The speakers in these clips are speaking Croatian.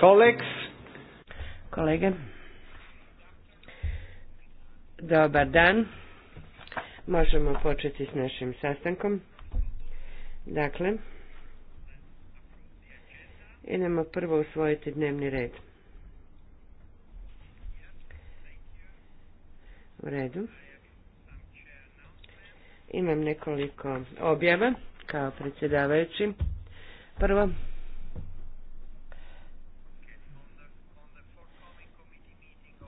kolegs Kolege. Dobar dan. Možemo početi s našim sastankom. Dakle, idemo prvo usvojiti dnevni red. U redu. Imam nekoliko objava kao predsjedavajući. Prvo,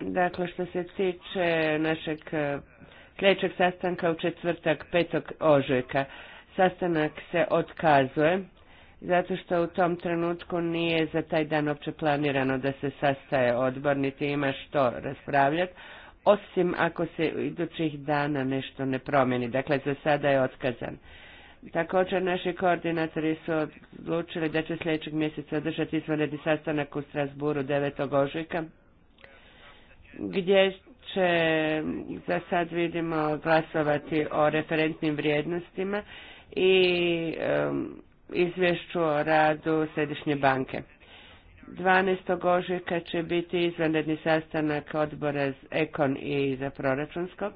dakle što se tiče našeg e, sljedećeg sastanka u četvrtak petog ožujka, sastanak se otkazuje zato što u tom trenutku nije za taj dan uopće planirano da se sastaje odbor, niti ima što raspravljati, osim ako se idućih dana nešto ne promijeni. Dakle, za sada je otkazan. Također naši koordinatori su odlučili da će sljedećeg mjeseca održati izvanredni sastanak u Strasburu 9. ožujka gdje će za sad vidimo glasovati o referentnim vrijednostima i izvješću o radu Središnje banke. 12. ožujka će biti izvanredni sastanak odbora EKON i za proračunskog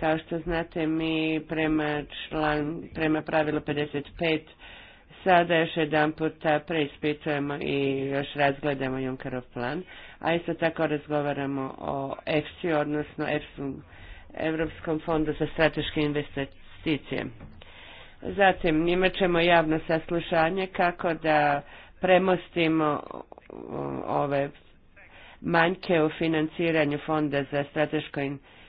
kao što znate, mi prema, član, prema pravilu 55 sada još jedan puta preispitujemo i još razgledamo Junkerov plan, a isto tako razgovaramo o EFSI, odnosno EFSI, Evropskom fondu za strateške investicije. Zatim, imat ćemo javno saslušanje kako da premostimo ove manjke u financiranju fonda za strateško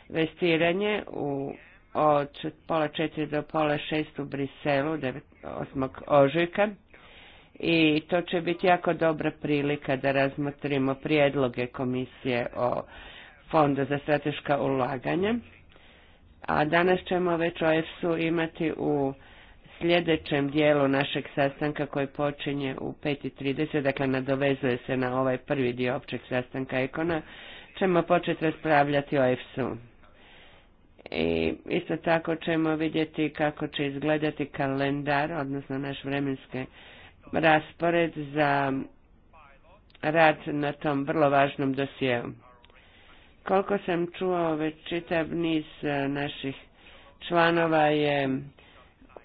Investiranje u od pola četiri do pola šest u Briselu, 8. ožujka. I to će biti jako dobra prilika da razmotrimo prijedloge komisije o Fondu za strateška ulaganja. A danas ćemo već o EFSU imati u sljedećem dijelu našeg sastanka koji počinje u 5.30, dakle nadovezuje se na ovaj prvi dio općeg sastanka Ekona, ćemo početi raspravljati o EFSU. I isto tako ćemo vidjeti kako će izgledati kalendar, odnosno naš vremenski raspored za rad na tom vrlo važnom dosjeu. Koliko sam čuo, već čitav niz e, naših članova je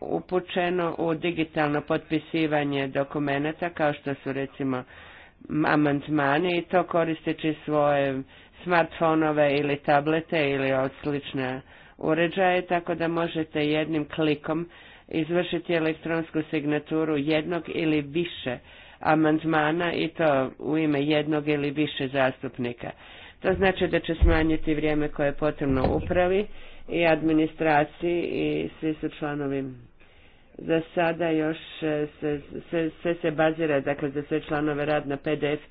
upućeno u digitalno potpisivanje dokumenata, kao što su recimo amantmani i to koristeći svoje smartfonove ili tablete ili od slične uređaje, tako da možete jednim klikom izvršiti elektronsku signaturu jednog ili više amandmana i to u ime jednog ili više zastupnika. To znači da će smanjiti vrijeme koje je potrebno upravi i administraciji i svi su članovi za sada još e, se, sve se bazira, dakle za sve članove rad PDF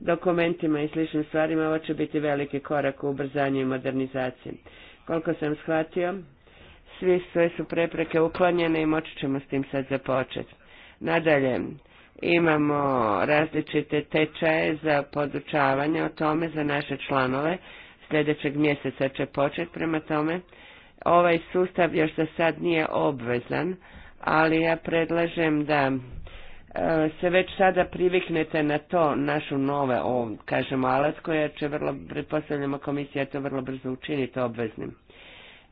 dokumentima i sličnim stvarima, ovo će biti veliki korak u ubrzanju i modernizaciji. Koliko sam shvatio, svi sve su prepreke uklonjene i moći ćemo s tim sad započeti. Nadalje, imamo različite tečaje za podučavanje o tome za naše članove. Sljedećeg mjeseca će početi prema tome. Ovaj sustav još za sad nije obvezan, ali ja predlažem da E, se već sada priviknete na to našu nove, o, kažemo, alat koja će vrlo, pretpostavljamo komisija to vrlo brzo učiniti obveznim.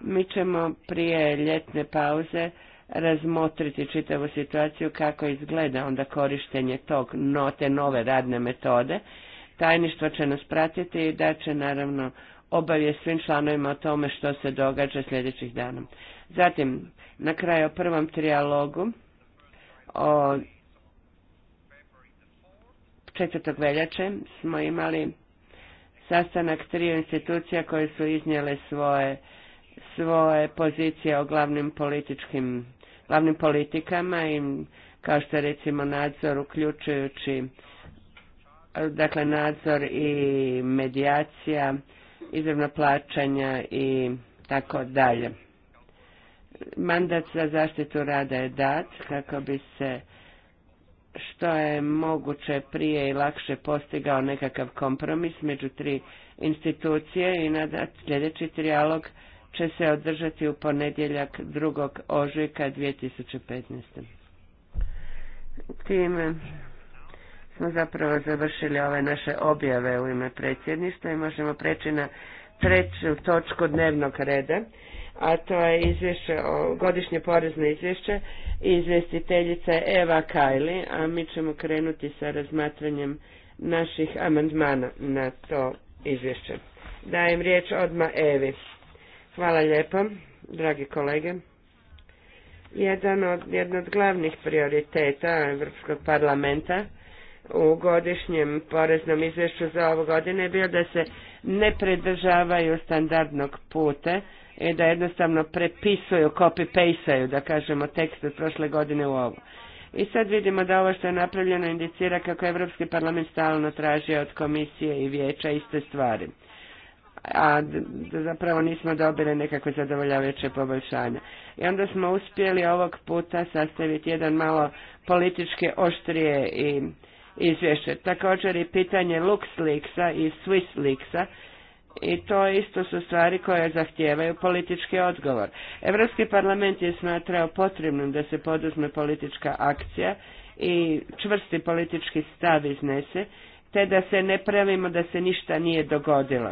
Mi ćemo prije ljetne pauze razmotriti čitavu situaciju kako izgleda onda korištenje tog, no, te nove radne metode. Tajništvo će nas pratiti i da će naravno obavijest svim članovima o tome što se događa sljedećih dana. Zatim, na kraju o prvom trijalogu o 4. veljače smo imali sastanak triju institucija koje su iznijele svoje, svoje pozicije o glavnim političkim, glavnim politikama i kao što je recimo nadzor uključujući dakle nadzor i medijacija, izravna plaćanja i tako dalje. Mandat za zaštitu rada je dat kako bi se što je moguće prije i lakše postigao nekakav kompromis među tri institucije i na sljedeći trijalog će se održati u ponedjeljak 2. ožujka 2015. Time smo zapravo završili ove naše objave u ime predsjedništva i možemo preći na treću točku dnevnog reda, a to je izvješće, godišnje porezno izvješće izvjestiteljica Eva Kajli, a mi ćemo krenuti sa razmatranjem naših amandmana na to izvješće. Dajem riječ odma Evi. Hvala lijepo, dragi kolege. Jedan od, jedan od glavnih prioriteta Europskog parlamenta u godišnjem poreznom izvješću za ovu godinu je bio da se ne predržavaju standardnog puta i e, da jednostavno prepisuju, copy-pasteju, da kažemo, tekst od prošle godine u ovo. I sad vidimo da ovo što je napravljeno indicira kako Europski parlament stalno traži od komisije i vijeća iste stvari. A da zapravo nismo dobili nekakve zadovoljavajuće poboljšanja. I onda smo uspjeli ovog puta sastaviti jedan malo političke oštrije i izvješće. Također i pitanje LuxLeaksa i SwissLeaksa i to isto su stvari koje zahtijevaju politički odgovor. Europski parlament je smatrao potrebnim da se poduzme politička akcija i čvrsti politički stav iznese, te da se ne pravimo da se ništa nije dogodilo.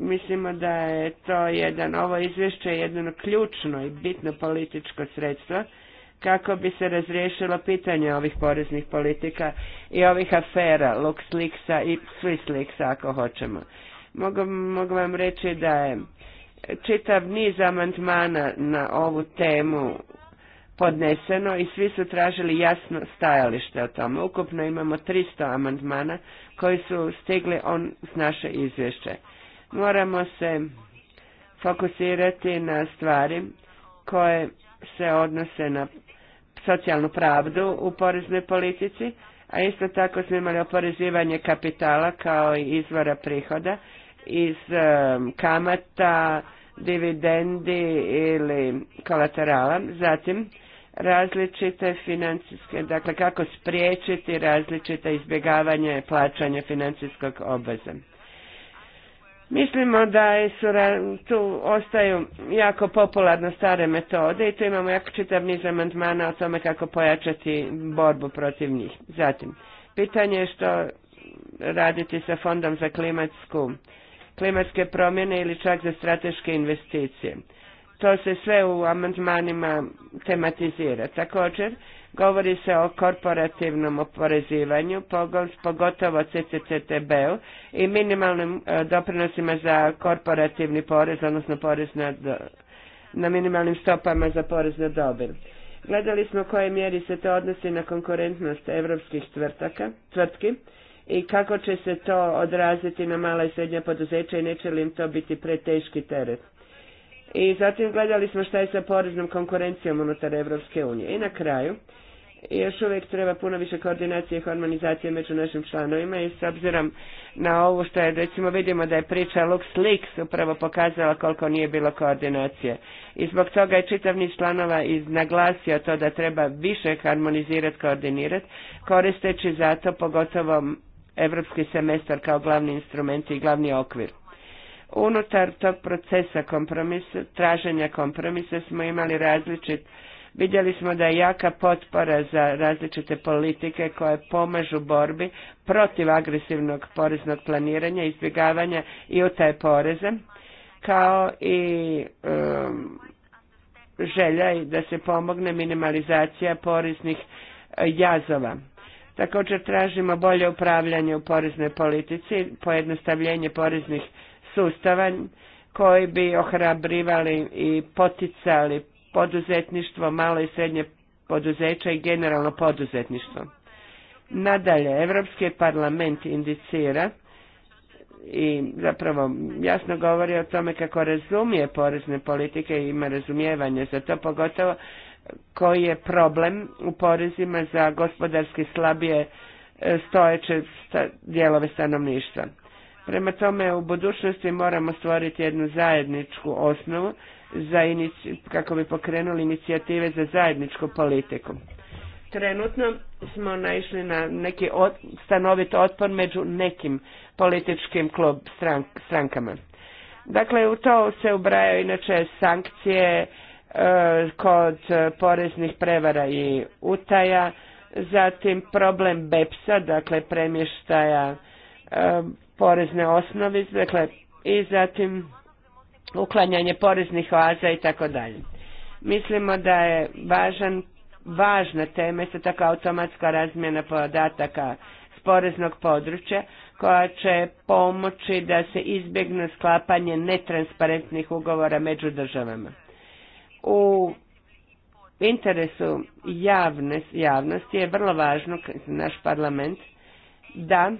Mislimo da je to jedan, ovo izvješće jedno ključno i bitno političko sredstvo kako bi se razriješilo pitanje ovih poreznih politika i ovih afera, LuxLeaksa i SwissLeaksa ako hoćemo. Mogu, mogu vam reći da je čitav niz amandmana na ovu temu podneseno i svi su tražili jasno stajalište o tome. Ukupno imamo 300 amandmana koji su stigli on s naše izvješće. Moramo se fokusirati na stvari koje se odnose na socijalnu pravdu u poreznoj politici, a isto tako smo imali oporezivanje kapitala kao i izvora prihoda iz kamata, dividendi ili kolaterala. Zatim, različite financijske, dakle kako spriječiti različite izbjegavanje plaćanja financijskog obveza. Mislimo da je tu ostaju jako popularno stare metode i tu imamo jako čitav niz amandmana o tome kako pojačati borbu protiv njih. Zatim, pitanje je što raditi sa fondom za klimatsku, klimatske promjene ili čak za strateške investicije. To se sve u amandmanima tematizira. Također, Govori se o korporativnom oporezivanju, pogotovo CCCTB-u i minimalnim e, doprinosima za korporativni porez, odnosno porez na, minimalnim stopama za porez na dobit. Gledali smo u mjeri se to odnosi na konkurentnost evropskih tvrtaka, tvrtki i kako će se to odraziti na mala i srednja poduzeća i neće li im to biti preteški teret. I zatim gledali smo šta je sa poreznom konkurencijom unutar Evropske unije. I na kraju još uvijek treba puno više koordinacije i harmonizacije među našim članovima i s obzirom na ovo što je, recimo vidimo da je priča LuxLeaks upravo pokazala koliko nije bilo koordinacije. I zbog toga je čitav niz članova naglasio to da treba više harmonizirati, koordinirati, koristeći zato pogotovo evropski semestar kao glavni instrument i glavni okvir. Unutar tog procesa kompromisa, traženja kompromisa smo imali različit Vidjeli smo da je jaka potpora za različite politike koje pomažu borbi protiv agresivnog poreznog planiranja, izbjegavanja i utaje poreze, kao i um, želja da se pomogne minimalizacija poreznih eh, jazova. Također tražimo bolje upravljanje u poreznoj politici, pojednostavljenje poreznih sustava koji bi ohrabrivali i poticali poduzetništvo, malo i srednje poduzeća i generalno poduzetništvo. Nadalje, Evropski parlament indicira i zapravo jasno govori o tome kako razumije porezne politike i ima razumijevanje za to, pogotovo koji je problem u porezima za gospodarski slabije e, stojeće dijelove stanovništva. Prema tome, u budućnosti moramo stvoriti jednu zajedničku osnovu za kako bi pokrenuli inicijative za zajedničku politiku. Trenutno smo naišli na neki od, stanovit otpor među nekim političkim klub strankama. Dakle, u to se ubrajaju inače sankcije e, kod poreznih prevara i utaja, zatim problem BEPS-a, dakle premještaja e, porezne osnovi, dakle, i zatim uklanjanje poreznih oaza i tako dalje. Mislimo da je važan, važna tema, isto tako automatska razmjena podataka s poreznog područja, koja će pomoći da se izbjegne sklapanje netransparentnih ugovora među državama. U interesu javnosti je vrlo važno naš parlament da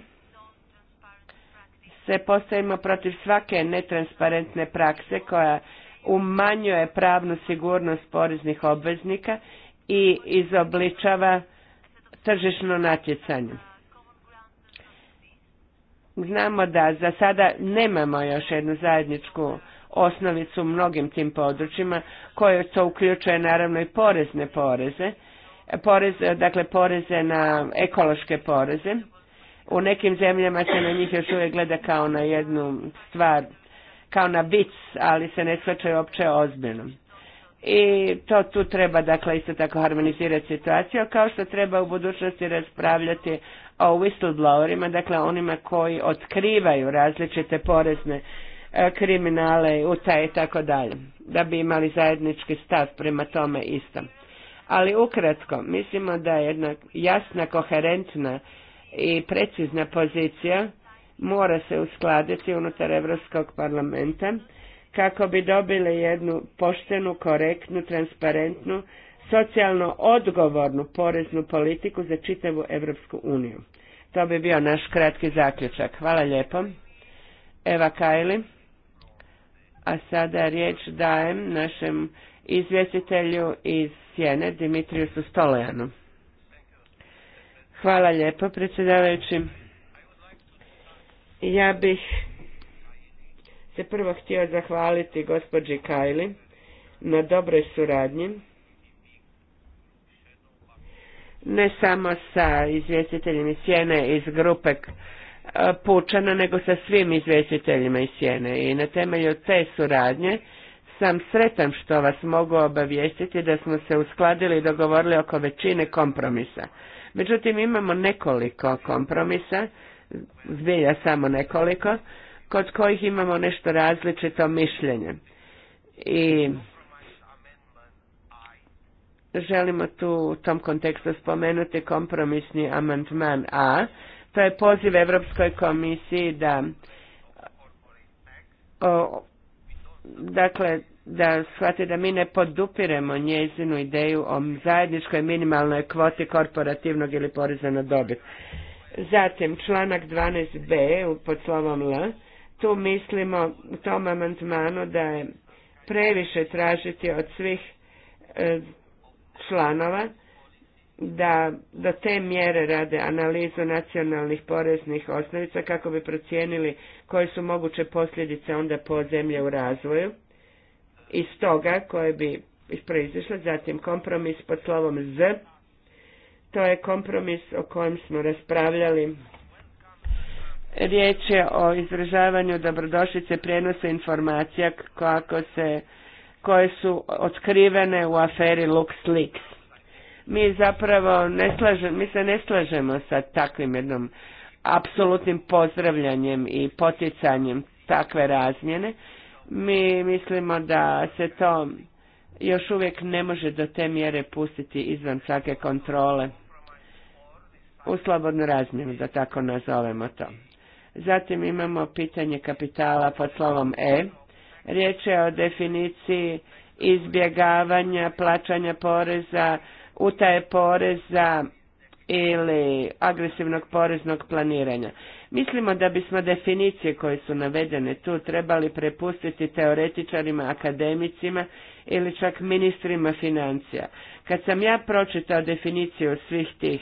se postavimo protiv svake netransparentne prakse koja umanjuje pravnu sigurnost poreznih obveznika i izobličava tržišno natjecanje. Znamo da za sada nemamo još jednu zajedničku osnovicu u mnogim tim područjima koje to uključuje naravno i porezne poreze, poreze dakle poreze na ekološke poreze u nekim zemljama se na njih još uvijek gleda kao na jednu stvar, kao na vic, ali se ne shvaćaju opće ozbiljno. I to tu treba dakle isto tako harmonizirati situaciju, kao što treba u budućnosti raspravljati o whistleblowerima, dakle onima koji otkrivaju različite porezne e, kriminale, utaje i tako dalje, da bi imali zajednički stav prema tome isto. Ali ukratko, mislimo da je jedna jasna, koherentna i precizna pozicija mora se uskladiti unutar Europskog parlamenta kako bi dobili jednu poštenu, korektnu, transparentnu, socijalno odgovornu poreznu politiku za čitavu Evropsku uniju. To bi bio naš kratki zaključak. Hvala lijepo. Eva Kajli. A sada riječ dajem našem izvjestitelju iz Sjene, Dimitriju Stolojanu. Hvala lijepo, predsjedavajući. Ja bih se prvo htio zahvaliti gospođi Kajli na dobroj suradnji. Ne samo sa izvjestiteljima iz Sjene iz grupe eh, Pučana, nego sa svim izvjestiteljima iz Sjene. I na temelju te suradnje sam sretan što vas mogu obavijestiti da smo se uskladili i dogovorili oko većine kompromisa. Međutim, imamo nekoliko kompromisa, zbilja samo nekoliko, kod kojih imamo nešto različito mišljenje. I želimo tu u tom kontekstu spomenuti kompromisni amandman A, to je poziv Europskoj komisiji da dakle da shvate da mi ne podupiremo njezinu ideju o zajedničkoj minimalnoj kvoti korporativnog ili poreza na dobit. Zatim članak 12b pod slovom L, tu mislimo u tom amandmanu da je previše tražiti od svih e, članova da do te mjere rade analizu nacionalnih poreznih osnovica kako bi procijenili koje su moguće posljedice onda po zemlje u razvoju iz toga koje bi proizišle, zatim kompromis pod slovom Z, to je kompromis o kojem smo raspravljali. Riječ je o izražavanju dobrodošlice prijenosa informacija kako se, koje su otkrivene u aferi LuxLeaks. Mi zapravo ne slažemo, mi se ne slažemo sa takvim jednom apsolutnim pozdravljanjem i poticanjem takve razmjene mi mislimo da se to još uvijek ne može do te mjere pustiti izvan svake kontrole u slobodnu razmjenu, da tako nazovemo to. Zatim imamo pitanje kapitala pod slovom E. Riječ je o definiciji izbjegavanja, plaćanja poreza, utaje poreza ili agresivnog poreznog planiranja. Mislimo da bismo definicije koje su navedene tu trebali prepustiti teoretičarima, akademicima ili čak ministrima financija. Kad sam ja pročitao definiciju svih tih,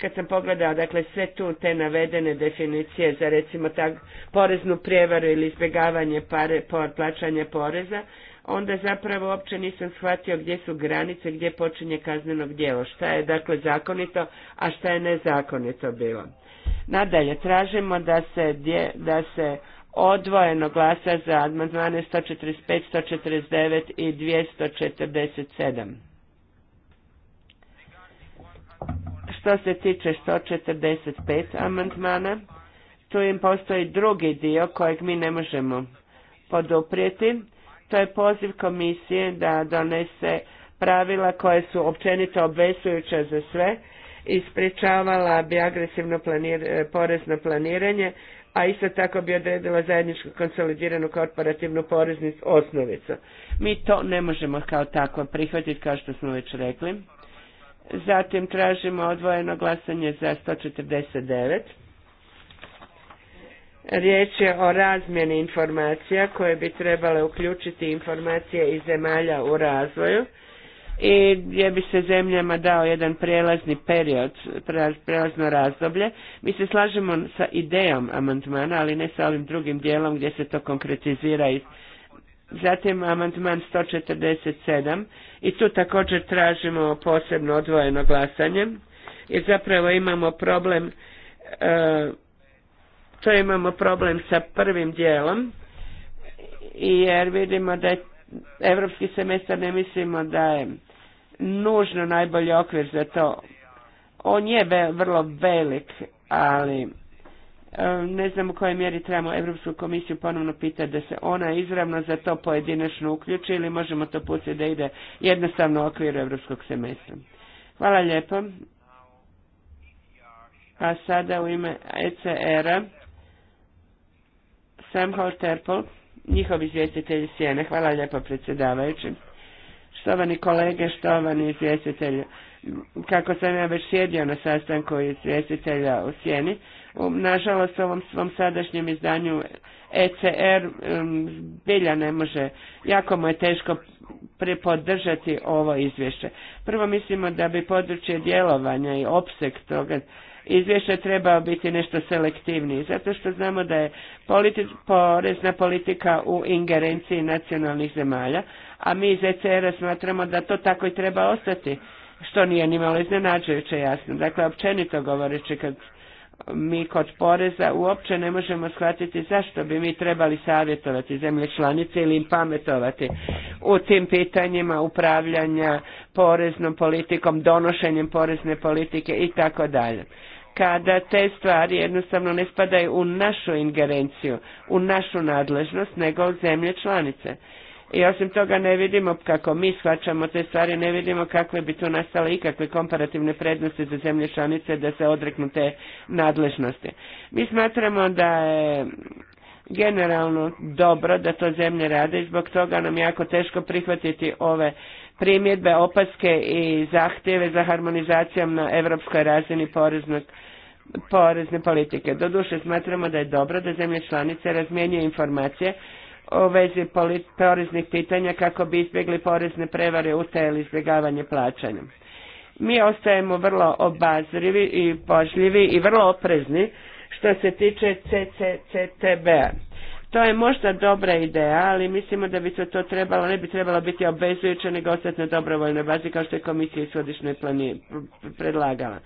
kad sam pogledao, dakle, sve tu te navedene definicije za recimo tak, poreznu prijevaru ili izbjegavanje pare, plaćanje poreza, onda zapravo uopće nisam shvatio gdje su granice, gdje počinje kaznenog djela. šta je dakle zakonito, a šta je nezakonito bilo. Nadalje, tražimo da se, da se odvojeno glasa za amandmane 145, 149 i 247. Što se tiče 145 amandmana, tu im postoji drugi dio kojeg mi ne možemo poduprijeti, to je poziv komisije da donese pravila koje su općenito obvezujuća za sve i sprečavala bi agresivno e, porezno planiranje, a isto tako bi odredila zajedničku konsolidiranu korporativnu poreznu osnovicu. Mi to ne možemo kao tako prihvatiti, kao što smo već rekli. Zatim tražimo odvojeno glasanje za 149. Riječ je o razmjeni informacija koje bi trebale uključiti informacije iz zemalja u razvoju i gdje bi se zemljama dao jedan prijelazni period, prijelazno razdoblje. Mi se slažemo sa idejom amandmana, ali ne sa ovim drugim dijelom gdje se to konkretizira Zatim amandman 147 i tu također tražimo posebno odvojeno glasanje jer zapravo imamo problem e, to imamo problem sa prvim dijelom, jer vidimo da je evropski semestar ne mislimo da je nužno najbolji okvir za to. On je vrlo velik, ali e, ne znam u kojoj mjeri trebamo Europsku komisiju ponovno pitati da se ona izravno za to pojedinačno uključi ili možemo to pustiti da ide jednostavno u okviru Europskog semestra. Hvala lijepo. A sada u ime ECR-a sam Holterpol, njihov izvjestitelj Sjene. Hvala lijepo predsjedavajući. Štovani kolege, štovani izvjestitelji, kako sam ja već sjedio na sastanku izvjestitelja u Sjeni, nažalost u ovom svom sadašnjem izdanju ECR bilja ne može, jako mu je teško prepodržati ovo izvješće. Prvo mislimo da bi područje djelovanja i opseg toga izvješće trebao biti nešto selektivniji, zato što znamo da je politi porezna politika u ingerenciji nacionalnih zemalja, a mi iz ECR-a smatramo da to tako i treba ostati, što nije malo iznenađujuće jasno. Dakle, općenito govoreći kad mi kod poreza uopće ne možemo shvatiti zašto bi mi trebali savjetovati zemlje članice ili im pametovati u tim pitanjima upravljanja poreznom politikom, donošenjem porezne politike i tako dalje kada te stvari jednostavno ne spadaju u našu ingerenciju, u našu nadležnost, nego u zemlje članice. I osim toga ne vidimo kako mi shvaćamo te stvari, ne vidimo kakve bi tu nastale ikakve komparativne prednosti za zemlje članice da se odreknu te nadležnosti. Mi smatramo da je generalno dobro da to zemlje rade i zbog toga nam jako teško prihvatiti ove primjedbe, opaske i zahtjeve za harmonizacijom na europskoj razini poreznog porezne politike. Doduše smatramo da je dobro da zemlje članice razmjenjuju informacije u vezi poreznih pitanja kako bi izbjegli porezne prevare, utaje ili izbjegavanje plaćanja. Mi ostajemo vrlo obazrivi i požljivi i vrlo oprezni što se tiče CCCTB-a to je možda dobra ideja, ali mislimo da bi se to trebalo, ne bi trebalo biti obvezujuće nego ostati na dobrovoljnoj bazi kao što je komisija planije predlagala.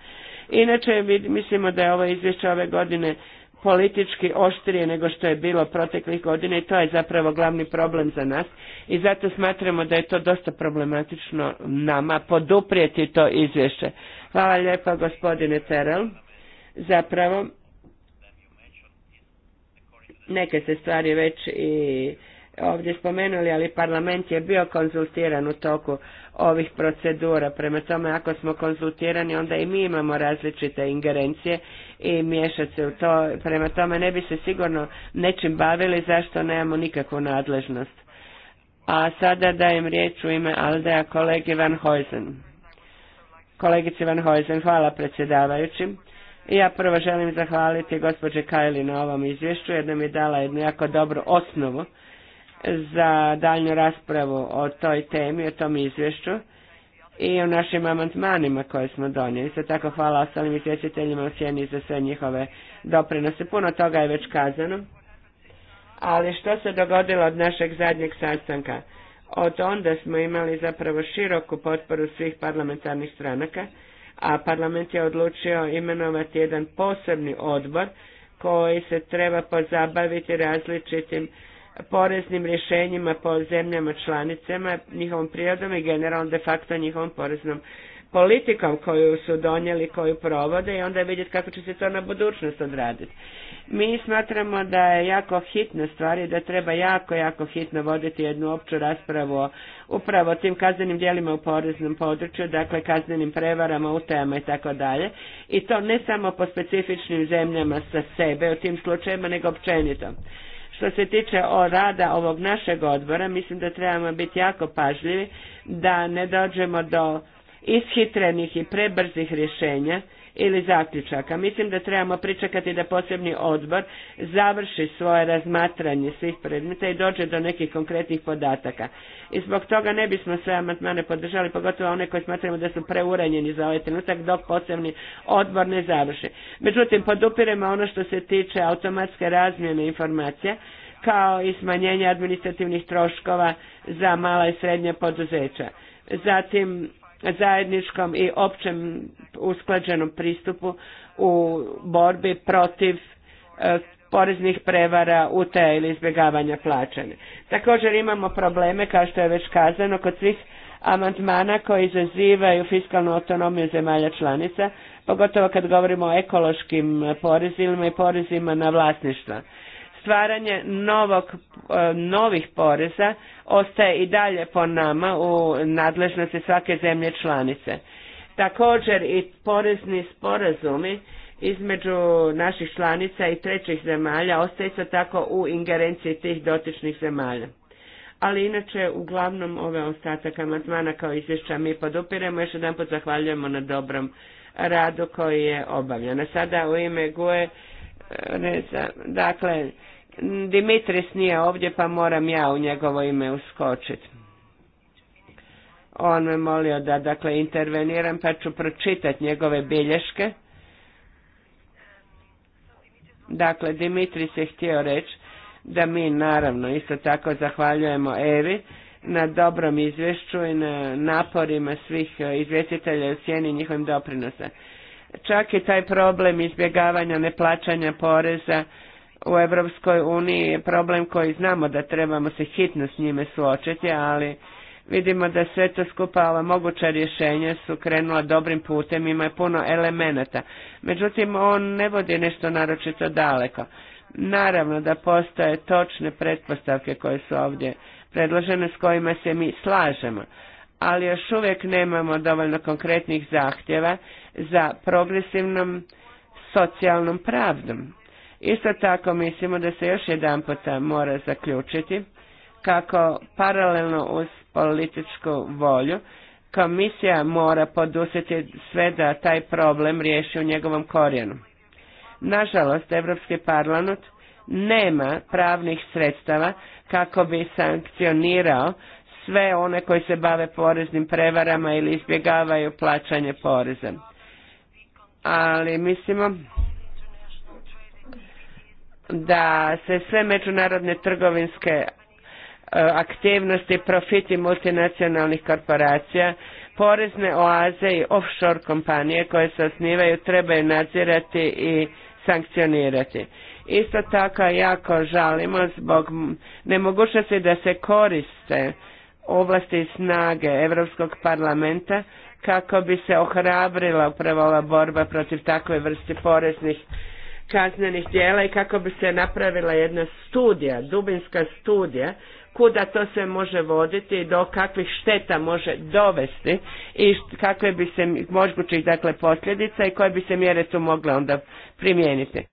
Inače, mislimo da je ovo izvješće ove godine politički oštrije nego što je bilo proteklih godina i to je zapravo glavni problem za nas i zato smatramo da je to dosta problematično nama poduprijeti to izvješće. Hvala lijepa gospodine Terel. Zapravo, Neke se stvari već i ovdje spomenuli, ali parlament je bio konzultiran u toku ovih procedura. Prema tome, ako smo konzultirani, onda i mi imamo različite ingerencije i miješati se u to. Prema tome, ne bi se sigurno nečim bavili zašto nemamo nikakvu nadležnost. A sada dajem riječ u ime Aldea kolegi Van Hojzen. Kolegici Van Hojzen, hvala predsjedavajući. Ja prvo želim zahvaliti gospođe Kajli na ovom izvješću jer nam je dala jednu jako dobru osnovu za daljnju raspravu o toj temi, o tom izvješću i o našim amantmanima koje smo donijeli. Isto tako hvala ostalim izvjestiteljima u sjeni za sve njihove doprinose. Puno toga je već kazano. Ali što se dogodilo od našeg zadnjeg sastanka? Od onda smo imali zapravo široku potporu svih parlamentarnih stranaka a parlament je odlučio imenovati jedan posebni odbor koji se treba pozabaviti različitim poreznim rješenjima po zemljama članicama, njihovom prirodom i generalno de facto njihovom poreznom politikom koju su donijeli, koju provode i onda vidjeti kako će se to na budućnost odraditi. Mi smatramo da je jako hitna stvar i da treba jako, jako hitno voditi jednu opću raspravu o upravo tim kaznenim djelima u poreznom području, dakle kaznenim prevarama, utajama i tako dalje. I to ne samo po specifičnim zemljama sa sebe u tim slučajevima, nego općenito. Što se tiče o rada ovog našeg odbora, mislim da trebamo biti jako pažljivi da ne dođemo do ishitrenih i prebrzih rješenja ili zaključaka. Mislim da trebamo pričekati da posebni odbor završi svoje razmatranje svih predmeta i dođe do nekih konkretnih podataka. I zbog toga ne bismo sve amandmane podržali, pogotovo one koje smatramo da su preuranjeni za ovaj trenutak dok posebni odbor ne završi. Međutim, podupiremo ono što se tiče automatske razmjene informacija kao i smanjenje administrativnih troškova za mala i srednja poduzeća. Zatim, zajedničkom i općem usklađenom pristupu u borbi protiv e, poreznih prevara, utaja ili izbjegavanja plaćanja. Također imamo probleme, kao što je već kazano, kod svih amandmana koji izazivaju fiskalnu autonomiju zemalja članica, pogotovo kad govorimo o ekološkim porezima i porezima na vlasništva stvaranje novog, e, novih poreza ostaje i dalje po nama u nadležnosti svake zemlje članice. Također i porezni sporazumi između naših članica i trećih zemalja ostaje se tako u ingerenciji tih dotičnih zemalja. Ali inače, uglavnom, ove ostatak amandmana kao izvješća mi podupiremo. Još jedan put zahvaljujemo na dobrom radu koji je obavljen. sada u ime GUE ne znam, dakle, Dimitris nije ovdje pa moram ja u njegovo ime uskočiti. On me molio da, dakle, interveniram pa ću pročitati njegove bilješke. Dakle, Dimitris je htio reći da mi naravno isto tako zahvaljujemo Evi na dobrom izvješću i na naporima svih eh, izvjestitelja u cijeni njihovim doprinosa. Čak i taj problem izbjegavanja neplaćanja poreza u Europskoj uniji je problem koji znamo da trebamo se hitno s njime suočiti, ali vidimo da sve to skupa ova moguća rješenja su krenula dobrim putem, ima puno elemenata. Međutim, on ne vodi nešto naročito daleko. Naravno da postoje točne pretpostavke koje su ovdje predložene s kojima se mi slažemo, ali još uvijek nemamo dovoljno konkretnih zahtjeva za progresivnom socijalnom pravdom. Isto tako mislimo da se još jedan puta mora zaključiti kako paralelno uz političku volju komisija mora poduzeti sve da taj problem riješi u njegovom korijenu. Nažalost, Europski parlament nema pravnih sredstava kako bi sankcionirao sve one koji se bave poreznim prevarama ili izbjegavaju plaćanje poreza. Ali mislimo da se sve međunarodne trgovinske e, aktivnosti, profiti multinacionalnih korporacija, porezne oaze i offshore kompanije koje se osnivaju trebaju nadzirati i sankcionirati. Isto tako jako žalimo zbog nemogućnosti da se koriste ovlasti i snage Europskog parlamenta kako bi se ohrabrila upravo ova borba protiv takve vrste poreznih kaznenih djela i kako bi se napravila jedna studija, dubinska studija kuda to se može voditi i do kakvih šteta može dovesti i kakve bi se mogućih dakle posljedica i koje bi se mjere tu mogle onda primijeniti.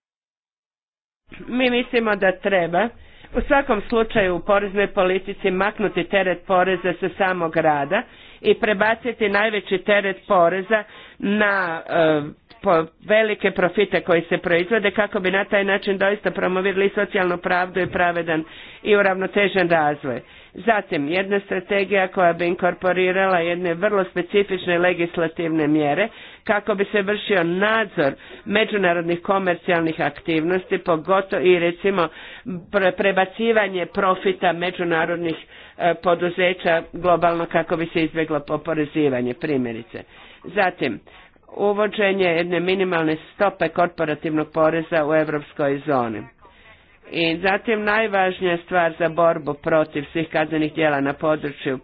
Mi mislimo da treba u svakom slučaju u poreznoj politici maknuti teret poreza sa samog rada i prebaciti najveći teret poreza na e, velike profite koji se proizvode kako bi na taj način doista promovirali socijalnu pravdu i pravedan i uravnotežen razvoj. Zatim, jedna strategija koja bi inkorporirala jedne vrlo specifične legislativne mjere kako bi se vršio nadzor međunarodnih komercijalnih aktivnosti, pogotovo i recimo prebacivanje profita međunarodnih e, poduzeća globalno kako bi se izbjeglo oporezivanje, primjerice. Zatim, uvođenje jedne minimalne stope korporativnog poreza u europskoj zoni. I zatim najvažnija stvar za borbu protiv svih kaznenih djela na području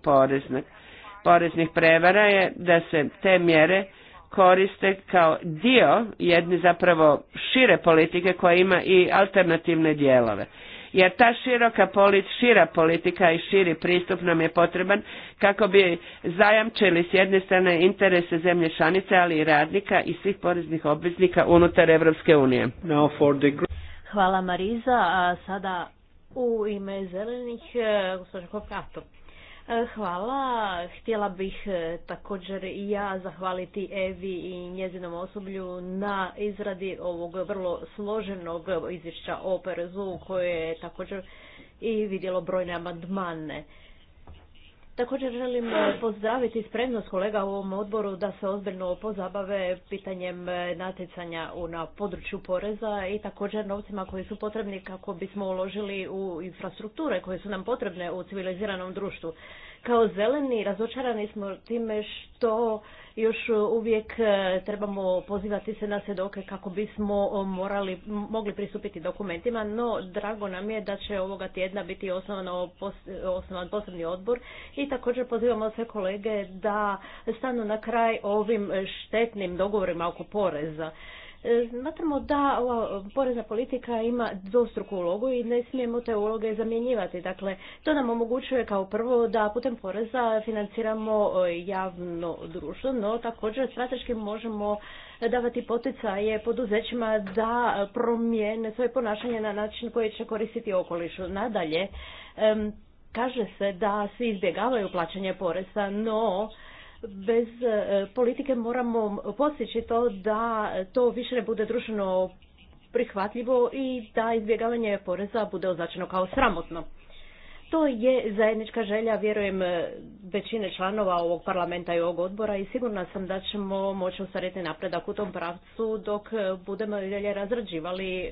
poreznih prevara je da se te mjere koriste kao dio jedne zapravo šire politike koja ima i alternativne dijelove. Jer ta široka polit, šira politika i širi pristup nam je potreban kako bi zajamčili s jedne strane interese zemlje članice, ali i radnika i svih poreznih obveznika unutar Europske unije. Hvala Mariza, a sada u ime zelenih, e, gospođa Kopkato. E, hvala. Htjela bih e, također i ja zahvaliti Evi i njezinom osoblju na izradi ovog vrlo složenog izvješća o Perezu koje je također i vidjelo brojne amandmane. Također želim e, pozdraviti spremnost kolega u ovom odboru da se ozbiljno pozabave pitanjem e, natjecanja na području poreza i također novcima koji su potrebni kako bismo uložili u infrastrukture koje su nam potrebne u civiliziranom društvu. Kao zeleni razočarani smo time što još uvijek e, trebamo pozivati se na svjedoke kako bismo morali, mogli pristupiti dokumentima, no drago nam je da će ovoga tjedna biti osnovano, osnovan posebni odbor i također pozivamo sve kolege da stanu na kraj ovim štetnim dogovorima oko poreza. Smatramo da ova porezna politika ima dvostruku ulogu i ne smijemo te uloge zamjenjivati. Dakle, to nam omogućuje kao prvo da putem poreza financiramo e, javno društvo, no također strateški možemo davati poticaje poduzećima da promijene svoje ponašanje na način koji će koristiti okolišu. Nadalje, kaže se da svi izbjegavaju plaćanje poreza, no bez e, politike moramo postići to da to više ne bude društveno prihvatljivo i da izbjegavanje poreza bude označeno kao sramotno. To je zajednička želja, vjerujem, većine članova ovog parlamenta i ovog odbora i sigurna sam da ćemo moći ostvariti napredak u tom pravcu dok budemo dalje razrađivali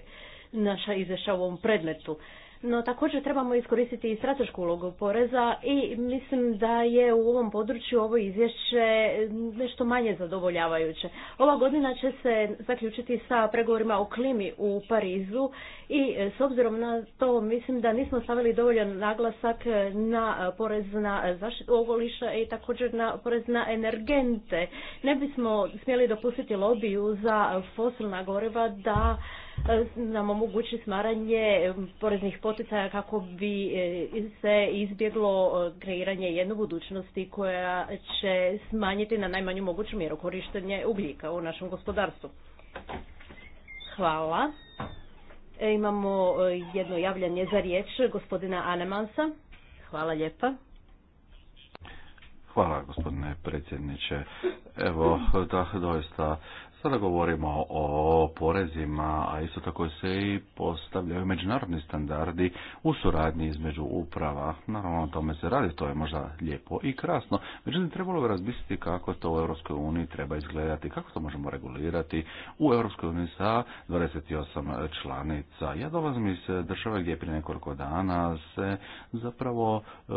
naša izvješća u ovom predmetu. No također trebamo iskoristiti i stratešku ulogu poreza i mislim da je u ovom području ovo izvješće nešto manje zadovoljavajuće. Ova godina će se zaključiti sa pregovorima o klimi u Parizu i e, s obzirom na to mislim da nismo stavili dovoljan naglasak na porez na zaštitu okoliša i također na porez na energente. Ne bismo smjeli dopustiti lobiju za fosilna goriva da nam omogući smaranje poreznih poticaja kako bi e, se izbjeglo e, kreiranje jedne budućnosti koja će smanjiti na najmanju moguću mjeru korištenje ugljika u našem gospodarstvu. Hvala. E, imamo jedno javljanje za riječ gospodina Anemansa. Hvala lijepa. Hvala gospodine predsjedniče. Evo, da, doista Sada govorimo o porezima, a isto tako se i postavljaju međunarodni standardi u suradnji između uprava. Naravno, o tome se radi, to je možda lijepo i krasno. Međutim, trebalo bi razmisliti kako to u Europskoj uniji treba izgledati, kako to možemo regulirati u Europskoj uniji sa 28 članica. Ja dolazim iz države gdje prije nekoliko dana se zapravo e,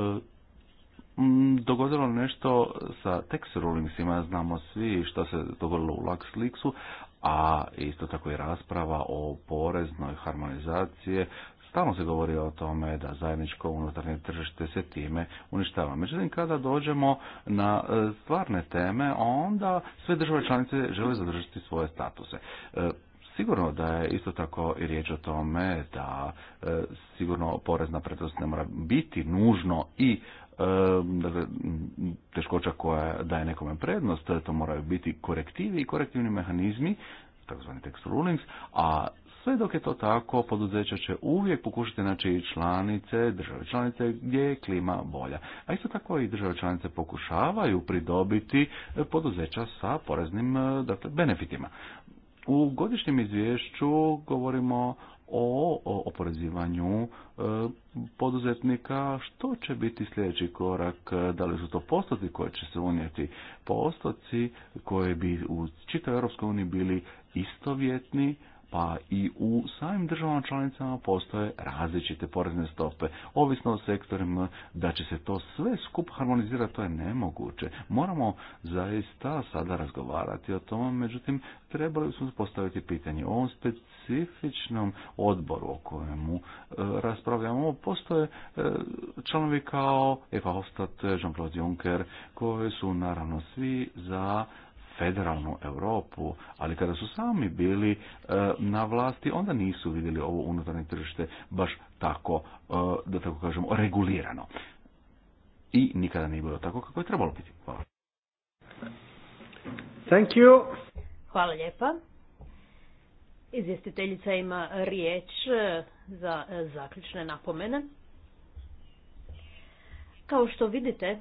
Mm, dogodilo nešto sa tax rulingsima, znamo svi što se dogodilo u LuxLeaksu, a isto tako i rasprava o poreznoj harmonizaciji, stalno se govori o tome da zajedničko unutarnje tržište se time uništava. Međutim, kada dođemo na e, stvarne teme, onda sve države članice žele zadržati svoje statuse. E, sigurno da je isto tako i riječ o tome da e, sigurno porezna prednost ne mora biti nužno i dakle, teškoća koja daje nekome prednost, to moraju biti korektivi i korektivni mehanizmi, takozvani text rulings, a sve dok je to tako, poduzeća će uvijek pokušati naći članice, države članice gdje je klima bolja. A isto tako i države članice pokušavaju pridobiti poduzeća sa poreznim dakle, benefitima. U godišnjem izvješću govorimo o oporezivanju e, poduzetnika, što će biti sljedeći korak, da li su to postoci koje će se unijeti, postoci koje bi u čitavoj Europskoj uniji bili istovjetni, pa i u samim državama članicama postoje različite porezne stope. Ovisno o sektorima, da će se to sve skup harmonizirati, to je nemoguće. Moramo zaista sada razgovarati o tome, međutim, trebali smo postaviti pitanje o ovom specifičnom odboru o kojemu e, raspravljamo postoje e, članovi kao Eva Hofstadt, Jean-Claude Juncker koji su naravno svi za federalnu Europu, ali kada su sami bili e, na vlasti, onda nisu vidjeli ovo unutarnje tržište baš tako, da tako kažemo, regulirano. I nikada nije bilo tako kako je trebalo biti. Hvala. Thank you. Hvala lijepa. Izvjestiteljica ima riječ e, za e, zaključne napomene. Kao što vidite,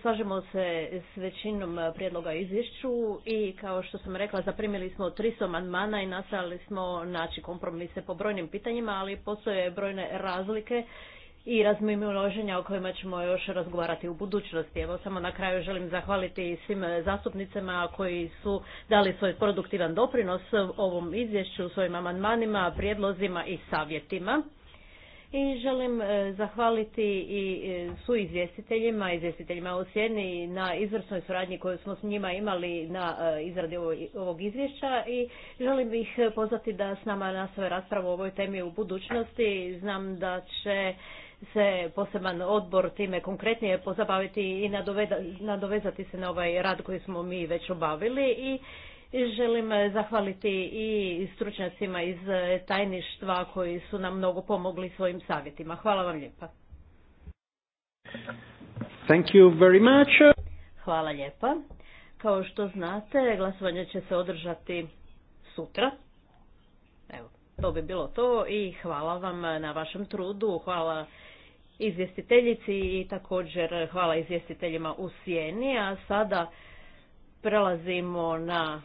slažemo se s većinom prijedloga izvješću i kao što sam rekla zaprimili smo 300 amandmana i nastavili smo naći kompromise po brojnim pitanjima, ali postoje brojne razlike i razmimi uloženja o kojima ćemo još razgovarati u budućnosti. Evo samo na kraju želim zahvaliti svim zastupnicama koji su dali svoj produktivan doprinos ovom izvješću, svojim amandmanima, prijedlozima i savjetima. I želim e, zahvaliti i e, su izvjestiteljima, izvjestiteljima u Sjeni na izvrsnoj suradnji koju smo s njima imali na e, izradi ovog izvješća i želim ih pozvati da s nama nastave raspravu o ovoj temi u budućnosti. Znam da će se poseban odbor time konkretnije pozabaviti i nadovezati se na ovaj rad koji smo mi već obavili i želim zahvaliti i stručnjacima iz tajništva koji su nam mnogo pomogli svojim savjetima. Hvala vam lijepa. Thank you very much. Hvala lijepa. Kao što znate, glasovanje će se održati sutra. To bi bilo to i hvala vam na vašem trudu, hvala izvjestiteljici i također hvala izvjestiteljima u Sjeni, a sada prelazimo na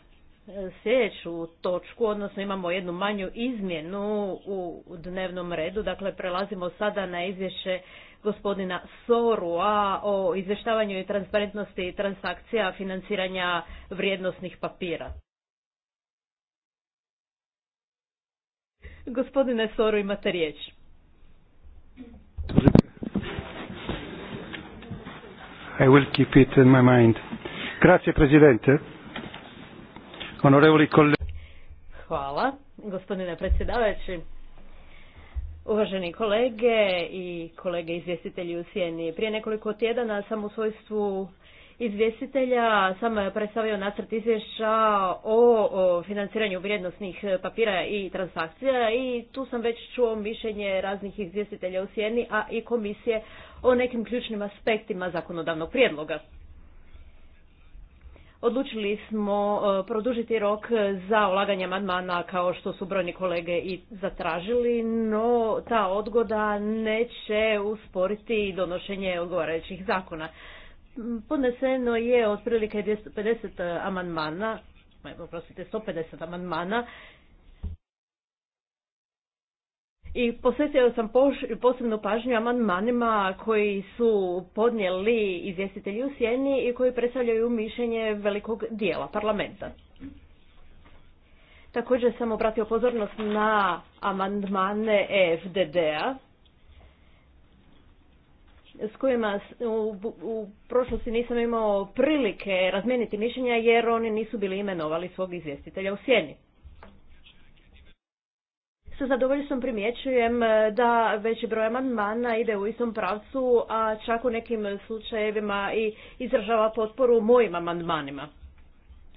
sljedeću točku, odnosno imamo jednu manju izmjenu u dnevnom redu, dakle prelazimo sada na izvješće gospodina Sorua o izvještavanju i transparentnosti transakcija financiranja vrijednosnih papira. Gospodine Soru, imate riječ. I will keep it in my mind. Grazie, Presidente. Onorevoli kolegi. Hvala, gospodine predsjedavajući. Uvaženi kolege i kolege izvjestitelji u Sjeni, prije nekoliko tjedana sam u svojstvu izvjestitelja sam predstavio nacrt izvješća o, financiranju vrijednosnih papira i transakcija i tu sam već čuo mišljenje raznih izvjestitelja u Sjeni, a i komisije o nekim ključnim aspektima zakonodavnog prijedloga. Odlučili smo e, produžiti rok za ulaganje amandmana kao što su brojni kolege i zatražili, no ta odgoda neće usporiti donošenje odgovarajućih zakona. Podneseno je otprilike 250 amandmana, oprostite, 150 amandmana. I posvetio sam posebnu pažnju amandmanima koji su podnijeli izvjestitelji u Sjeni i koji predstavljaju mišljenje velikog dijela parlamenta. Također sam obratio pozornost na amandmane EFDD-a s kojima u, u prošlosti nisam imao prilike razmijeniti mišljenja jer oni nisu bili imenovali svog izvjestitelja u sjeni. Sa zadovoljstvom primjećujem e, da veći broj amandmana ide u istom pravcu, a čak u nekim slučajevima i izražava potporu mojim amandmanima.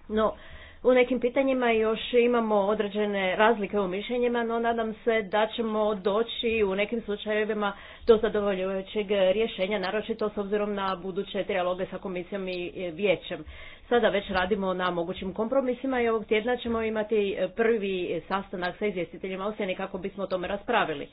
No, u nekim pitanjima još imamo određene razlike u mišljenjima, no nadam se da ćemo doći u nekim slučajevima do zadovoljujućeg rješenja, naročito s obzirom na buduće trialoge sa komisijom i e, vijećem. Sada već radimo na mogućim kompromisima i ovog tjedna ćemo imati prvi sastanak sa izvjestiteljima osjeni kako bismo o tome raspravili.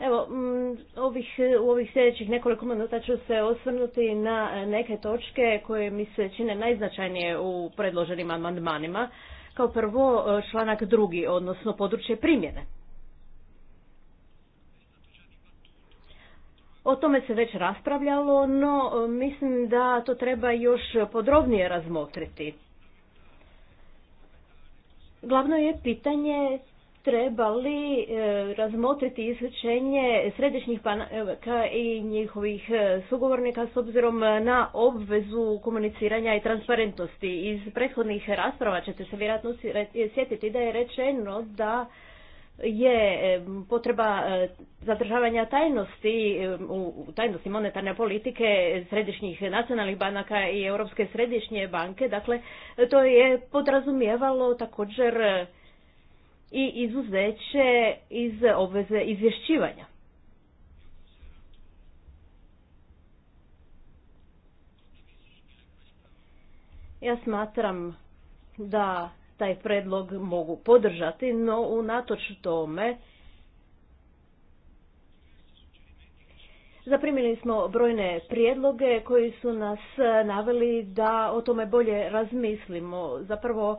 Evo, mm, ovih, u ovih sljedećih nekoliko minuta ću se osvrnuti na neke točke koje mi se čine najznačajnije u predloženim amandmanima. Kao prvo, e, članak drugi, odnosno područje primjene. O tome se već raspravljalo, no e, mislim da to treba još podrobnije razmotriti. Glavno je pitanje trebali e, razmotriti isključenje središnjih banaka i njihovih e, sugovornika s obzirom na obvezu komuniciranja i transparentnosti. Iz prethodnih rasprava ćete se vjerojatno sjetiti da je rečeno da je e, potreba zadržavanja tajnosti u tajnosti monetarne politike središnjih nacionalnih banaka i Europske središnje banke. Dakle, to je podrazumijevalo također i izuzeće iz obveze izvješćivanja. Ja smatram da taj predlog mogu podržati, no unatoč tome Zaprimili smo brojne prijedloge koji su nas naveli da o tome bolje razmislimo. Zapravo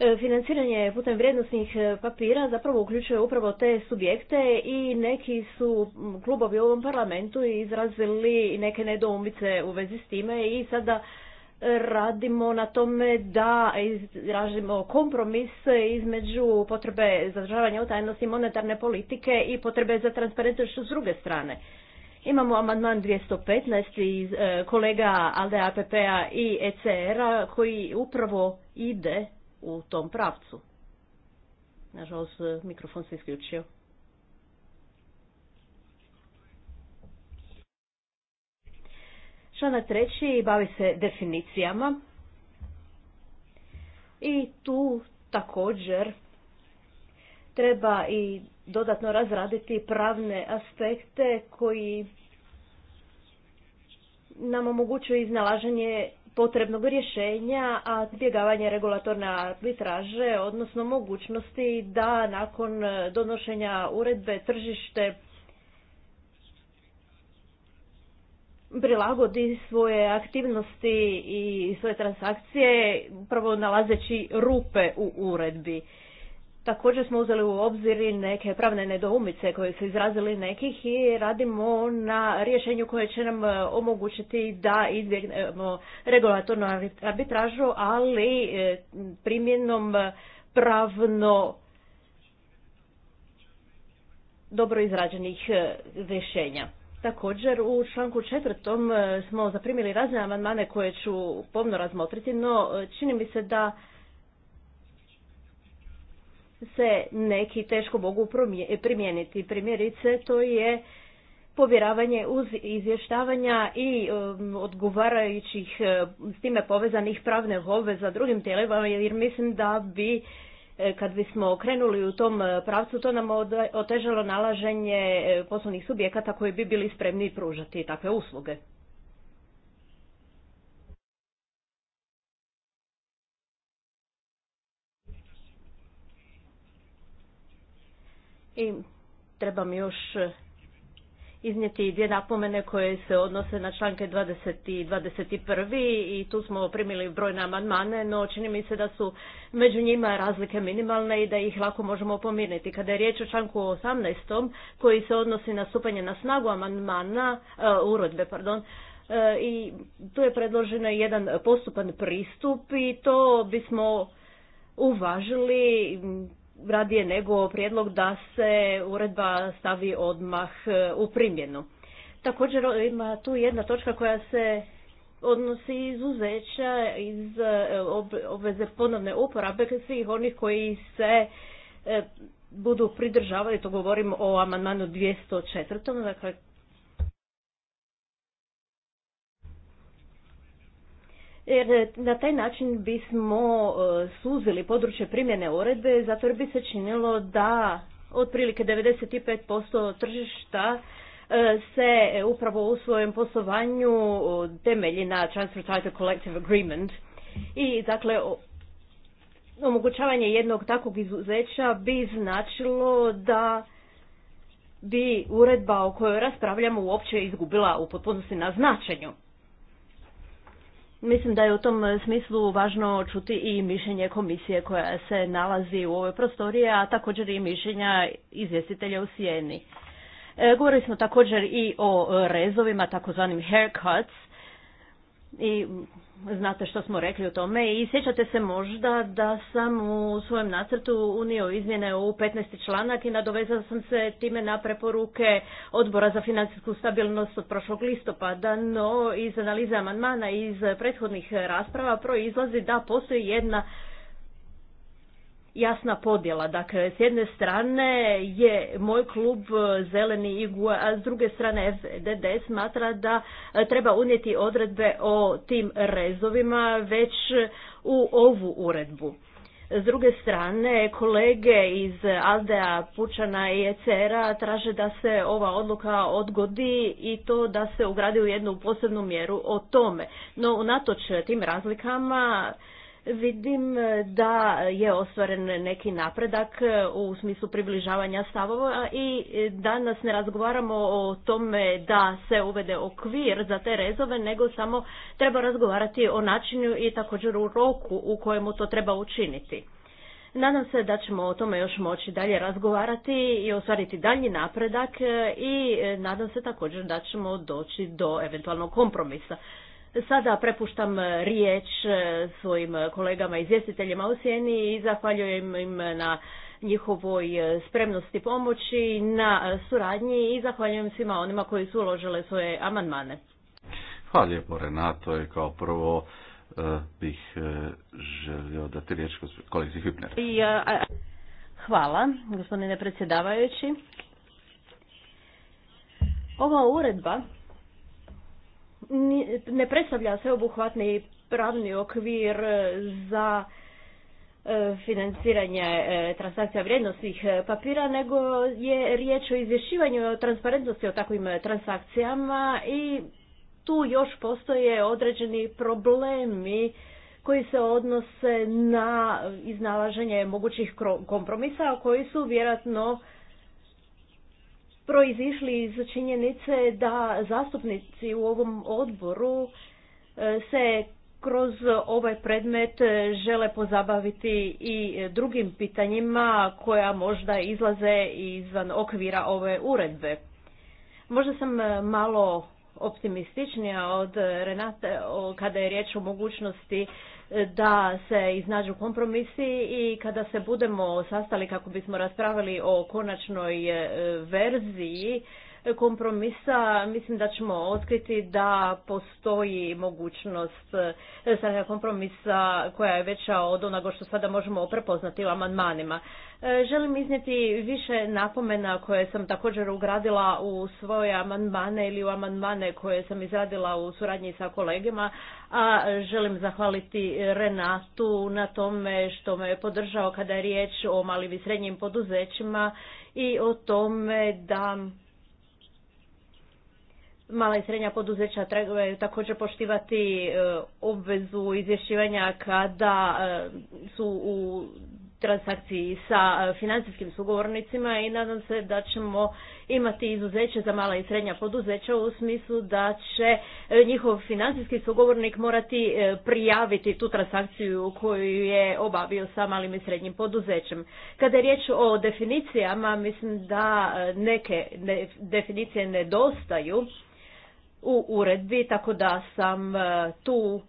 E, financiranje putem vrijednosnih e, papira zapravo uključuje upravo te subjekte i neki su klubovi u ovom parlamentu izrazili neke nedoumice u vezi s time i sada radimo na tome da izražimo kompromis između potrebe zadržavanja utajnosti monetarne politike i potrebe za transparentnošću s druge strane. Imamo amandman 215 iz e, kolega Alde app p-a i ECR-a koji upravo ide u tom pravcu. Nažalost, mikrofon se isključio. Članak treći bavi se definicijama i tu također treba i dodatno razraditi pravne aspekte koji nam omogućuju iznalaženje potrebnog rješenja, a izbjegavanje regulatorne arbitraže, odnosno mogućnosti da nakon donošenja uredbe tržište prilagodi svoje aktivnosti i svoje transakcije upravo nalazeći rupe u uredbi. Također smo uzeli u obzir neke pravne nedoumice koje su izrazili nekih i radimo na rješenju koje će nam e, omogućiti da izbjegnemo regulatornu arbitražu, ali e, primjenom e, pravno dobro izrađenih rješenja. Također u članku četvrtom smo zaprimili razne amandmane koje ću pomno razmotriti, no čini mi se da se neki teško mogu primijeniti. Primjerice to je povjeravanje uz izvještavanja i um, odgovarajućih e, s time povezanih pravnih obveza drugim tijelima jer mislim da bi e, kad bismo krenuli u tom e, pravcu to nam otežalo nalaženje poslovnih subjekata koji bi bili spremni pružati takve usluge. I trebam još iznijeti dvije napomene koje se odnose na članke 20 i 21 i tu smo primili brojne amandmane, no čini mi se da su među njima razlike minimalne i da ih lako možemo pomiriti. Kada je riječ o članku 18 koji se odnosi na stupanje na snagu amandmana, e, urodbe, pardon, e, i tu je predložen jedan postupan pristup i to bismo uvažili radije nego prijedlog da se uredba stavi odmah e, u primjenu. Također ima tu jedna točka koja se odnosi izuzeća iz e, obveze ponovne uporabe svih onih koji se e, budu pridržavali, to govorimo o amandmanu 204. Dakle, jer e, na taj način bismo e, suzili područje primjene uredbe zato jer bi se činilo da otprilike 95% tržišta e, se upravo u svojem poslovanju temelji na Transfer Title Collective Agreement i dakle omogućavanje jednog takvog izuzeća bi značilo da bi uredba o kojoj raspravljamo uopće izgubila u potpunosti na značenju. Mislim da je u tom smislu važno čuti i mišljenje komisije koja se nalazi u ovoj prostoriji, a također i mišljenja izvjestitelja u Sijeni. E, govorili smo također i o rezovima, takozvanim haircuts. I znate što smo rekli o tome i sjećate se možda da sam u svojem nacrtu unio izmjene u 15. članak i nadovezao sam se time na preporuke odbora za financijsku stabilnost od prošlog listopada, no iz analize amandmana iz prethodnih rasprava proizlazi da postoji jedna jasna podjela. Dakle, s jedne strane je moj klub e, Zeleni i e, a s druge strane FDD smatra da e, treba unijeti odredbe o tim rezovima već u ovu uredbu. S druge strane, kolege iz Aldea, Pučana i ECR-a traže da se ova odluka odgodi i to da se ugradi u jednu posebnu mjeru o tome. No, unatoč tim razlikama, Vidim e, da je ostvaren neki napredak e, u smislu približavanja stavova i e, danas ne razgovaramo o tome da se uvede okvir za te rezove, nego samo treba razgovarati o načinu i također u roku u kojemu to treba učiniti. Nadam se da ćemo o tome još moći dalje razgovarati i ostvariti dalji napredak i nadam se također da ćemo doći do eventualnog kompromisa. Sada prepuštam e, riječ e, svojim kolegama izvjestiteljima u Sjeni i zahvaljujem im na njihovoj e, spremnosti pomoći, na suradnji i zahvaljujem svima onima koji su uložile svoje amandmane. Hvala lijepo Renato i kao prvo bih želio dati riječ kolegici Hübner. Hvala gospodine predsjedavajući. Ova uredba ne predstavlja sveobuhvatni pravni okvir e, za e, financiranje e, transakcija vrijednostnih papira, nego je riječ o izvješćivanju o transparentnosti o takvim transakcijama i tu još postoje određeni problemi koji se odnose na iznalaženje mogućih kompromisa, koji su vjerojatno proizišli iz činjenice da zastupnici u ovom odboru e, se kroz ovaj predmet žele pozabaviti i drugim pitanjima koja možda izlaze izvan okvira ove uredbe. Možda sam e, malo optimističnija od Renate kada je riječ o mogućnosti da se iznađu kompromisi i kada se budemo sastali kako bismo raspravili o konačnoj e, verziji kompromisa mislim da ćemo otkriti da postoji mogućnost e, kompromisa koja je veća od onoga što sada možemo prepoznati u amandmanima. E, želim iznijeti više napomena koje sam također ugradila u svoje amandmane ili u amandmane koje sam izradila u suradnji sa kolegima, a želim zahvaliti Renatu na tome što me je podržao kada je riječ o malim i srednjim poduzećima i o tome da Mala i srednja poduzeća trebaju također poštivati e, obvezu izvješćivanja kada e, su u transakciji sa e, financijskim sugovornicima i nadam se da ćemo imati izuzeće za mala i srednja poduzeća u smislu da će njihov financijski sugovornik morati prijaviti tu transakciju koju je obavio sa malim i srednjim poduzećem. Kada je riječ o definicijama, mislim da neke definicije nedostaju u uredbi, tako da sam e, tu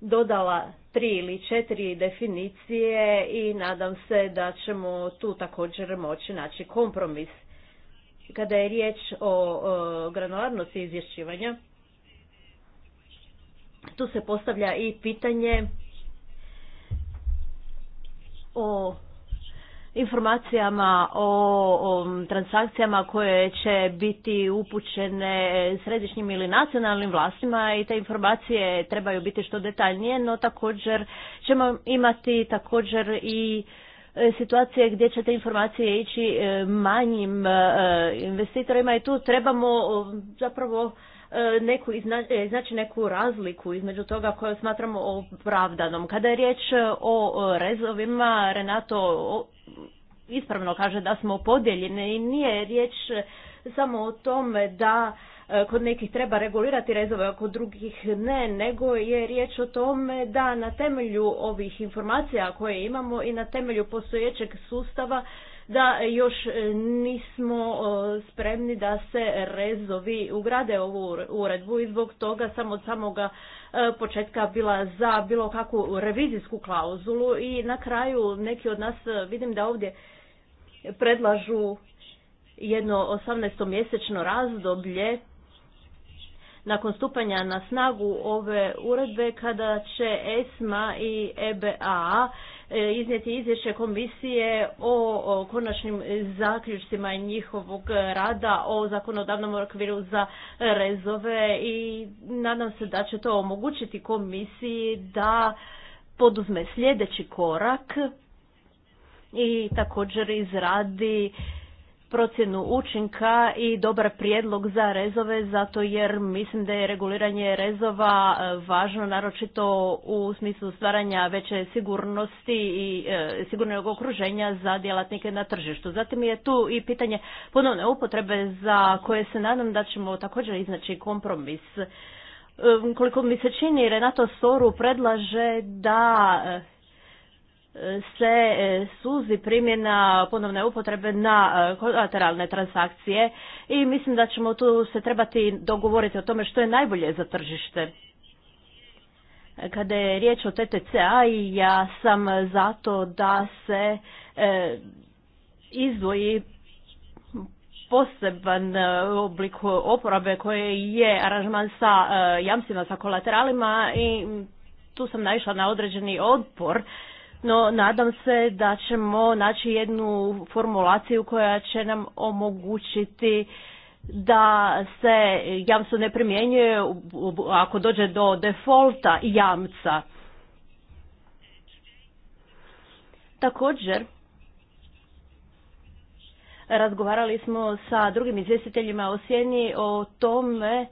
dodala tri ili četiri definicije i nadam se da ćemo tu također moći naći kompromis. Kada je riječ o, o e, granularnosti izvješćivanja, tu se postavlja i pitanje o informacijama o, transakcijama koje će biti upućene središnjim ili nacionalnim vlastima i te informacije trebaju biti što detaljnije, no također ćemo imati također i e, situacije gdje će te informacije ići e, manjim e, investitorima i tu trebamo zapravo E, neku, e, znači neku razliku između toga koju smatramo opravdanom. Kada je riječ o rezovima, Renato ispravno kaže da smo podijeljeni i nije riječ samo o tome da e, kod nekih treba regulirati rezove, a kod drugih ne, nego je riječ o tome da na temelju ovih informacija koje imamo i na temelju postojećeg sustava da još e, nismo e, spremni da se rezovi ugrade ovu uredbu i zbog toga sam od samoga e, početka bila za bilo kakvu revizijsku klauzulu i na kraju neki od nas vidim da ovdje predlažu jedno 18-mjesečno razdoblje nakon stupanja na snagu ove uredbe kada će ESMA i EBA E, iznijeti izvješće komisije o konačnim zaključcima njihovog rada o zakonodavnom okviru za rezove i nadam se da će to omogućiti komisiji da poduzme sljedeći korak i također izradi procjenu učinka i dobar prijedlog za rezove, zato jer mislim da je reguliranje rezova e, važno, naročito u smislu stvaranja veće sigurnosti i e, sigurnog okruženja za djelatnike na tržištu. Zatim je tu i pitanje ponovne upotrebe za koje se nadam da ćemo također iznaći kompromis. E, Koliko mi se čini, Renato Soru predlaže da se e, suzi primjena ponovne upotrebe na e, kolateralne transakcije i mislim da ćemo tu se trebati dogovoriti o tome što je najbolje za tržište. Kada je riječ o TTCA ja sam zato da se e, izdvoji poseban oblik oporabe koji je aranžman sa jamstvima, sa kolateralima i tu sam naišla na određeni odpor no nadam se da ćemo naći jednu formulaciju koja će nam omogućiti da se jamstvo ne primjenjuje ako dođe do defolta jamca. Također, razgovarali smo sa drugim izvjestiteljima o sjeni o tome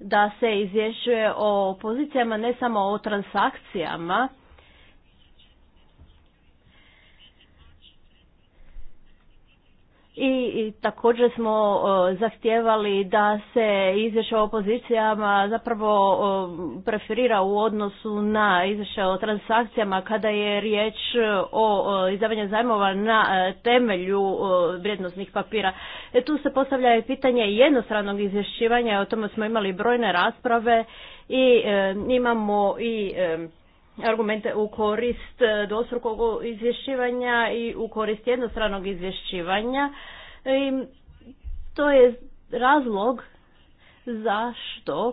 da se izvješćuje o pozicijama ne samo o transakcijama i također smo e, zahtijevali da se izvješće o opozicijama zapravo e, preferira u odnosu na izvješće o transakcijama kada je riječ e, o izdavanju zajmova na temelju vrijednosnih papira. tu se postavlja i pitanje jednostranog izvješćivanja, o tome smo imali brojne rasprave i imamo i argumente u korist e, dvostrukog izvješćivanja i u korist jednostranog izvješćivanja. E, I to je razlog zašto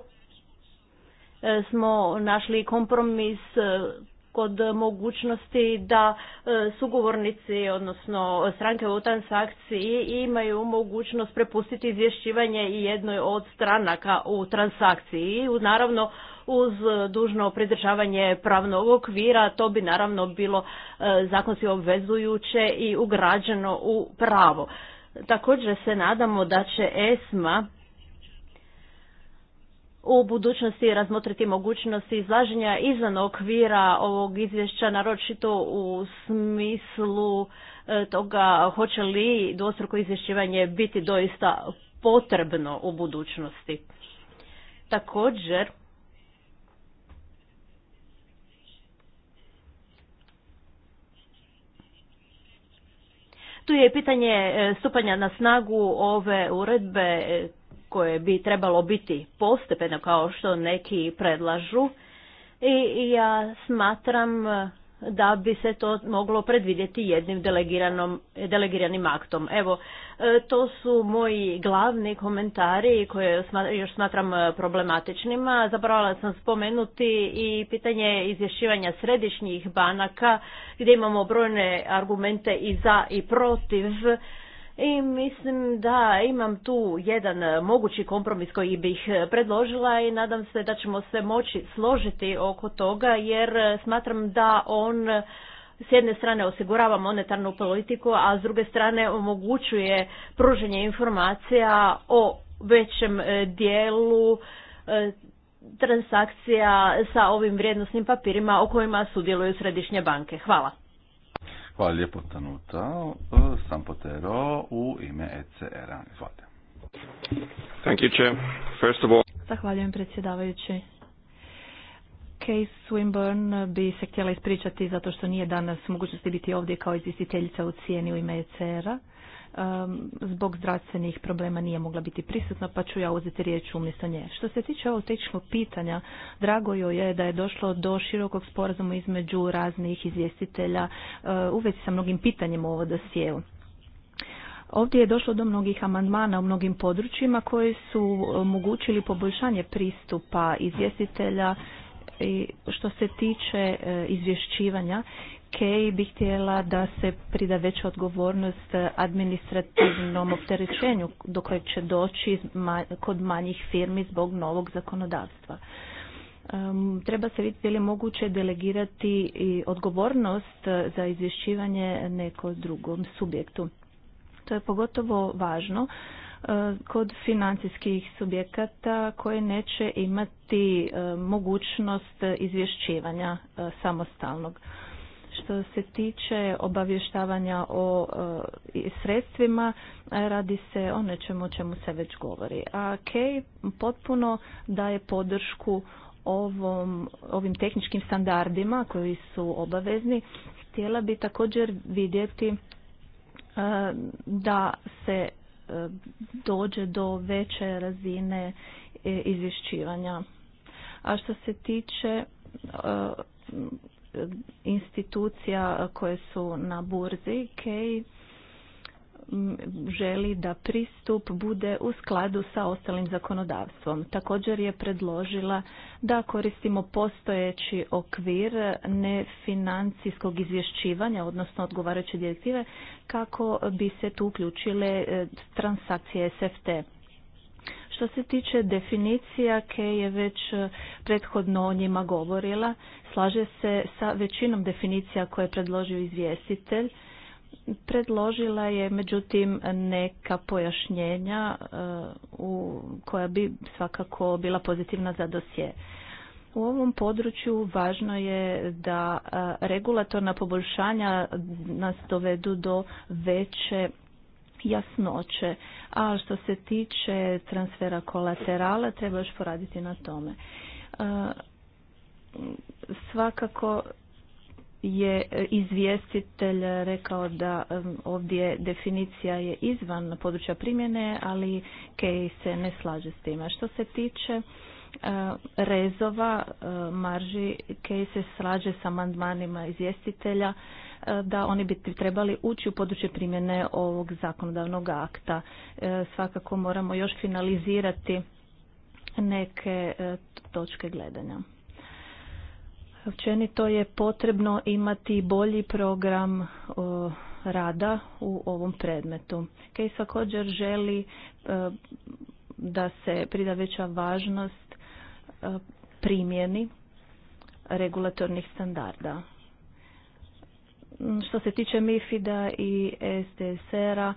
e, smo našli kompromis kod mogućnosti da sugovornici, odnosno stranke u transakciji imaju mogućnost prepustiti izvješćivanje i jednoj od stranaka u transakciji. Naravno, uz dužno pridržavanje pravnog okvira, to bi naravno bilo e, zakonski obvezujuće i ugrađeno u pravo. Također se nadamo da će ESMA u budućnosti razmotriti mogućnosti izlaženja izvan okvira ovog izvješća, naročito u smislu e, toga hoće li dvostruko izvješćivanje biti doista potrebno u budućnosti. Također, Tu je pitanje e, stupanja na snagu ove uredbe e, koje bi trebalo biti postepeno kao što neki predlažu. I ja smatram e, da bi se to moglo predvidjeti jednim delegiranim aktom. Evo, e, to su moji glavni komentari koje još smatram e, problematičnima. Zaboravila sam spomenuti i pitanje izvješćivanja središnjih banaka gdje imamo brojne argumente i za i protiv i mislim da imam tu jedan e, mogući kompromis koji bih e, predložila i nadam se da ćemo se moći složiti oko toga jer e, smatram da on s jedne strane osigurava monetarnu politiku, a s druge strane omogućuje pruženje informacija o većem dijelu transakcija sa ovim vrijednosnim papirima o kojima sudjeluju središnje banke. Hvala. Hvala lijepo Tanuta. E, Sam Potero u ime ECR-a. Thank you, Chair. First of all... Zahvaljujem predsjedavajući. Case Swinburne bi se htjela ispričati zato što nije danas mogućnosti biti ovdje kao izvjestiteljica u cijeni u ime ECR-a zbog zdravstvenih problema nije mogla biti prisutna, pa ću ja uzeti riječ umjesto nje. Što se tiče ovog tečnog pitanja, drago joj je da je došlo do širokog sporazuma između raznih izvjestitelja e, u sa mnogim pitanjem ovo da dosjeu. Ovdje je došlo do mnogih amandmana u mnogim područjima koji su omogućili poboljšanje pristupa izvjestitelja i što se tiče e, izvješćivanja Kej bi htjela da se prida veća odgovornost administrativnom opterećenju do kojeg će doći kod manjih firmi zbog novog zakonodavstva. treba se vidjeti je li moguće delegirati i odgovornost za izvješćivanje nekom drugom subjektu. To je pogotovo važno e, kod financijskih subjekata koje neće imati e, mogućnost izvješćivanja e, samostalnog. Što se tiče obavještavanja o e, sredstvima, e, radi se o nečemu o čemu se već govori. A Kej potpuno daje podršku ovom, ovim tehničkim standardima koji su obavezni. Htjela bi također vidjeti e, da se dođe do veće razine izvješćivanja. A što se tiče institucija koje su na burzi Kej želi da pristup bude u skladu sa ostalim zakonodavstvom. Također je predložila da koristimo postojeći okvir nefinancijskog izvješćivanja, odnosno odgovarajuće direktive, kako bi se tu uključile e, transakcije SFT. Što se tiče definicija, ke je već e, prethodno o njima govorila, slaže se sa većinom definicija koje je predložio izvjestitelj. Predložila je međutim neka pojašnjenja e, u, koja bi svakako bila pozitivna za dosje. U ovom području važno je da e, regulatorna poboljšanja nas dovedu do veće jasnoće. A što se tiče transfera kolaterala, treba još poraditi na tome. E, svakako je izvjestitelj rekao da ovdje definicija je izvan područja primjene, ali Kej se ne slaže s time. Što se tiče e, rezova e, marži Kej se slaže sa amandmanima izvjestitelja da oni bi trebali ući u područje primjene ovog zakonodavnog akta. E, svakako moramo još finalizirati neke e, točke gledanja. Općenito je potrebno imati bolji program e, rada u ovom predmetu. Kej također želi da se prida veća važnost primjeni regulatornih standarda. Što se tiče MIFID-a i SDSR-a,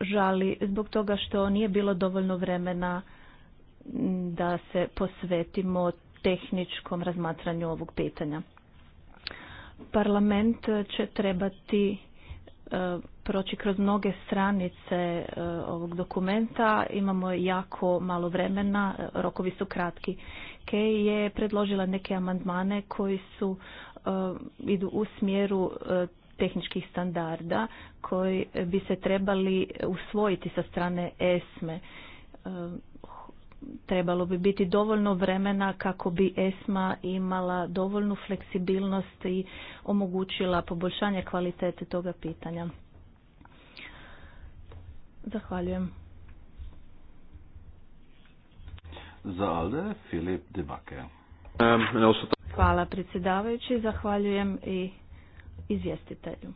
žali zbog toga što nije bilo dovoljno vremena da se posvetimo tehničkom razmatranju ovog pitanja. Parlament će trebati e, proći kroz mnoge stranice e, ovog dokumenta. Imamo jako malo vremena, e, rokovi su kratki. Kej je predložila neke amandmane koji su E, idu u smjeru e, tehničkih standarda koji bi se trebali usvojiti sa strane ESME. E, trebalo bi biti dovoljno vremena kako bi ESMA imala dovoljnu fleksibilnost i omogućila poboljšanje kvalitete toga pitanja. Zahvaljujem. Za Alde, Filip Debake. Um, Hvala predsjedavajući, zahvaljujem i izvjestitelju.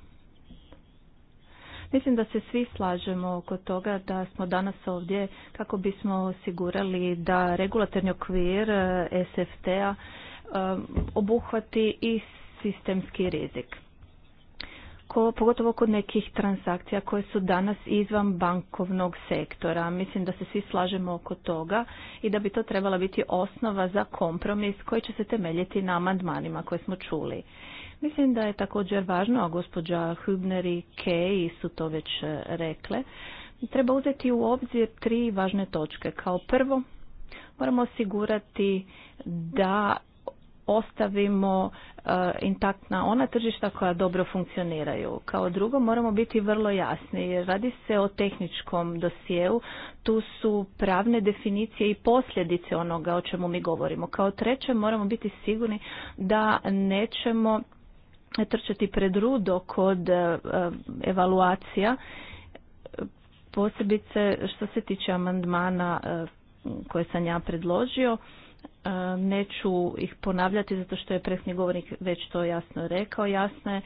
Mislim da se svi slažemo oko toga da smo danas ovdje kako bismo osigurali da regulatorni okvir eh, SFT-a eh, obuhvati i sistemski rizik ko, pogotovo kod nekih transakcija koje su danas izvan bankovnog sektora. Mislim da se svi slažemo oko toga i da bi to trebala biti osnova za kompromis koji će se temeljiti na amandmanima koje smo čuli. Mislim da je također važno, a gospođa Hübner i Key su to već e, rekle, treba uzeti u obzir tri važne točke. Kao prvo, moramo osigurati da ostavimo e, intaktna ona tržišta koja dobro funkcioniraju. Kao drugo moramo biti vrlo jasni jer radi se o tehničkom dosjeu, tu su pravne definicije i posljedice onoga o čemu mi govorimo. Kao treće moramo biti sigurni da nećemo trčati pred rudo kod e, evaluacija posebice što se tiče amandmana e, koje sam ja predložio E, neću ih ponavljati zato što je presni govornik već to jasno rekao. Jasno je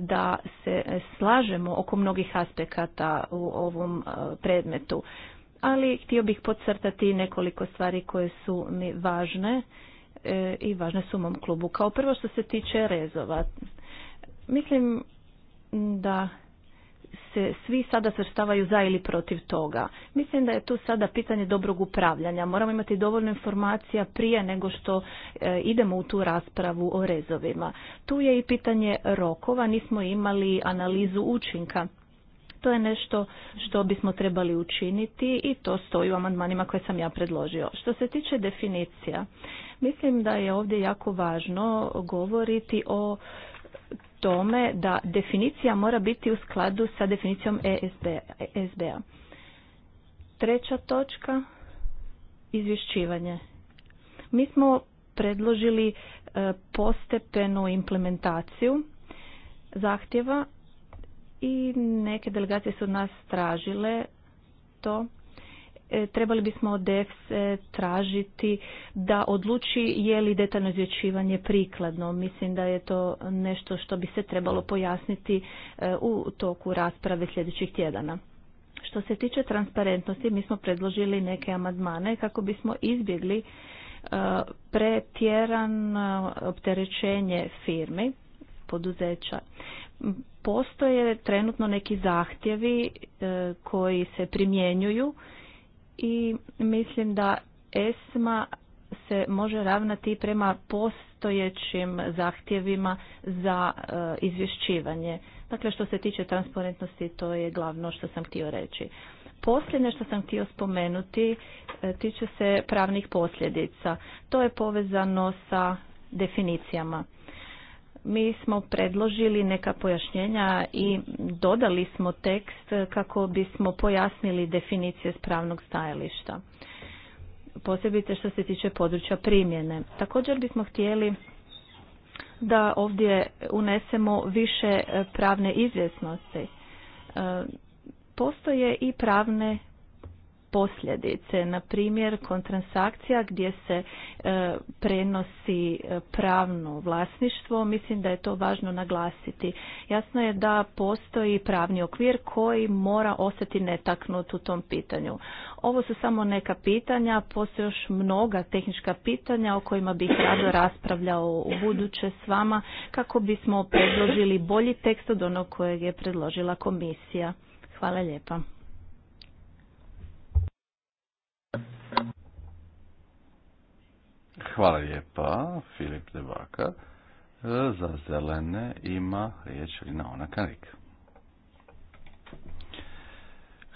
da se slažemo oko mnogih aspekata u ovom e, predmetu. Ali htio bih podcrtati nekoliko stvari koje su mi važne e, i važne su u mom klubu. Kao prvo što se tiče rezova. Mislim da se svi sada svrstavaju za ili protiv toga. Mislim da je tu sada pitanje dobrog upravljanja. Moramo imati dovoljno informacija prije nego što e, idemo u tu raspravu o rezovima. Tu je i pitanje rokova, nismo imali analizu učinka. To je nešto što bismo trebali učiniti i to stoji u amandmanima koje sam ja predložio. Što se tiče definicija, mislim da je ovdje jako važno govoriti o tome da definicija mora biti u skladu sa definicijom ESB-a. E Treća točka, izvješćivanje. Mi smo predložili e, postepenu implementaciju zahtjeva i neke delegacije su od nas tražile to E, trebali bismo od EFSE tražiti da odluči je li detaljno izvješćivanje prikladno. Mislim da je to nešto što bi se trebalo pojasniti e, u toku rasprave sljedećih tjedana. Što se tiče transparentnosti, mi smo predložili neke amandmane kako bismo izbjegli e, pretjeran opterećenje firmi, poduzeća. Postoje trenutno neki zahtjevi koji se primjenjuju i mislim da ESMA se može ravnati prema postojećim zahtjevima za e, izvješćivanje. Dakle, što se tiče transparentnosti, to je glavno što sam htio reći. Posljednje što sam htio spomenuti e, tiče se pravnih posljedica. To je povezano sa definicijama mi smo predložili neka pojašnjenja i dodali smo tekst kako bismo pojasnili definicije spravnog pravnog stajališta. posebite što se tiče područja primjene. Također bismo htjeli da ovdje unesemo više pravne izvjesnosti. E, postoje i pravne posljedice, na primjer kontransakcija gdje se e, prenosi e, pravno vlasništvo, mislim da je to važno naglasiti. Jasno je da postoji pravni okvir koji mora ostati netaknut u tom pitanju. Ovo su samo neka pitanja, postoje još mnoga tehnička pitanja o kojima bih rado raspravljao u buduće s vama kako bismo predložili bolji tekst od onog kojeg je predložila komisija. Hvala lijepa. Hvala lijepa, Filip Debaka. E, za zelene ima riječ Lina Ona Karik.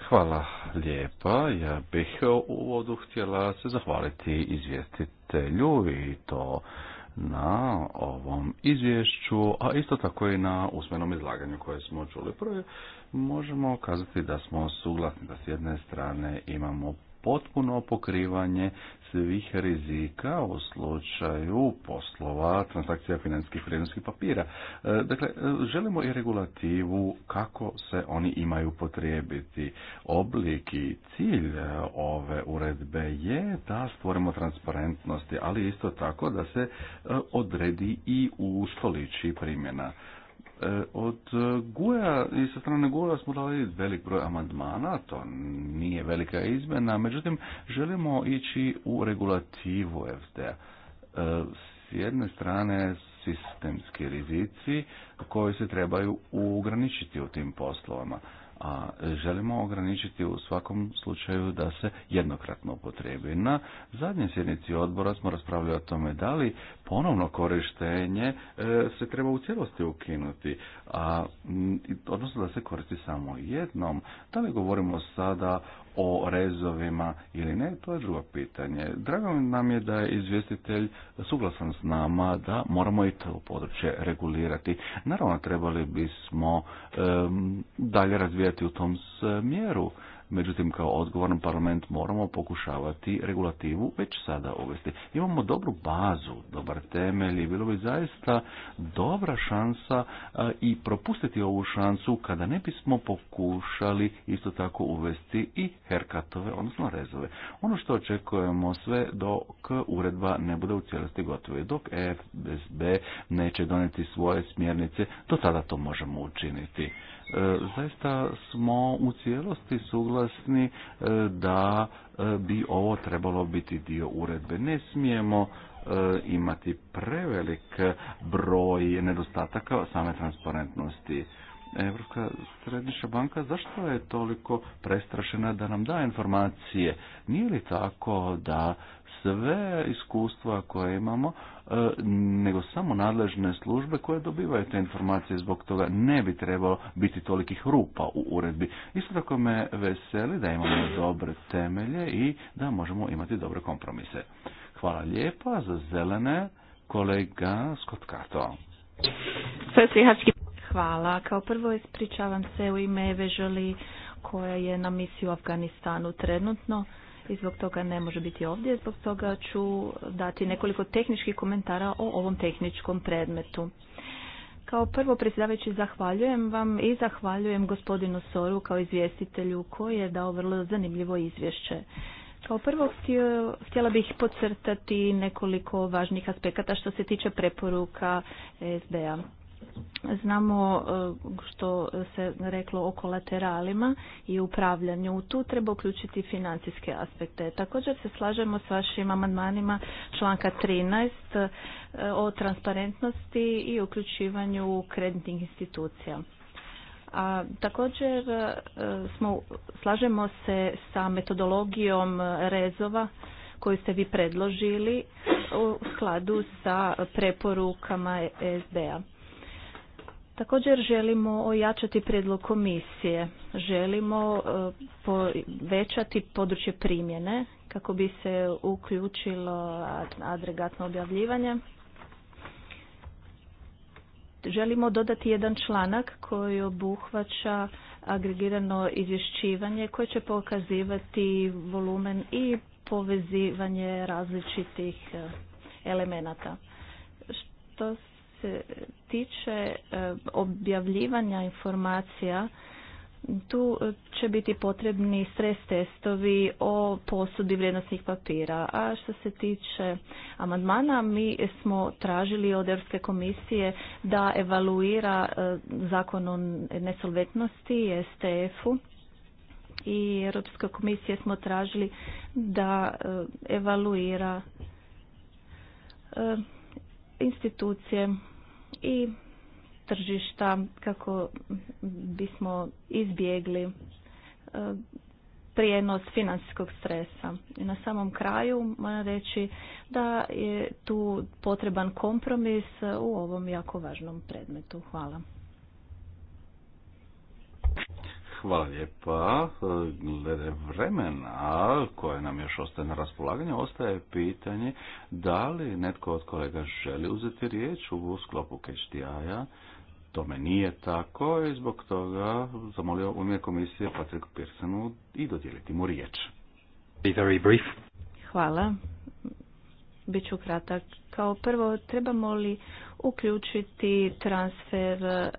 Hvala lijepa. Ja bih u uvodu htjela se zahvaliti izvjestitelju i to na ovom izvješću, a isto tako i na usmenom izlaganju koje smo čuli. Prvo možemo kazati da smo suglasni da s jedne strane imamo potpuno pokrivanje svih rizika u slučaju poslova transakcija financijskih vrijednostnih papira. E, dakle, želimo i regulativu kako se oni imaju potrijebiti. Oblik i cilj ove uredbe je da stvorimo transparentnosti, ali isto tako da se e, odredi i u primjena. E, od Guja i sa strane Guja smo dali velik broj amandmana, to nije velika izmjena, međutim želimo ići u regulativu FDA. E, s jedne strane sistemski rizici koji se trebaju ugraničiti u tim poslovama a želimo ograničiti u svakom slučaju da se jednokratno upotrebi. Na zadnjoj sjednici odbora smo raspravljali o tome da li ponovno korištenje e, se treba u cijelosti ukinuti, a, odnosno da se koristi samo jednom. Da li govorimo sada o rezovima ili ne, to je drugo pitanje. Drago nam je da je izvjestitelj suglasan s nama da moramo i to područje regulirati. Naravno, trebali bismo um, dalje razvijati u tom smjeru međutim kao odgovoran parlament moramo pokušavati regulativu već sada uvesti. Imamo dobru bazu, dobar temelj i bilo bi zaista dobra šansa i propustiti ovu šansu kada ne bismo pokušali isto tako uvesti i herkatove, odnosno rezove. Ono što očekujemo sve dok uredba ne bude u cijelosti gotove, dok FSB neće doneti svoje smjernice, do tada to možemo učiniti zaista smo u cijelosti suglasni e, da e, bi ovo trebalo biti dio uredbe. Ne smijemo e, imati prevelik broj nedostataka same transparentnosti. Evropska središnja banka zašto je toliko prestrašena da nam da informacije? Nije li tako da sve iskustva koje imamo, e, nego samo nadležne službe koje dobivaju te informacije. Zbog toga ne bi trebalo biti tolikih rupa u uredbi. Isto tako me veseli da imamo dobre temelje i da možemo imati dobre kompromise. Hvala lijepa za zelene kolega Skotkato. Hvala. Kao prvo ispričavam se u ime Eveželi koja je na misiju u Afganistanu trenutno i zbog toga ne može biti ovdje. Zbog toga ću dati nekoliko tehničkih komentara o ovom tehničkom predmetu. Kao prvo predsjedavajući zahvaljujem vam i zahvaljujem gospodinu Soru kao izvjestitelju koji je dao vrlo zanimljivo izvješće. Kao prvo htjela bih podcrtati nekoliko važnih aspekata što se tiče preporuka SBA. Znamo e, što se reklo o kolateralima i upravljanju. Tu treba uključiti financijske aspekte. Također se slažemo s vašim amandmanima članka 13 e, o transparentnosti i uključivanju kreditnih institucija. A također e, smo, slažemo se sa metodologijom rezova koju ste vi predložili u skladu sa preporukama SBA. Također želimo ojačati predlog komisije. Želimo e, povećati područje primjene kako bi se uključilo adregatno objavljivanje. Želimo dodati jedan članak koji obuhvaća agregirano izvješćivanje koje će pokazivati volumen i povezivanje različitih e, elemenata. Što se tiče e, objavljivanja informacija, tu će biti potrebni stres testovi o posudi vrijednosnih papira. A što se tiče amandmana, mi smo tražili od Europske komisije da evaluira e, zakon o nesolvetnosti, STF-u, i Europske komisije smo tražili da e, evaluira institucije i tržišta kako bismo izbjegli e, prijenos financijskog stresa. I na samom kraju moram reći da je tu potreban kompromis u ovom jako važnom predmetu. Hvala. Hvala lijepa. Glede vremena koje nam još ostaje na raspolaganju, ostaje pitanje da li netko od kolega želi uzeti riječ u sklopu KHTI-a. Tome nije tako i zbog toga zamolio u ime komisije Patrick Pearsonu i dodijeliti mu riječ. Hvala. Biću kratak. Kao prvo, trebamo li uključiti transfer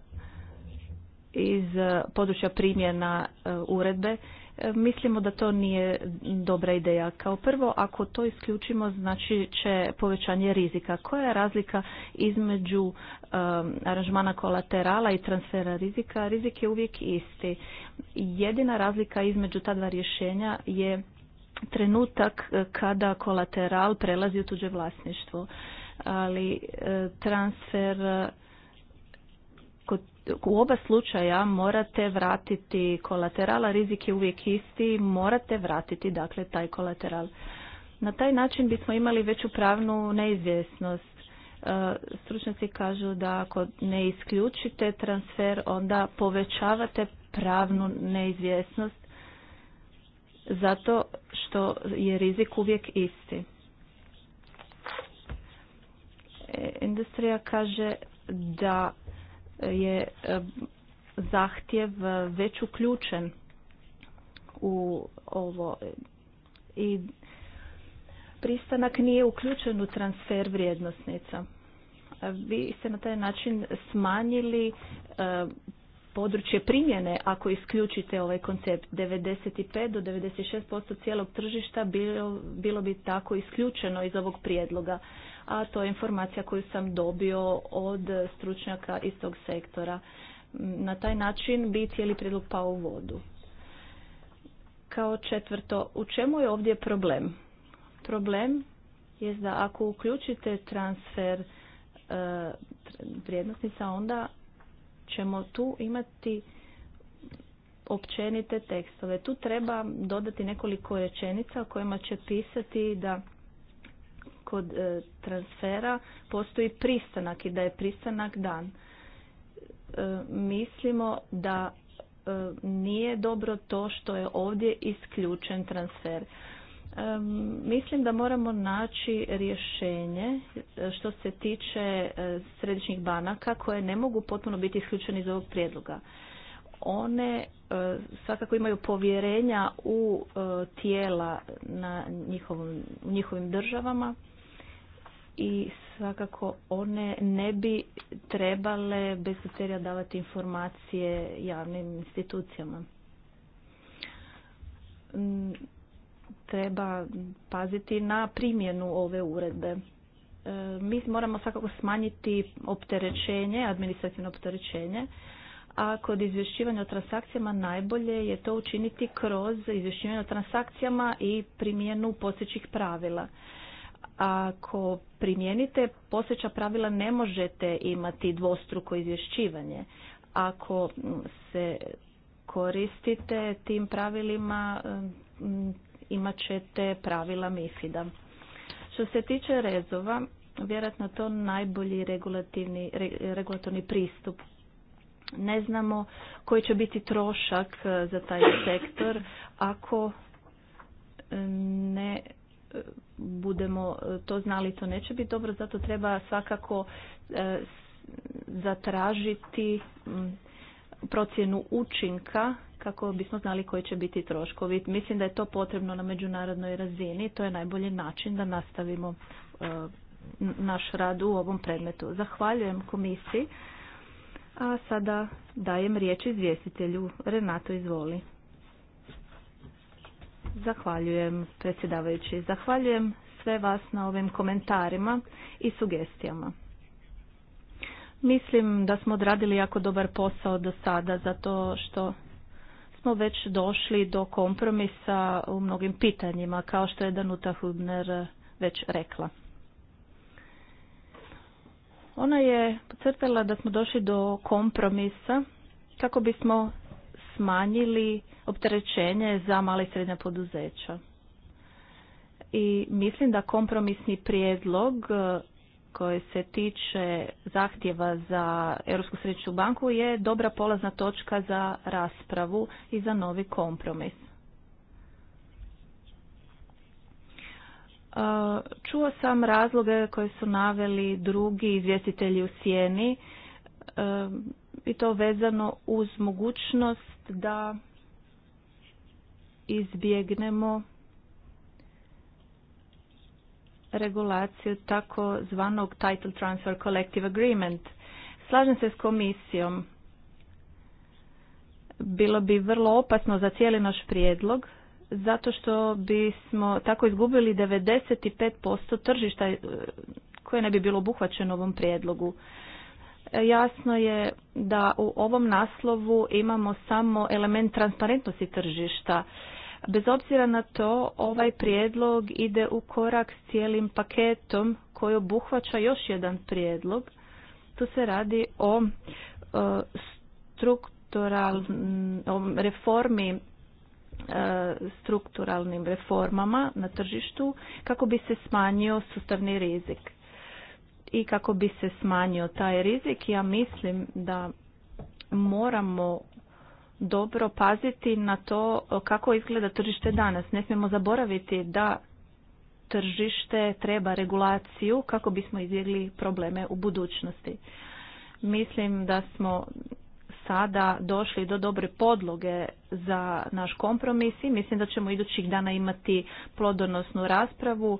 iz e, područja primjena e, uredbe, e, mislimo da to nije dobra ideja. Kao prvo, ako to isključimo, znači će povećanje rizika. Koja je razlika između aranžmana kolaterala i transfera rizika? Rizik je uvijek isti. Jedina razlika između ta dva rješenja je trenutak kada kolateral prelazi u tuđe vlasništvo ali transfer u oba slučaja morate vratiti kolateral, a rizik je uvijek isti, morate vratiti dakle taj kolateral. Na taj način bismo imali veću pravnu neizvjesnost. E, stručnjaci kažu da ako ne isključite transfer, onda povećavate pravnu neizvjesnost zato što je rizik uvijek isti. E, industrija kaže da je e, zahtjev e, već uključen u ovo i pristanak nije uključen u transfer vrijednosnica. E, vi ste na taj način smanjili područje primjene ako isključite ovaj koncept 95 do 96% cijelog tržišta bilo, bilo bi tako isključeno iz ovog prijedloga a to je informacija koju sam dobio od stručnjaka iz tog sektora mm, na taj način bi cijeli prijedlog pao u vodu kao četvrto u čemu je ovdje problem problem je da ako uključite transfer e, vrijednostnica, onda ćemo tu imati općenite tekstove. Tu treba dodati nekoliko rečenica o kojima će pisati da kod e, transfera postoji pristanak i da je pristanak dan. E, mislimo da e, nije dobro to što je ovdje isključen transfer. Mislim da moramo naći rješenje e, što se tiče e, središnjih banaka koje ne mogu potpuno biti isključene iz ovog prijedloga. One e, svakako imaju povjerenja u tijela na njihovom, u njihovim državama i svakako one ne bi trebale bez kriterija davati informacije javnim institucijama treba paziti na primjenu ove uredbe. E, mi moramo svakako smanjiti opterećenje, administrativno opterećenje, a kod izvješćivanja o transakcijama najbolje je to učiniti kroz izvješćivanje o transakcijama i primjenu posjećih pravila. Ako primijenite postojeća pravila ne možete imati dvostruko izvješćivanje. Ako se koristite tim pravilima imat ćete pravila mifida Što se tiče rezova, vjerojatno to najbolji regulativni, regulatorni pristup. Ne znamo koji će biti trošak e, za taj sektor ako e, ne e, budemo to znali, to neće biti dobro, zato treba svakako zatražiti procjenu učinka kako bismo znali koji će biti troškovi. Mislim da je to potrebno na međunarodnoj razini. To je najbolji način da nastavimo e, naš rad u ovom predmetu. Zahvaljujem komisiji. A sada dajem riječ izvjestitelju. Renato, izvoli. Zahvaljujem, predsjedavajući. Zahvaljujem sve vas na ovim komentarima i sugestijama. Mislim da smo odradili jako dobar posao do sada zato što smo već došli do kompromisa u mnogim pitanjima, kao što je Danuta Hubner već rekla. Ona je podcrtala da smo došli do kompromisa kako bismo smanjili opterećenje za male i srednja poduzeća. I mislim da kompromisni prijedlog koje se tiče zahtjeva za Europsku središnju banku je dobra polazna točka za raspravu i za novi kompromis. E, čuo sam razloge koje su naveli drugi izvjestitelji u sjeni e, i to vezano uz mogućnost da izbjegnemo regulaciju tako zvanog Title Transfer Collective Agreement. Slažem se s komisijom. Bilo bi vrlo opasno za cijeli naš prijedlog, zato što bismo tako izgubili 95% tržišta eh, koje ne bi bilo obuhvaćeno ovom prijedlogu. E, jasno je da u ovom naslovu imamo samo element transparentnosti tržišta Bez obzira na to, ovaj prijedlog ide u korak s cijelim paketom koji obuhvaća još jedan prijedlog. Tu se radi o e, struktural, reformi e, strukturalnim reformama na tržištu kako bi se smanjio sustavni rizik. I kako bi se smanjio taj rizik, ja mislim da moramo dobro paziti na to kako izgleda tržište danas. Ne smijemo zaboraviti da tržište treba regulaciju kako bismo izbjegli probleme u budućnosti. Mislim da smo sada došli do dobre podloge za naš kompromis i mislim da ćemo idućih dana imati plodonosnu raspravu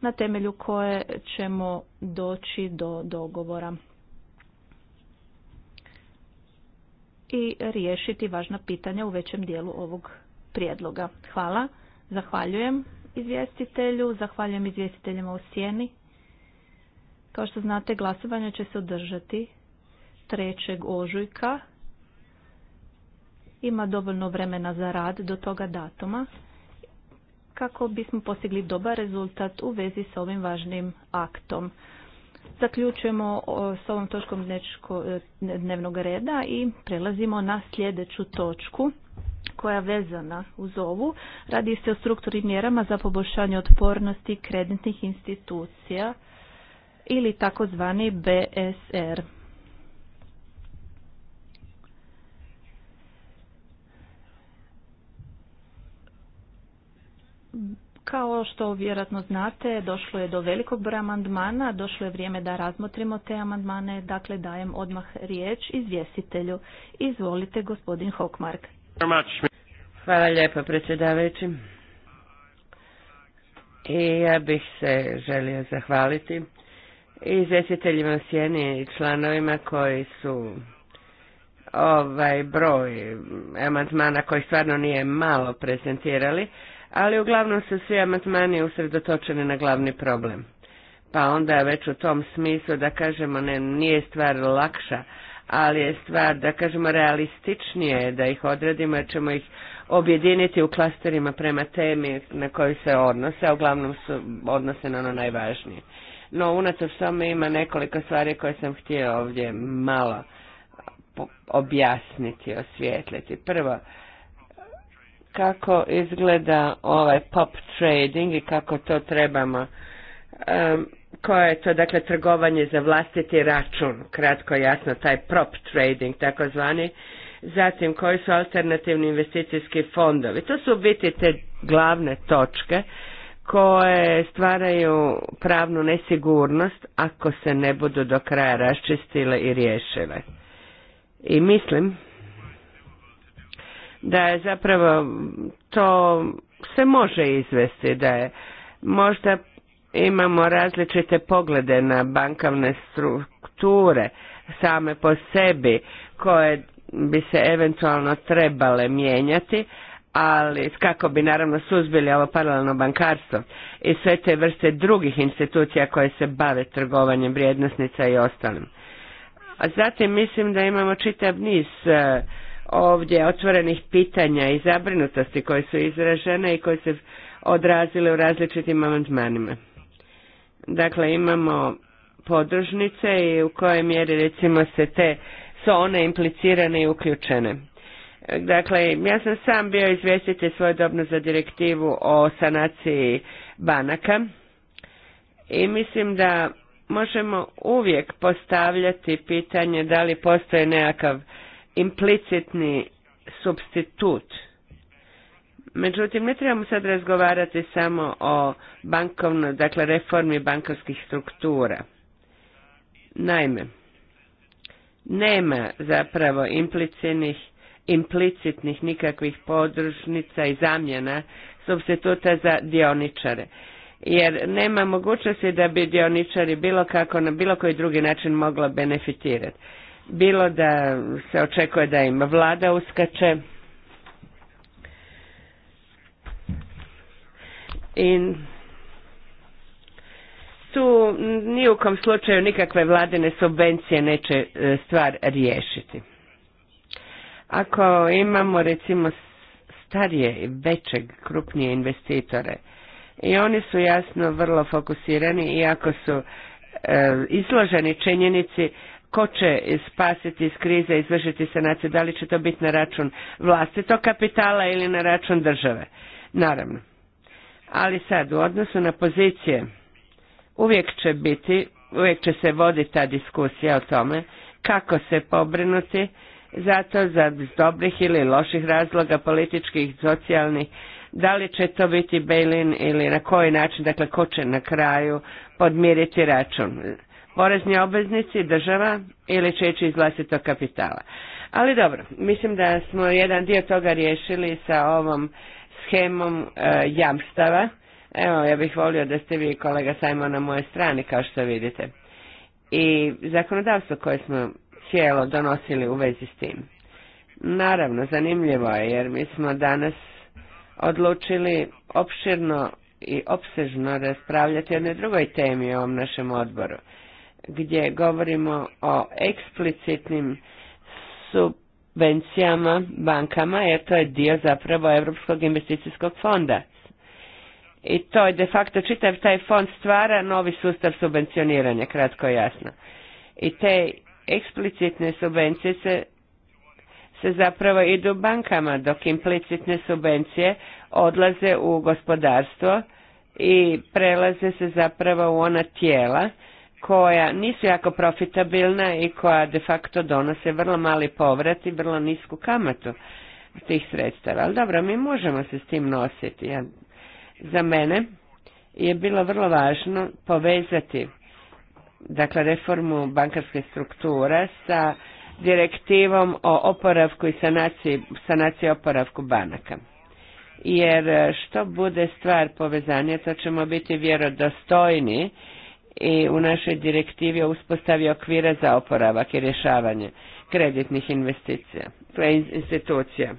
na temelju koje ćemo doći do dogovora. i riješiti važna pitanja u većem dijelu ovog prijedloga. Hvala. Zahvaljujem izvjestitelju, zahvaljujem izvjestiteljima u sjeni. Kao što znate, glasovanje će se održati 3. ožujka. Ima dovoljno vremena za rad do toga datuma kako bismo postigli dobar rezultat u vezi s ovim važnim aktom. Zaključujemo s ovom točkom e, dnevnog reda i prelazimo na sljedeću točku koja je vezana uz ovu. Radi se o strukturnim mjerama za poboljšanje otpornosti kreditnih institucija ili takozvani BSR. Kao što vjerojatno znate, došlo je do velikog broja amandmana, došlo je vrijeme da razmotrimo te amandmane, dakle dajem odmah riječ izvjestitelju. Izvolite, gospodin Hokmark. Hvala lijepo, predsjedavajući. I ja bih se želio zahvaliti izvjestiteljima Sjeni i članovima koji su ovaj broj amandmana koji stvarno nije malo prezentirali, ali uglavnom su svi amatmani usredotočeni na glavni problem. Pa onda već u tom smislu da kažemo ne, nije stvar lakša, ali je stvar da kažemo realističnije da ih odradimo jer ćemo ih objediniti u klasterima prema temi na koju se odnose, a uglavnom su odnose na ono najvažnije. No, unatoč tome ima nekoliko stvari koje sam htio ovdje malo objasniti, osvijetliti. Prvo, kako izgleda ovaj pop trading i kako to trebamo, koje je to dakle trgovanje za vlastiti račun, kratko jasno taj prop trading takozvani, zatim koji su alternativni investicijski fondovi. To su u biti te glavne točke koje stvaraju pravnu nesigurnost ako se ne budu do kraja raščistile i riješile. I mislim da je zapravo to se može izvesti, da je možda imamo različite poglede na bankavne strukture same po sebi koje bi se eventualno trebale mijenjati, ali kako bi naravno suzbili ovo paralelno bankarstvo i sve te vrste drugih institucija koje se bave trgovanjem vrijednosnica i ostalim. A zatim mislim da imamo čitav niz e, ovdje otvorenih pitanja i zabrinutosti koje su izražene i koje se odrazile u različitim amandmanima. Dakle, imamo podružnice i u kojoj mjeri recimo se te su one implicirane i uključene. Dakle, ja sam sam bio izvjestitelj svojedobno za direktivu o sanaciji banaka i mislim da možemo uvijek postavljati pitanje da li postoje nekakav implicitni substitut. Međutim, ne trebamo sad razgovarati samo o bankovno, dakle reformi bankovskih struktura. Naime, nema zapravo implicitnih, implicitnih nikakvih podružnica i zamjena substituta za dioničare. Jer nema mogućnosti da bi dioničari bilo kako na bilo koji drugi način mogla benefitirati bilo da se očekuje da im vlada uskače i tu ni u slučaju nikakve vladine subvencije neće e, stvar riješiti. Ako imamo recimo starije, većeg, krupnije investitore i oni su jasno vrlo fokusirani i ako su e, izloženi činjenici ko će spasiti iz krize, izvršiti sanaciju, da li će to biti na račun vlastitog kapitala ili na račun države. Naravno. Ali sad, u odnosu na pozicije, uvijek će biti, uvijek će se voditi ta diskusija o tome kako se pobrinuti zato za dobrih ili loših razloga političkih, socijalnih, da li će to biti bail-in ili na koji način, dakle ko će na kraju podmiriti račun porezni obveznici, država ili će ići iz vlastitog kapitala. Ali dobro, mislim da smo jedan dio toga riješili sa ovom schemom e, jamstava. Evo, ja bih volio da ste vi kolega Sajmo na moje strani, kao što vidite. I zakonodavstvo koje smo cijelo donosili u vezi s tim. Naravno, zanimljivo je, jer mi smo danas odlučili opširno i opsežno raspravljati o jednoj drugoj temi u ovom našem odboru gdje govorimo o eksplicitnim subvencijama bankama, jer to je dio zapravo Europskog investicijskog fonda. I to je de facto čitav taj fond stvara novi sustav subvencioniranja, kratko i jasno. I te eksplicitne subvencije se, se zapravo idu bankama, dok implicitne subvencije odlaze u gospodarstvo i prelaze se zapravo u ona tijela koja nisu jako profitabilna i koja de facto donose vrlo mali povrat i vrlo nisku kamatu tih sredstava. Ali dobro, mi možemo se s tim nositi. Ja, za mene je bilo vrlo važno povezati dakle reformu bankarske struktura sa direktivom o oporavku i sanaciji, sanaciji oporavku banaka. Jer eh, što bude stvar povezanja, to ćemo biti vjerodostojni i u našoj direktivi o uspostavi okvira za oporavak i rješavanje kreditnih investicija, institucija.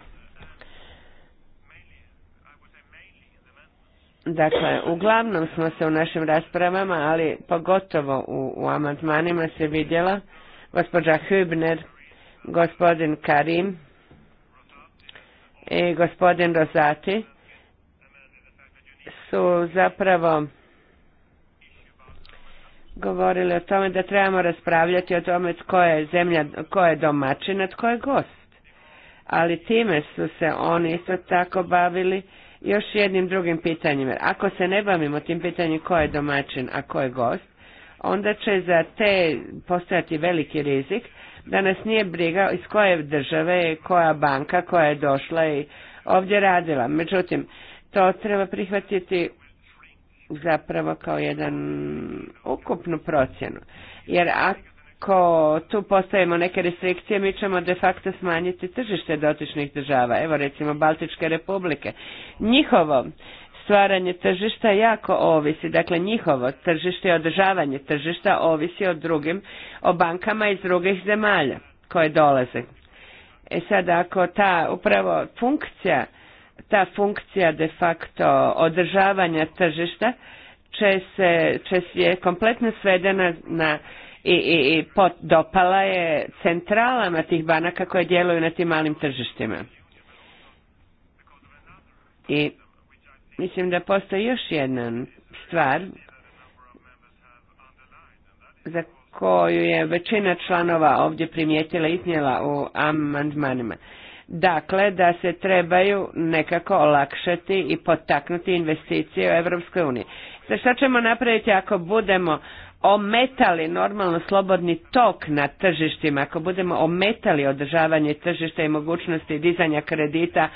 Dakle, uglavnom smo se u našim raspravama, ali pogotovo u, u amandmanima se vidjela gospođa Hübner, gospodin Karim i gospodin Rozati su zapravo govorili o tome da trebamo raspravljati o tome tko je zemlja, tko je domaćin, a tko je gost. Ali time su se oni isto tako bavili još jednim drugim pitanjima. Ako se ne bavimo tim pitanjem ko je domaćin, a ko je gost, onda će za te postojati veliki rizik da nas nije briga iz koje države, koja banka, koja je došla i ovdje radila. Međutim, to treba prihvatiti zapravo kao jedan ukupnu procjenu. Jer ako tu postavimo neke restrikcije, mi ćemo de facto smanjiti tržište dotičnih država. Evo recimo Baltičke republike. Njihovo stvaranje tržišta jako ovisi, dakle njihovo tržište i održavanje tržišta ovisi o drugim, o bankama iz drugih zemalja koje dolaze. E sad ako ta upravo funkcija ta funkcija de facto održavanja tržišta će se, će kompletno svedena na i, i, i pot, dopala je centralama tih banaka koje djeluju na tim malim tržištima. I mislim da postoji još jedna stvar za koju je većina članova ovdje primijetila i iznijela u amandmanima. Dakle, da se trebaju nekako olakšati i potaknuti investicije u Europskoj uniji. Za šta ćemo napraviti ako budemo ometali normalno slobodni tok na tržištima, ako budemo ometali održavanje tržišta i mogućnosti dizanja kredita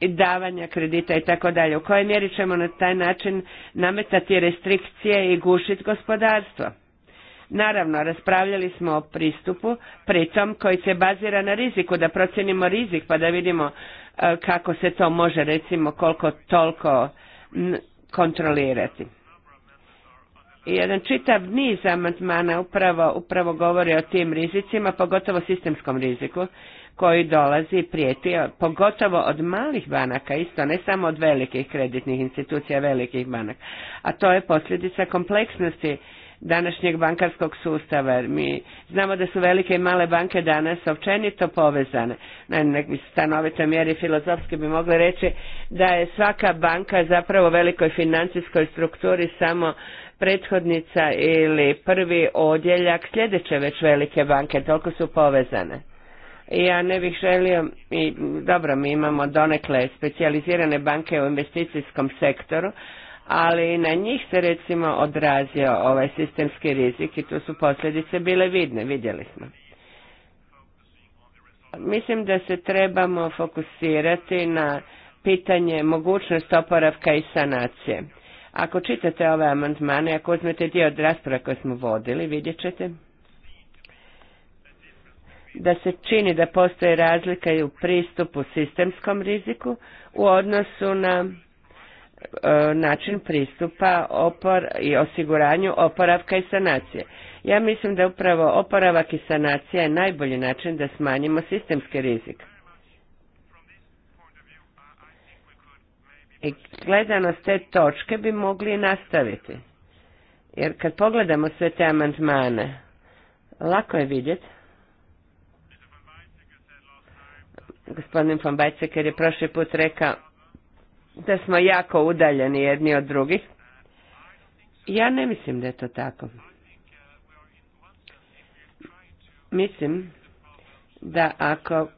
i davanja kredita i tako dalje. U kojoj mjeri ćemo na taj način nametati restrikcije i gušiti gospodarstvo? Naravno, raspravljali smo o pristupu, pritom koji se bazira na riziku, da procenimo rizik pa da vidimo e, kako se to može recimo koliko toliko kontrolirati. I jedan čitav niz amandmana upravo, upravo govori o tim rizicima, pogotovo sistemskom riziku koji dolazi i prijeti, pogotovo od malih banaka, isto ne samo od velikih kreditnih institucija, velikih banaka. A to je posljedica kompleksnosti današnjeg bankarskog sustava. Mi znamo da su velike i male banke danas općenito povezane. Na stanovi stanovitoj mjeri filozofski bi mogli reći da je svaka banka zapravo velikoj financijskoj strukturi samo prethodnica ili prvi odjeljak sljedeće već velike banke, toliko su povezane. ja ne bih želio, i dobro mi imamo donekle specijalizirane banke u investicijskom sektoru, ali na njih se recimo odrazio ovaj sistemski rizik i tu su posljedice bile vidne, vidjeli smo. Mislim da se trebamo fokusirati na pitanje mogućnost oporavka i sanacije. Ako čitate ove amandmane, ako uzmete dio od rasprava koje smo vodili, vidjet ćete da se čini da postoji razlika i u pristupu sistemskom riziku u odnosu na E, način pristupa opor i osiguranju oporavka i sanacije. Ja mislim da upravo oporavak i sanacija je najbolji način da smanjimo sistemski rizik. I gledano s te točke bi mogli nastaviti. Jer kad pogledamo sve te amandmane, lako je vidjeti. Gospodin von Bajceker je prošli put rekao da smo jako udaljeni jedni od drugih. Ja ne mislim da je to tako. Mislim da ako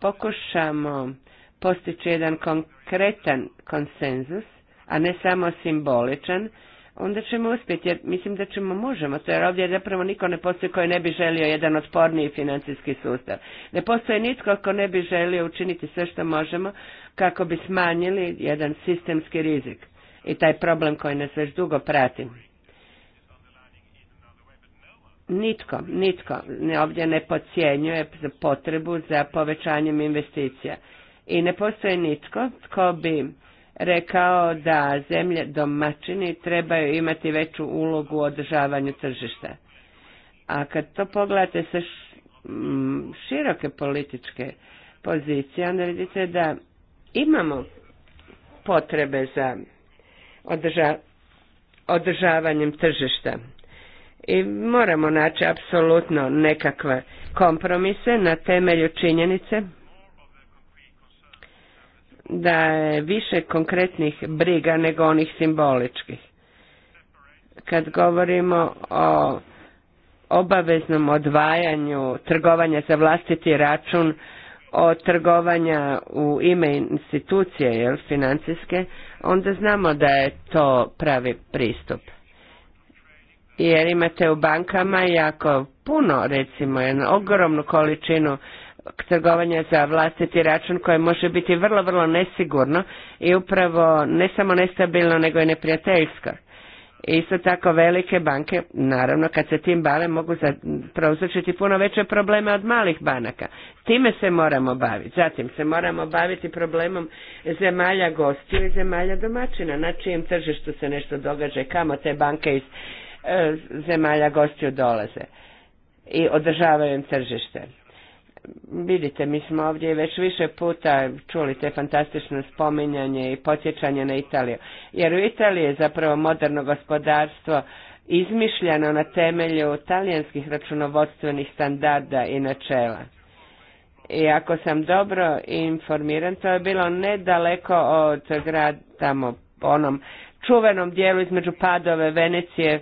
pokušamo postići jedan konkretan konsenzus, a ne samo simboličan, onda ćemo uspjeti, jer mislim da ćemo možemo to, jer ovdje zapravo niko ne postoji koji ne bi želio jedan otporniji financijski sustav. Ne postoji nitko ko ne bi želio učiniti sve što možemo kako bi smanjili jedan sistemski rizik i taj problem koji nas već dugo prati. Nitko, nitko ovdje ne podcjenjuje potrebu za povećanjem investicija. I ne postoji nitko tko bi rekao da zemlje domaćini trebaju imati veću ulogu u održavanju tržišta. A kad to pogledate sa široke političke pozicije, onda vidite da imamo potrebe za održavanjem tržišta. I moramo naći apsolutno nekakve kompromise na temelju činjenice da je više konkretnih briga nego onih simboličkih. Kad govorimo o obaveznom odvajanju trgovanja za vlastiti račun od trgovanja u ime institucije jel, financijske, onda znamo da je to pravi pristup. Jer imate u bankama jako puno, recimo, jednu ogromnu količinu trgovanja za vlastiti račun koje može biti vrlo, vrlo nesigurno i upravo ne samo nestabilno nego i neprijateljsko. Isto tako velike banke, naravno kad se tim bave mogu prouzročiti puno veće probleme od malih banaka. Time se moramo baviti. Zatim se moramo baviti problemom zemalja gostiju i zemalja domaćina. Na čijem tržištu se nešto događa i kamo te banke iz e, zemalja gostiju dolaze i održavaju im tržište. Vidite, mi smo ovdje već više puta čuli te fantastično spominjanje i podsjećanje na Italiju. Jer u Italiji je zapravo moderno gospodarstvo izmišljeno na temelju talijanskih računovodstvenih standarda i načela. I ako sam dobro informiran, to je bilo nedaleko od grada tamo onom čuvenom dijelu između Padove, Venecije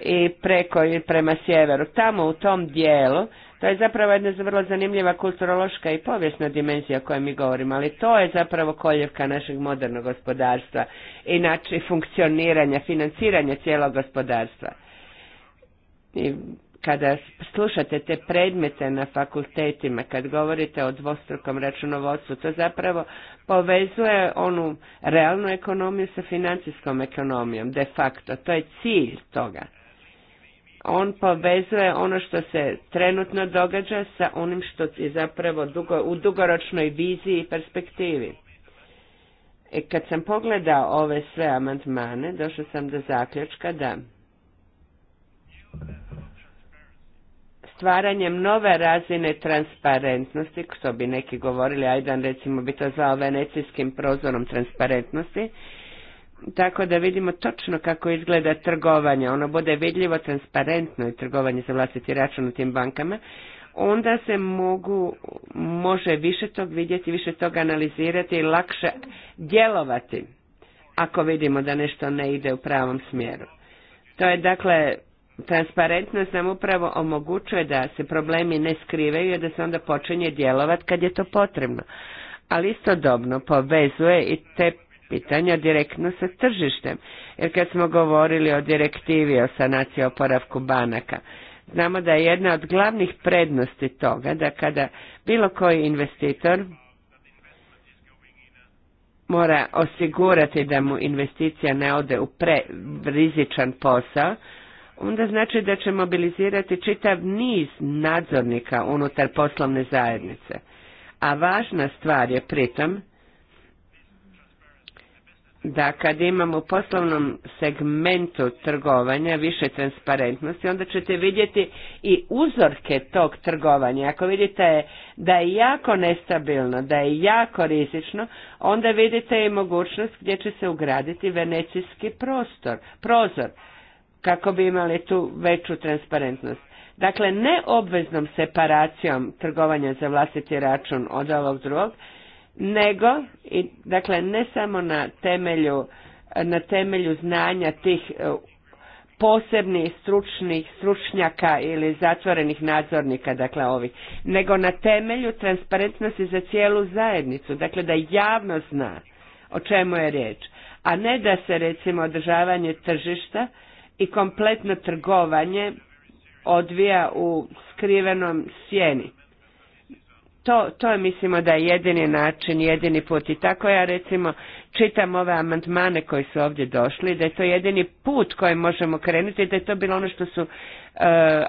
i preko i prema sjeveru. Tamo u tom dijelu to je zapravo jedna vrlo zanimljiva kulturološka i povijesna dimenzija o kojoj mi govorimo, ali to je zapravo koljevka našeg modernog gospodarstva i način funkcioniranja, financiranja cijelog gospodarstva. I kada slušate te predmete na fakultetima, kad govorite o dvostrukom računovodstvu, to zapravo povezuje onu realnu ekonomiju sa financijskom ekonomijom, de facto. To je cilj toga on povezuje ono što se trenutno događa sa onim što je zapravo dugo, u dugoročnoj viziji i perspektivi. E, kad sam pogledao ove sve amandmane, došao sam do zaključka da stvaranjem nove razine transparentnosti, što bi neki govorili, ajdan recimo bi to zvao venecijskim prozorom transparentnosti, tako da vidimo točno kako izgleda trgovanje, ono bude vidljivo, transparentno i trgovanje za vlastiti račun u tim bankama, onda se mogu, može više tog vidjeti, više toga analizirati i lakše djelovati ako vidimo da nešto ne ide u pravom smjeru. To je dakle, transparentnost nam upravo omogućuje da se problemi ne skrivaju i da se onda počinje djelovati kad je to potrebno. Ali istodobno povezuje i te pitanja direktno sa tržištem. Jer kad smo govorili o direktivi o sanaciji oporavku banaka, znamo da je jedna od glavnih prednosti toga da kada bilo koji investitor mora osigurati da mu investicija ne ode u prerizičan posao, onda znači da će mobilizirati čitav niz nadzornika unutar poslovne zajednice. A važna stvar je pritom da kad imamo u poslovnom segmentu trgovanja više transparentnosti, onda ćete vidjeti i uzorke tog trgovanja. Ako vidite da je jako nestabilno, da je jako rizično, onda vidite i mogućnost gdje će se ugraditi venecijski prostor, prozor, kako bi imali tu veću transparentnost. Dakle, neobveznom separacijom trgovanja za vlastiti račun od ovog drugog, nego i dakle ne samo na temelju na temelju znanja tih e, posebnih stručnih stručnjaka ili zatvorenih nadzornika, dakle ovih, nego na temelju transparentnosti za cijelu zajednicu, dakle da javno zna o čemu je riječ, a ne da se recimo održavanje tržišta i kompletno trgovanje odvija u skrivenom sjeni to, to mislimo da je jedini način, jedini put. I tako ja recimo čitam ove amandmane koji su ovdje došli, da je to jedini put kojim možemo krenuti, da je to bilo ono što su e,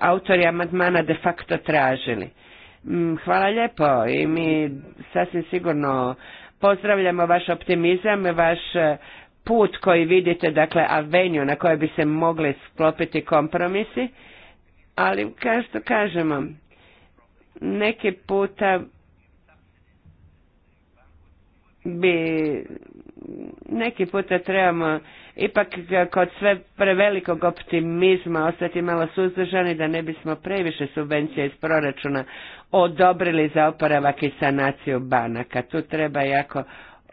autori amandmana de facto tražili. Mm, hvala lijepo i mi sasvim sigurno pozdravljamo vaš optimizam, vaš e, put koji vidite, dakle avenju na kojoj bi se mogli sklopiti kompromisi, ali kao što kažemo, neki puta bi neki puta trebamo ipak kod sve prevelikog optimizma ostati malo suzdržani da ne bismo previše subvencija iz proračuna odobrili za oporavak i sanaciju banaka. Tu treba jako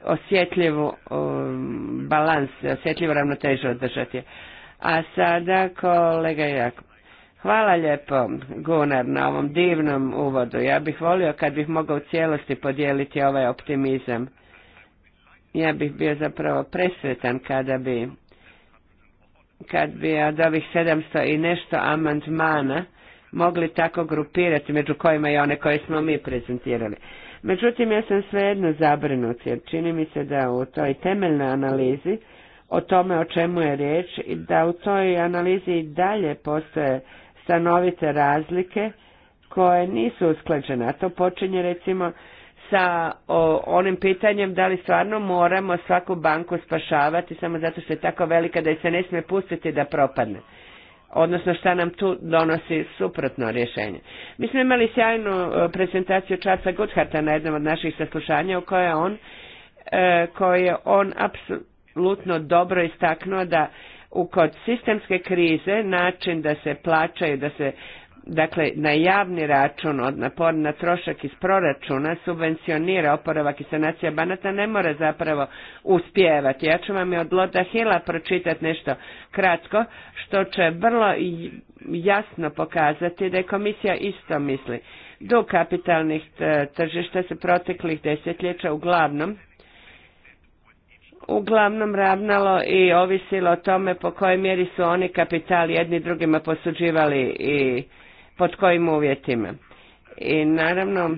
osjetljivu um, balans, osjetljivu ravnotežu održati. A sada kolega Jako. Hvala lijepo, Gunar, na ovom divnom uvodu. Ja bih volio kad bih mogao u cijelosti podijeliti ovaj optimizam. Ja bih bio zapravo presretan kada bi, kad bi od ovih 700 i nešto amandmana mogli tako grupirati, među kojima i one koje smo mi prezentirali. Međutim, ja sam svejedno zabrinut, jer čini mi se da u toj temeljnoj analizi, o tome o čemu je riječ, i da u toj analizi i dalje postoje stanovite razlike koje nisu usklađene. A to počinje recimo sa onim pitanjem da li stvarno moramo svaku banku spašavati samo zato što je tako velika da je se ne smije pustiti da propadne. Odnosno šta nam tu donosi suprotno rješenje. Mi smo imali sjajnu e, prezentaciju Čaca Goodharta na jednom od naših saslušanja u kojoj on, e, koji je on apsolutno dobro istaknuo da u kod sistemske krize način da se plaćaju, da se dakle na javni račun od napor na trošak iz proračuna subvencionira oporavak i sanacija banata ne mora zapravo uspjevati. Ja ću vam i od Lota Hila pročitati nešto kratko što će vrlo jasno pokazati da je komisija isto misli. Do kapitalnih e, tržišta se proteklih desetljeća uglavnom uglavnom ravnalo i ovisilo o tome po kojoj mjeri su oni kapital jedni drugima posuđivali i pod kojim uvjetima. I naravno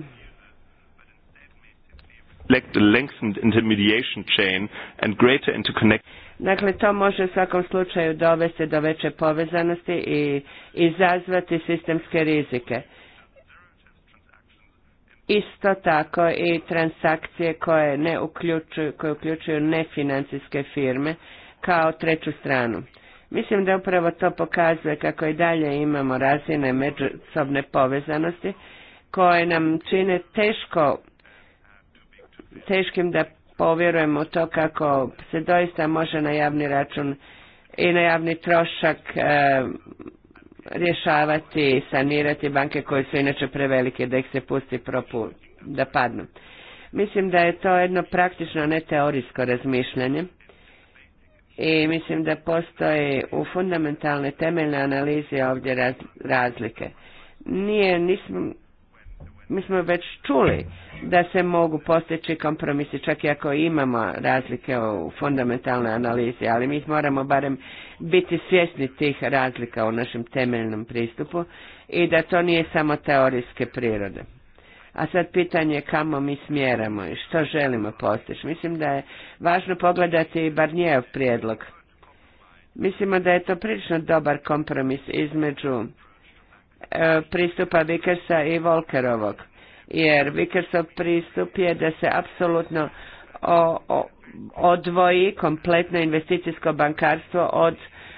Dakle, to može u svakom slučaju dovesti do veće povezanosti i izazvati sistemske rizike. Isto tako i transakcije koje ne uključuju, koje uključuju nefinancijske firme kao treću stranu. Mislim da upravo to pokazuje kako i dalje imamo razine međusobne povezanosti koje nam čine teško, teškim da povjerujemo to kako se doista može na javni račun i na javni trošak e, rješavati sanirati banke koje su inače prevelike da ih se pusti propu, da padnu. Mislim da je to jedno praktično ne teorijsko razmišljanje i mislim da postoji u fundamentalne temeljne analizi ovdje razlike. Nije, nismo, mi smo već čuli da se mogu postići kompromisi, čak i ako imamo razlike u fundamentalnoj analizi, ali mi moramo barem biti svjesni tih razlika u našem temeljnom pristupu i da to nije samo teorijske prirode. A sad pitanje kamo mi smjeramo i što želimo postići. Mislim da je važno pogledati i Barnijev prijedlog. Mislimo da je to prilično dobar kompromis između E, pristupa Vikersa i Volkerovog. Jer Vikersov pristup je da se apsolutno odvoji kompletno investicijsko bankarstvo od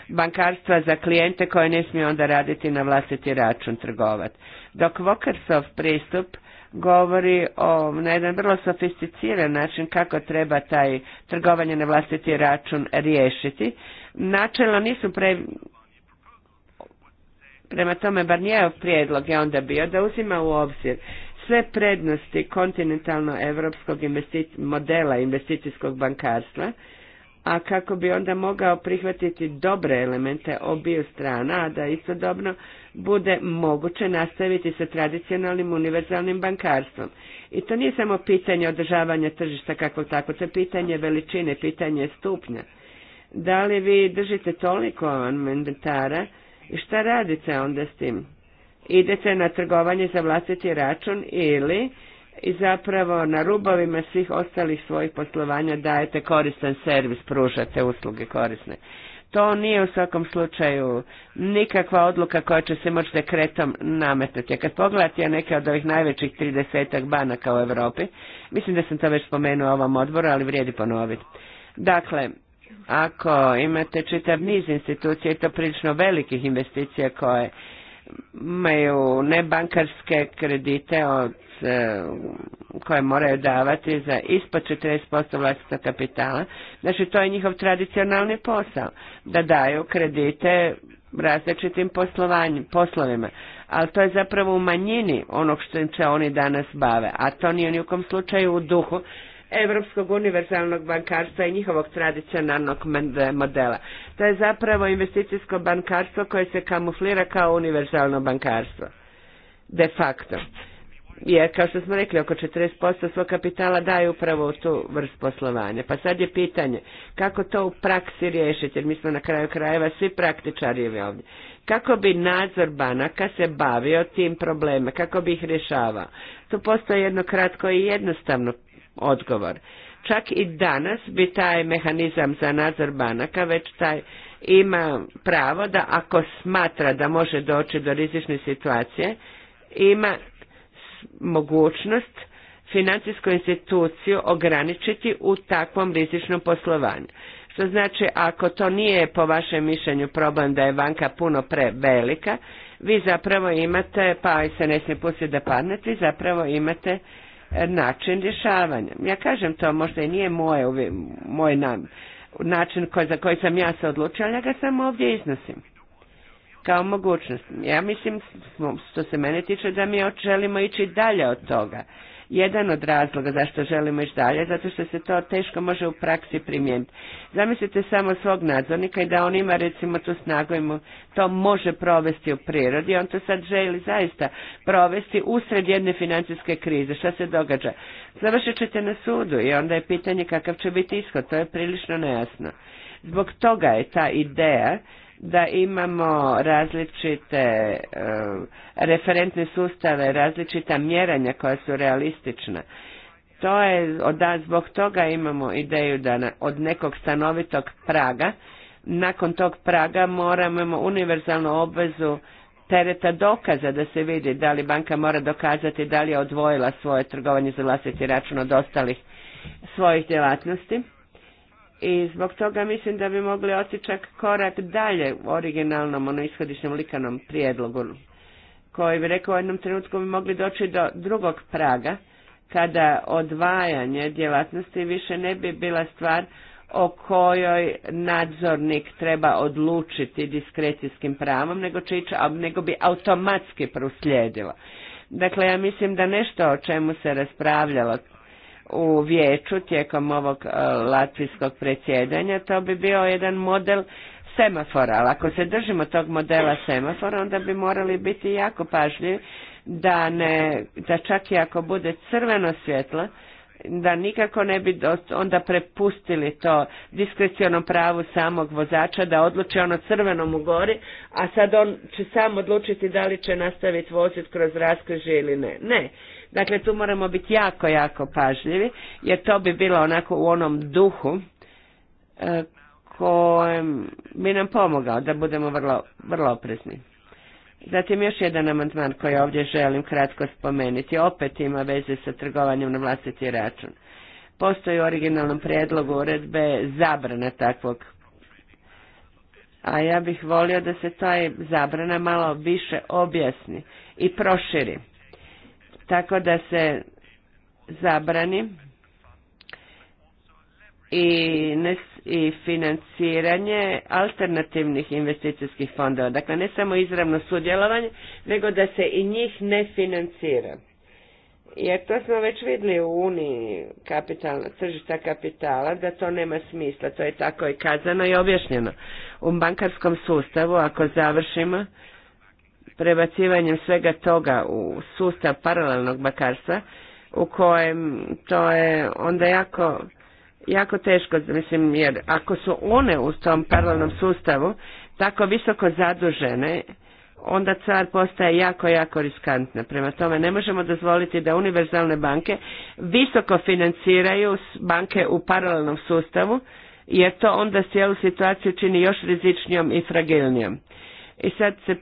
bankarstva za klijente koje ne smije onda raditi na vlastiti račun trgovati. Dok Vokersov pristup govori o, na jedan vrlo sofisticiran način kako treba taj trgovanje na vlastiti račun riješiti. Načelno nisu pre, Prema tome, Barnijev prijedlog je onda bio da uzima u obzir sve prednosti kontinentalno-evropskog modela investicijskog bankarstva, a kako bi onda mogao prihvatiti dobre elemente obiju strana, a da istodobno bude moguće nastaviti sa tradicionalnim univerzalnim bankarstvom. I to nije samo pitanje održavanja tržišta kako tako, to je pitanje veličine, pitanje stupnja. Da li vi držite toliko inventara i šta radite onda s tim? Idete na trgovanje za vlastiti račun ili i zapravo na rubovima svih ostalih svojih poslovanja dajete koristan servis, pružate usluge korisne. To nije u svakom slučaju nikakva odluka koja će se moći dekretom nametnuti. Kad pogledate neke od ovih najvećih 30 banaka u Europi, mislim da sam to već spomenuo u ovom odboru, ali vrijedi ponoviti. Dakle, ako imate čitav niz institucija i to prilično velikih investicija koje imaju nebankarske kredite od, e, koje moraju davati za ispod 40% vlastnog kapitala. Znači to je njihov tradicionalni posao, da daju kredite različitim poslovima. Ali to je zapravo u manjini onog što im se oni danas bave, a to nije ni u kom slučaju u duhu Europskog univerzalnog bankarstva i njihovog tradicionalnog modela. To je zapravo investicijsko bankarstvo koje se kamuflira kao univerzalno bankarstvo. De facto. Jer, kao što smo rekli, oko 40% svog kapitala daje upravo u tu vrst poslovanja. Pa sad je pitanje kako to u praksi riješiti, jer mi smo na kraju krajeva svi praktičari ovdje. Kako bi nadzor banaka se bavio tim problema, kako bi ih rješavao? Tu postoji jedno kratko i jednostavno odgovor. Čak i danas bi taj mehanizam za nadzor banaka već taj ima pravo da ako smatra da može doći do rizične situacije, ima mogućnost financijsku instituciju ograničiti u takvom rizičnom poslovanju. Što znači, ako to nije po vašem mišljenju problem da je banka puno prevelika, vi zapravo imate, pa se ne smije pustiti da padnete, zapravo imate E, način rješavanja. Ja kažem to možda i nije moje, moj nam, način koj, za koji sam ja se odlučila, ali ja ga samo ovdje iznosim kao mogućnost. Ja mislim, što se mene tiče, da mi želimo ići dalje od toga jedan od razloga zašto želimo ići dalje, zato što se to teško može u praksi primijeniti. Zamislite samo svog nadzornika i da on ima recimo tu snagu i mu to može provesti u prirodi, on to sad želi zaista provesti usred jedne financijske krize. Šta se događa? Završit ćete na sudu i onda je pitanje kakav će biti ishod, to je prilično nejasno. Zbog toga je ta ideja da imamo različite eh, referentne sustave, različita mjerenja koja su realistična. To je, da zbog toga imamo ideju da od nekog stanovitog praga, nakon tog praga moramo univerzalnu obvezu tereta dokaza da se vidi da li banka mora dokazati da li je odvojila svoje trgovanje za vlastiti račun od ostalih svojih djelatnosti i zbog toga mislim da bi mogli otići čak korak dalje u originalnom, ono ishodišnjem likanom prijedlogu, koji bi rekao u jednom trenutku bi mogli doći do drugog praga, kada odvajanje djelatnosti više ne bi bila stvar o kojoj nadzornik treba odlučiti diskrecijskim pravom, nego, će ići, nego bi automatski proslijedilo. Dakle, ja mislim da nešto o čemu se raspravljalo u vijeću tijekom ovog e, latvijskog predsjedanja, to bi bio jedan model semafora, ali ako se držimo tog modela semafora, onda bi morali biti jako pažljivi da, ne, da čak i ako bude crveno svjetlo, da nikako ne bi onda prepustili to diskrecionom pravu samog vozača da odluči ono crvenom u gori, a sad on će sam odlučiti da li će nastaviti vozit kroz raskrižje ili ne. Ne, Dakle, tu moramo biti jako, jako pažljivi, jer to bi bilo onako u onom duhu e, kojem bi nam pomogao da budemo vrlo, vrlo oprezni. Zatim još jedan amandman koji ovdje želim kratko spomenuti, opet ima veze sa trgovanjem na vlastiti račun. Postoji u originalnom prijedlogu uredbe zabrana takvog, a ja bih volio da se taj zabrana malo više objasni i proširi tako da se zabrani i, ne, financiranje alternativnih investicijskih fondova. Dakle, ne samo izravno sudjelovanje, nego da se i njih ne financira. Jer to smo već vidjeli u Uniji kapitalna, tržišta kapitala, da to nema smisla. To je tako i kazano i objašnjeno. U bankarskom sustavu, ako završimo, prebacivanjem svega toga u sustav paralelnog bakarstva u kojem to je onda jako jako teško, mislim, jer ako su one u tom paralelnom sustavu tako visoko zadužene, onda car postaje jako, jako riskantna. Prema tome, ne možemo dozvoliti da univerzalne banke visoko financiraju banke u paralelnom sustavu, jer to onda cijelu situaciju čini još rizičnijom i fragilnijom. I sad se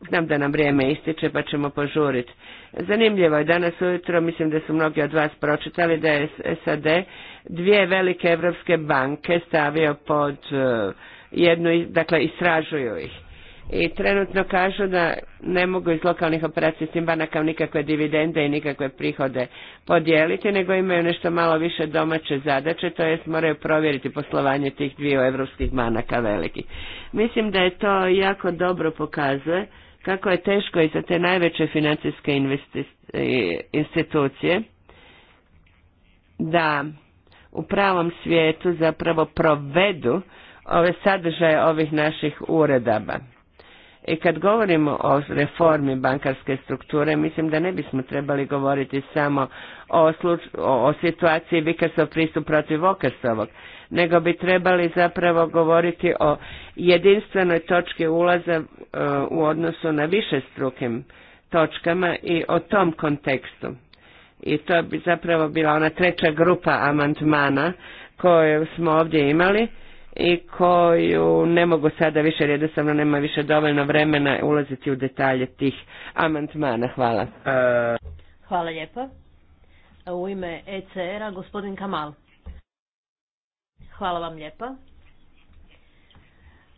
Znam da nam vrijeme ističe pa ćemo požuriti. Zanimljivo je danas ujutro, mislim da su mnogi od vas pročitali da je SAD dvije velike evropske banke stavio pod e, jednu, dakle istražuju ih. I trenutno kažu da ne mogu iz lokalnih operacija s tim banaka nikakve dividende i nikakve prihode podijeliti, nego imaju nešto malo više domaće zadaće, to jest moraju provjeriti poslovanje tih dviju evropskih banaka velikih. Mislim da je to jako dobro pokazuje kako je teško i za te najveće financijske institucije da u pravom svijetu zapravo provedu ove sadržaje ovih naših uredaba. I kad govorimo o reformi bankarske strukture, mislim da ne bismo trebali govoriti samo o, situaciji, o, situaciji Vikersov pristup protiv Vokersovog, nego bi trebali zapravo govoriti o jedinstvenoj točki ulaza e, u odnosu na više strukim točkama i o tom kontekstu. I to bi zapravo bila ona treća grupa amandmana koju smo ovdje imali i koju ne mogu sada više, jer jednostavno nema više dovoljno vremena ulaziti u detalje tih amantmana. Hvala. E, Hvala lijepo. U ime ECR-a gospodin Kamal. Hvala vam lijepa.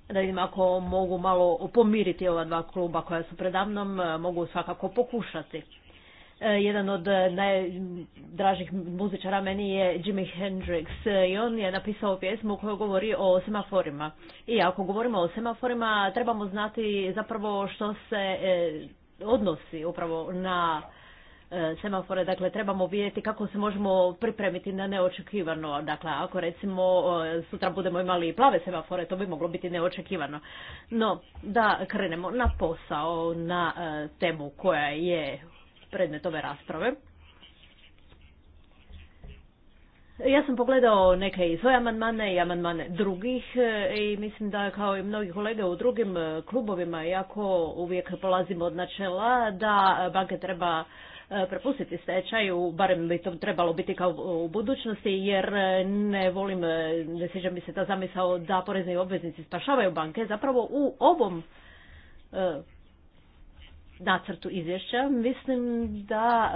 Da vidim ako mogu malo pomiriti ova dva kluba koja su predamnom, e, mogu svakako pokušati. E, jedan od najdražih muzičara meni je Jimi Hendrix e, i on je napisao pjesmu koja govori o semaforima. I ako govorimo o semaforima trebamo znati zapravo što se odnosi upravo na E, semafore, dakle trebamo vidjeti kako se možemo pripremiti na neočekivano. Dakle, ako recimo e, sutra budemo imali plave semafore, to bi moglo biti neočekivano. No, da krenemo na posao, na e, temu koja je predmet ove rasprave. Ja sam pogledao neke i svoje amandmane i amandmane drugih i mislim da kao i mnogi kolege u drugim klubovima, iako uvijek polazimo od načela da banke treba prepustiti stečaju, barem bi to trebalo biti kao u budućnosti, jer e, ne volim, e, ne sviđa mi se ta zamisao da porezni obveznici spašavaju banke. Zapravo u ovom e, nacrtu izvješća mislim da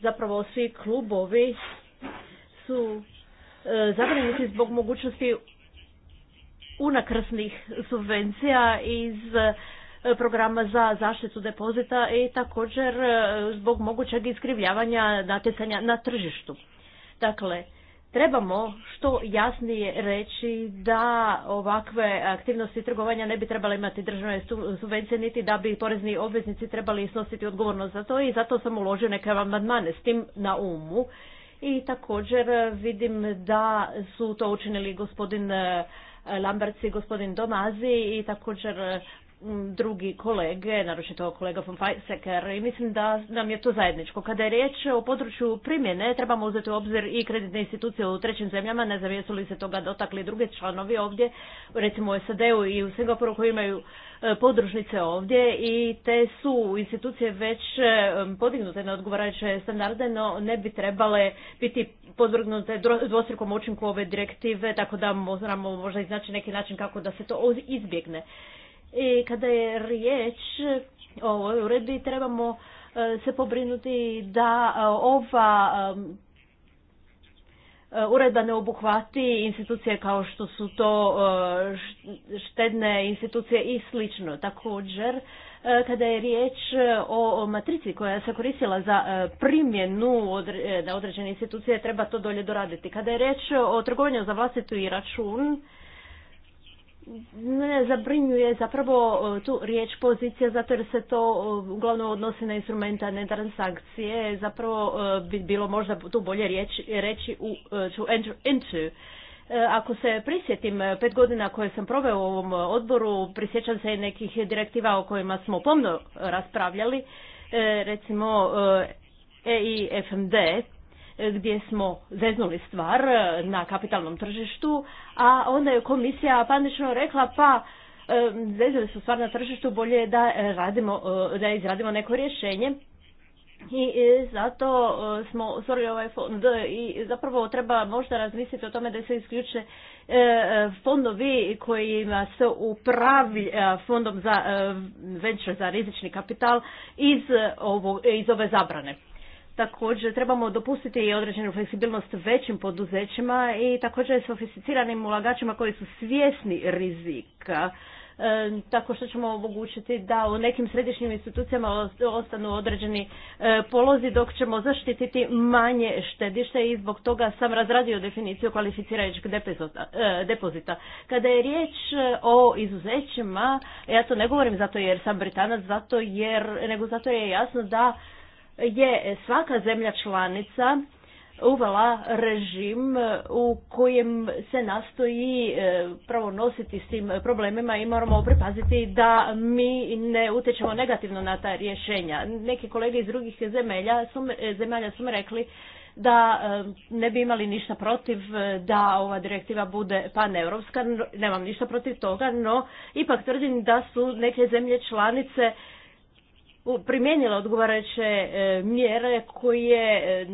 zapravo svi klubovi su zabrinuti zbog mogućnosti unakrsnih subvencija iz programa za zaštitu depozita i također e, zbog mogućeg iskrivljavanja natjecanja na tržištu. Dakle, trebamo što jasnije reći da ovakve aktivnosti trgovanja ne bi trebale imati državne subvencije niti da bi porezni obveznici trebali snositi odgovornost za to i zato sam uložio neke amandmane s tim na umu. I također e, vidim da su to učinili gospodin e, Lambert i gospodin Domazi i također drugi kolege, naročito kolega von Feiseker, i mislim da nam je to zajedničko. Kada je riječ o području primjene, trebamo uzeti u obzir i kreditne institucije u trećim zemljama, ne znam jesu li se toga dotakli drugi članovi ovdje, recimo u SAD-u i u Singapuru koji imaju e, podružnice ovdje i te su institucije već e, podignute na odgovarajuće standarde, no ne bi trebale biti podvrgnute dvostrukom učinku ove direktive, tako da moramo možda iznaći neki način kako da se to izbjegne. I kada je riječ o ovoj uredbi trebamo e, se pobrinuti da e, ova e, uredba ne obuhvati institucije kao što su to štedne institucije i slično. Također, kada je riječ o matrici koja se koristila za primjenu određene institucije, treba to dolje doraditi. Kada je riječ o trgovanju za vlastitu i račun, mene zabrinjuje zapravo e, tu riječ pozicija zato jer se to e, uglavnom odnosi na instrumenta ne transakcije. Zapravo e, bi bilo možda tu bolje reći, reći u, to enter into. Ako se prisjetim pet godina koje sam proveo u ovom odboru, prisjećam se nekih direktiva o kojima smo pomno raspravljali, recimo EIFMD, gdje smo zeznuli stvar e, na kapitalnom tržištu, a onda je komisija panično rekla pa e, zeznuli su stvar na tržištu, bolje je da, radimo, e, da izradimo neko rješenje. I zato smo stvorili ovaj fond i zapravo treba možda razmisliti o tome da se isključe fondovi koji se upravi fondom za venture, za rizični kapital iz, ovo, iz ove zabrane. Također trebamo dopustiti i određenu fleksibilnost većim poduzećima i također sofisticiranim ulagačima koji su svjesni rizika. E, tako što ćemo omogućiti da u nekim središnjim institucijama ostanu određeni e, polozi dok ćemo zaštititi manje štedište i zbog toga sam razradio definiciju kvalificirajućeg depozita, e, depozita. Kada je riječ o izuzećima, ja to ne govorim zato jer sam Britanac, zato jer, nego zato je jasno da je svaka zemlja članica uvela režim e, u kojem se nastoji e, pravo nositi s tim problemima i moramo pripaziti da mi ne utječemo negativno na ta rješenja. Neki kolege iz drugih zemalja su, e, zemalja su mi rekli da ne bi imali ništa protiv da ova direktiva bude paneuropska, nemam ništa protiv toga, no ipak tvrdim da su neke zemlje članice primijenila odgovarajuće e, mjere koje e,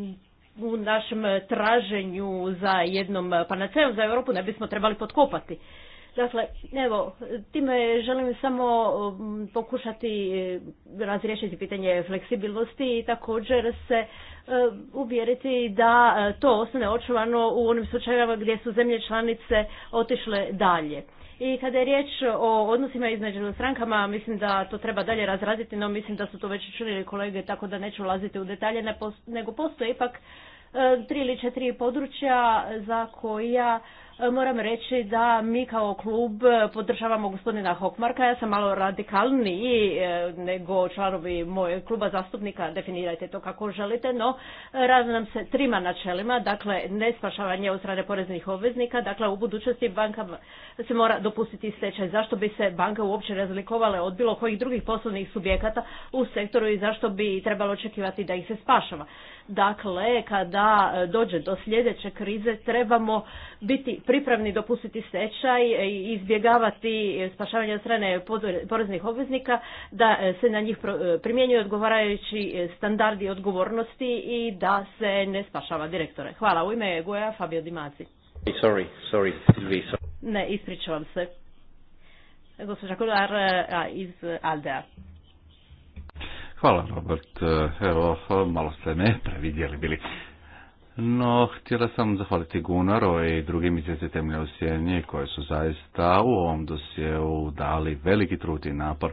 u našem traženju za jednom panaceom za Europu ne bismo trebali potkopati. Dakle, evo, time želim samo pokušati e, razriješiti pitanje fleksibilnosti i također se E, uvjeriti da e, to ostane očuvano u onim slučajevima gdje su zemlje članice otišle dalje. I kada je riječ o odnosima između strankama, mislim da to treba dalje razraditi, no mislim da su to već učinili kolege, tako da neću ulaziti u detalje, nego postoje ipak e, tri ili četiri područja za koja moram reći da mi kao klub podržavamo gospodina Hokmarka. Ja sam malo radikalniji e, nego članovi mojeg kluba zastupnika, definirajte to kako želite, no radi nam se trima načelima, dakle ne spašavanje od strane poreznih obveznika, dakle u budućnosti banka se mora dopustiti stečaj. Zašto bi se banke uopće razlikovale od bilo kojih drugih poslovnih subjekata u sektoru i zašto bi trebalo očekivati da ih se spašava? Dakle, kada dođe do sljedeće krize trebamo biti pripravni dopustiti stečaj i izbjegavati spašavanje od strane poreznih obveznika, da se na njih primjenjuju odgovarajući standardi odgovornosti i da se ne spašava direktore. Hvala. U ime Goja Fabio Dimaci. Sorry, sorry, Ne, ispričavam se. Gospođa Kolar iz Aldea. Hvala Robert, evo malo ste me previdjeli bili. No, htjela sam zahvaliti Gunaru i drugim izvjestiteljima u Sjeni koje su zaista u ovom dosjeu dali veliki trud i napor.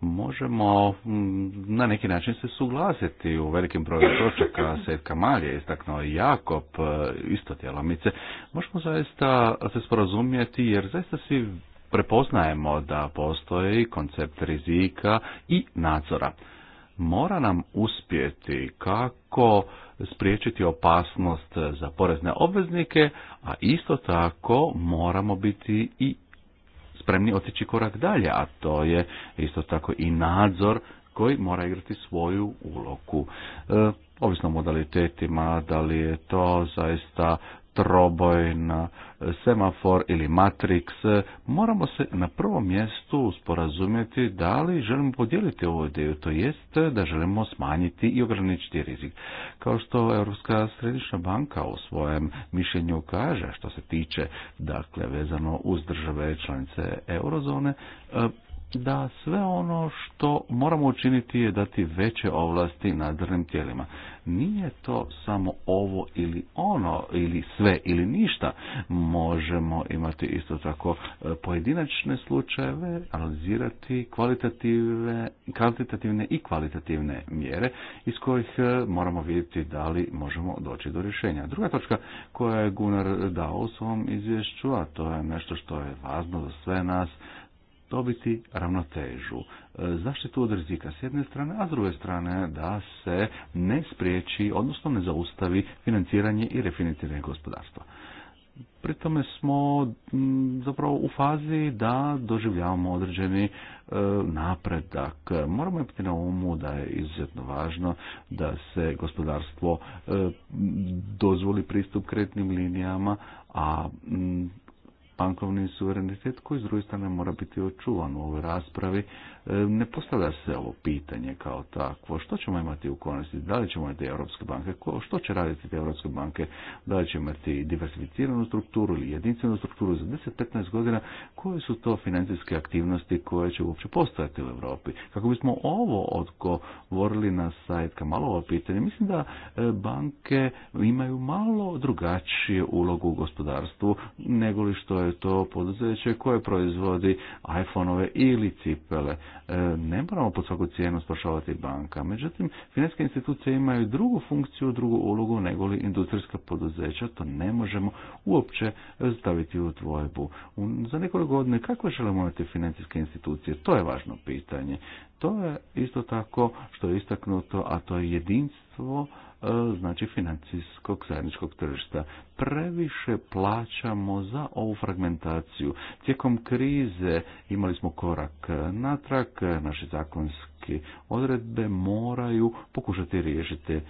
Možemo mm, na neki način se suglasiti u velikim broju točaka, Svetka Malje je istaknuo i Jakob, e, isto tjelomice. Možemo zaista se sporazumjeti jer zaista svi prepoznajemo da postoji koncept rizika i nadzora. Mora nam uspjeti kako spriječiti opasnost za porezne obveznike, a isto tako moramo biti i spremni otići korak dalje, a to je isto tako i nadzor koji mora igrati svoju ulogu. E, ovisno o modalitetima, da li je to zaista troboj, na semafor ili matrix, moramo se na prvom mjestu sporazumjeti da li želimo podijeliti ovu ideju, to jest da želimo smanjiti i ograničiti rizik. Kao što Europska središnja banka u svojem mišljenju kaže što se tiče, dakle, vezano uz države članice eurozone, da sve ono što moramo učiniti je dati veće ovlasti nadzornim tijelima. Nije to samo ovo ili ono ili sve ili ništa. Možemo imati isto tako e, pojedinačne slučajeve, analizirati kvalitativne, kvalitativne i kvalitativne mjere iz kojih e, moramo vidjeti da li možemo doći do rješenja. Druga točka koja je Gunar dao u svom izvješću, a to je nešto što je važno za sve nas, dobiti ravnotežu, e, zaštitu od rizika s jedne strane, a s druge strane da se ne spriječi, odnosno ne zaustavi financiranje i refinanciranje gospodarstva. Pri tome smo zapravo u fazi da doživljavamo određeni e, napredak. Moramo imati na umu da je izuzetno važno da se gospodarstvo e, dozvoli pristup kreditnim linijama, a bankovni suverenitet koji s druge strane mora biti očuvan u ovoj raspravi. E, ne postavlja se ovo pitanje kao takvo. Što ćemo imati u konačnici? Da li ćemo imati europske banke? Što će raditi te europske banke? Da li ćemo imati diversificiranu strukturu ili jedinstvenu strukturu za 10-15 godina? Koje su to financijske aktivnosti koje će uopće postojati u Europi? Kako bismo ovo odgovorili na sajt malo ovo pitanje, mislim da e, banke imaju malo drugačiju ulogu u gospodarstvu nego li što je je to poduzeće koje proizvodi iPhone-ove ili cipele. E, ne moramo pod svaku cijenu spašavati banka. Međutim, financijske institucije imaju drugu funkciju, drugu ulogu nego li industrijska poduzeća. To ne možemo uopće staviti u dvojbu. Za nekoliko godine kakve želimo imati financijske institucije? To je važno pitanje. To je isto tako što je istaknuto, a to je jedinstvo E, znači financijskog zajedničkog tržišta. Previše plaćamo za ovu fragmentaciju. Tijekom krize imali smo korak natrag, naše zakonske odredbe moraju pokušati riješiti e,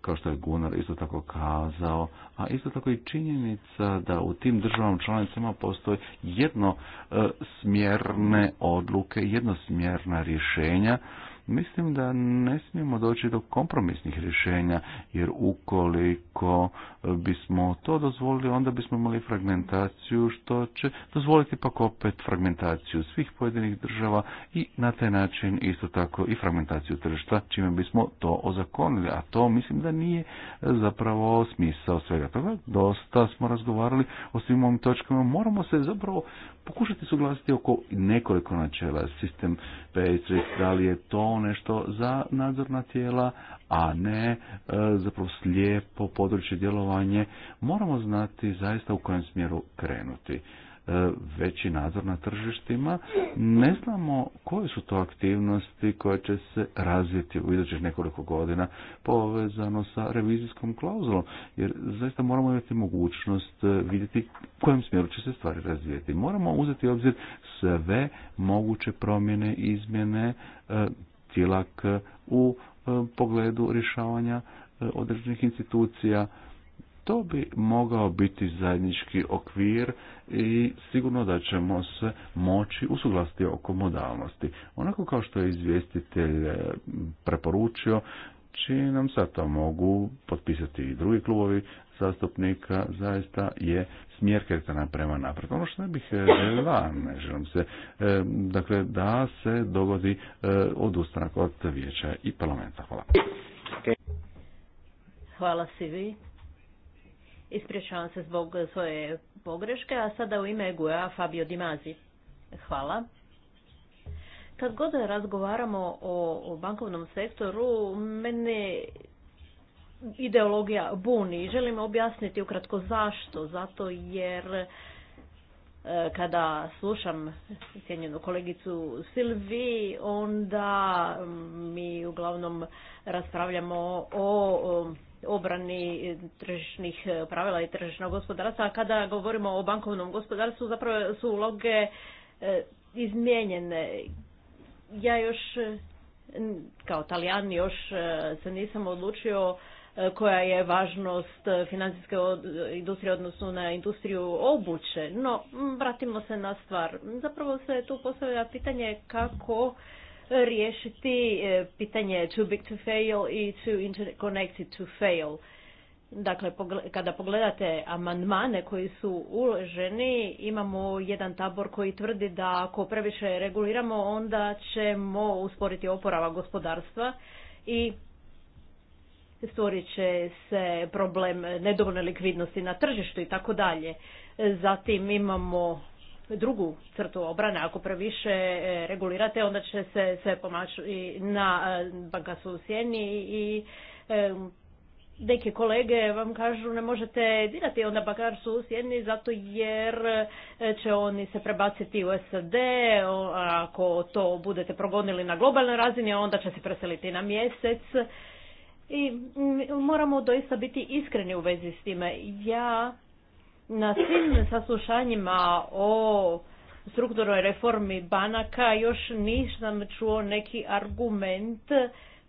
kao što je Gunar isto tako kazao, a isto tako i činjenica da u tim državama članicama postoje jednosmjerne e, odluke, jednosmjerna rješenja Mislim da ne smijemo doći do kompromisnih rješenja, jer ukoliko bismo to dozvolili, onda bismo imali fragmentaciju, što će dozvoliti pak opet fragmentaciju svih pojedinih država i na taj način isto tako i fragmentaciju tržišta, čime bismo to ozakonili, a to mislim da nije zapravo smisao svega toga. Dosta smo razgovarali o svim ovim točkama, moramo se zapravo pokušati suglasiti oko nekoliko načela. Sistem PS da li je to nešto za nadzorna tijela, a ne e, zapravo slijepo područje djelovanje. Moramo znati zaista u kojem smjeru krenuti. E, veći nadzor na tržištima. Ne znamo koje su to aktivnosti koje će se razviti u idućih nekoliko godina povezano sa revizijskom klauzulom, jer zaista moramo imati mogućnost e, vidjeti u kojem smjeru će se stvari razvijeti. Moramo uzeti u obzir sve moguće promjene, izmjene, e, tilak u pogledu rješavanja određenih institucija to bi mogao biti zajednički okvir i sigurno da ćemo se moći usuglasiti oko modalnosti. Onako kao što je izvjestitelj e, preporučio, čini nam sad to mogu potpisati i drugi klubovi zastupnika, zaista je smjer kretana prema naprijed. Ono što ne bih e, želila, ne želim se, e, dakle da se dogodi odustanak od vijeća i parlamenta. Hvala. Hvala si vi. Ispričavam se zbog svoje pogreške, a sada u ime Guja Fabio Dimazi. Hvala. Kad god razgovaramo o bankovnom sektoru, mene ideologija buni. Želim objasniti ukratko zašto. Zato jer e, kada slušam cijenjenu kolegicu Silvi, onda mm, mi uglavnom raspravljamo o obrani e, tržišnih e, pravila i tržišnog gospodarstva. A kada govorimo o bankovnom gospodarstvu, zapravo su uloge e, izmijenjene. Ja još, kao talijan, još se nisam odlučio koja je važnost financijske industrije odnosno na industriju obuće. No, vratimo se na stvar. Zapravo se tu postavlja pitanje kako riješiti e, pitanje too big to fail i too interconnected to fail. Dakle, kada pogledate amandmane koji su uloženi, imamo jedan tabor koji tvrdi da ako previše reguliramo, onda ćemo usporiti oporava gospodarstva i stvorit će se problem nedovoljne likvidnosti na tržištu i tako dalje. Zatim imamo drugu crtu obrane. Ako previše e, regulirate, onda će se sve pomaći na e, bankasu u i e, neke kolege vam kažu ne možete dirati onda bakar su zato jer će oni se prebaciti u SAD, ako to budete progonili na globalnoj razini onda će se preseliti na mjesec. I moramo doista biti iskreni u vezi s time. Ja na svim saslušanjima o strukturnoj reformi banaka još nisam čuo neki argument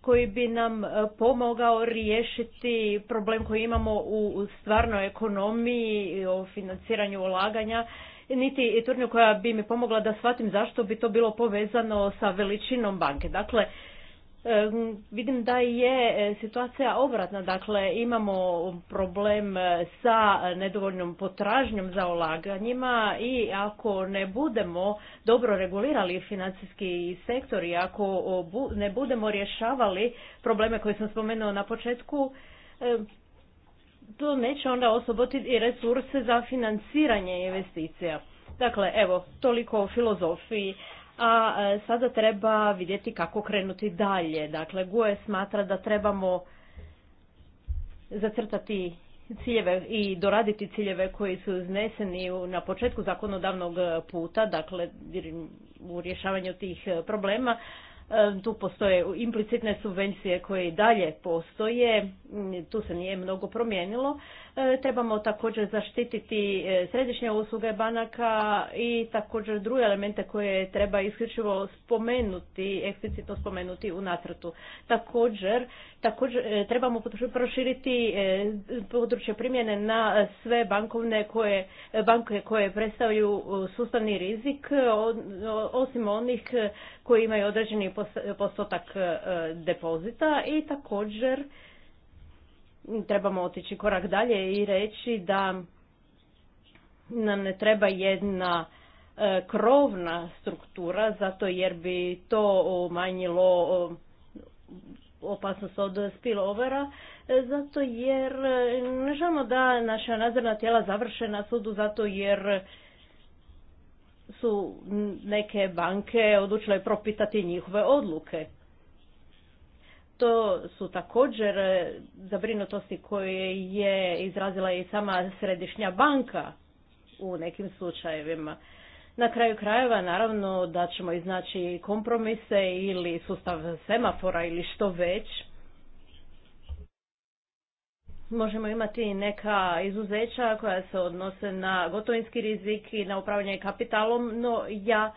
koji bi nam e, pomogao riješiti problem koji imamo u stvarnoj ekonomiji, o financiranju ulaganja, niti turnju koja bi mi pomogla da shvatim zašto bi to bilo povezano sa veličinom banke. Dakle, Vidim da je e, situacija obratna, dakle imamo problem e, sa nedovoljnom potražnjom za ulaganjima i ako ne budemo dobro regulirali financijski sektor i ako ne budemo rješavali probleme koje sam spomenuo na početku, e, to neće onda osobotiti i resurse za financiranje investicija. Dakle, evo, toliko o filozofiji a e, sada treba vidjeti kako krenuti dalje. Dakle, GUE smatra da trebamo zacrtati ciljeve i doraditi ciljeve koji su izneseni na početku zakonodavnog puta, dakle u rješavanju tih problema. E, tu postoje implicitne subvencije koje i dalje postoje, tu se nije mnogo promijenilo, E, trebamo također zaštititi e, središnje usluge banaka i također druge elemente koje treba isključivo spomenuti, eksplicitno spomenuti u nacrtu. Također, također e, trebamo proširiti područje primjene na sve bankovne koje, banke koje predstavljaju sustavni rizik, osim onih koji imaju određeni postotak depozita i također trebamo otići korak dalje i reći da nam ne treba jedna e, krovna struktura, zato jer bi to umanjilo opasnost od spillovera, e, zato jer e, ne želimo da naša nadzorna tijela završe na sudu, zato jer su neke banke odlučile propitati njihove odluke to su također e, zabrinutosti koje je izrazila i sama središnja banka u nekim slučajevima. Na kraju krajeva naravno da ćemo iznaći kompromise ili sustav semafora ili što već. Možemo imati neka izuzeća koja se odnose na gotovinski rizik i na upravljanje kapitalom, no ja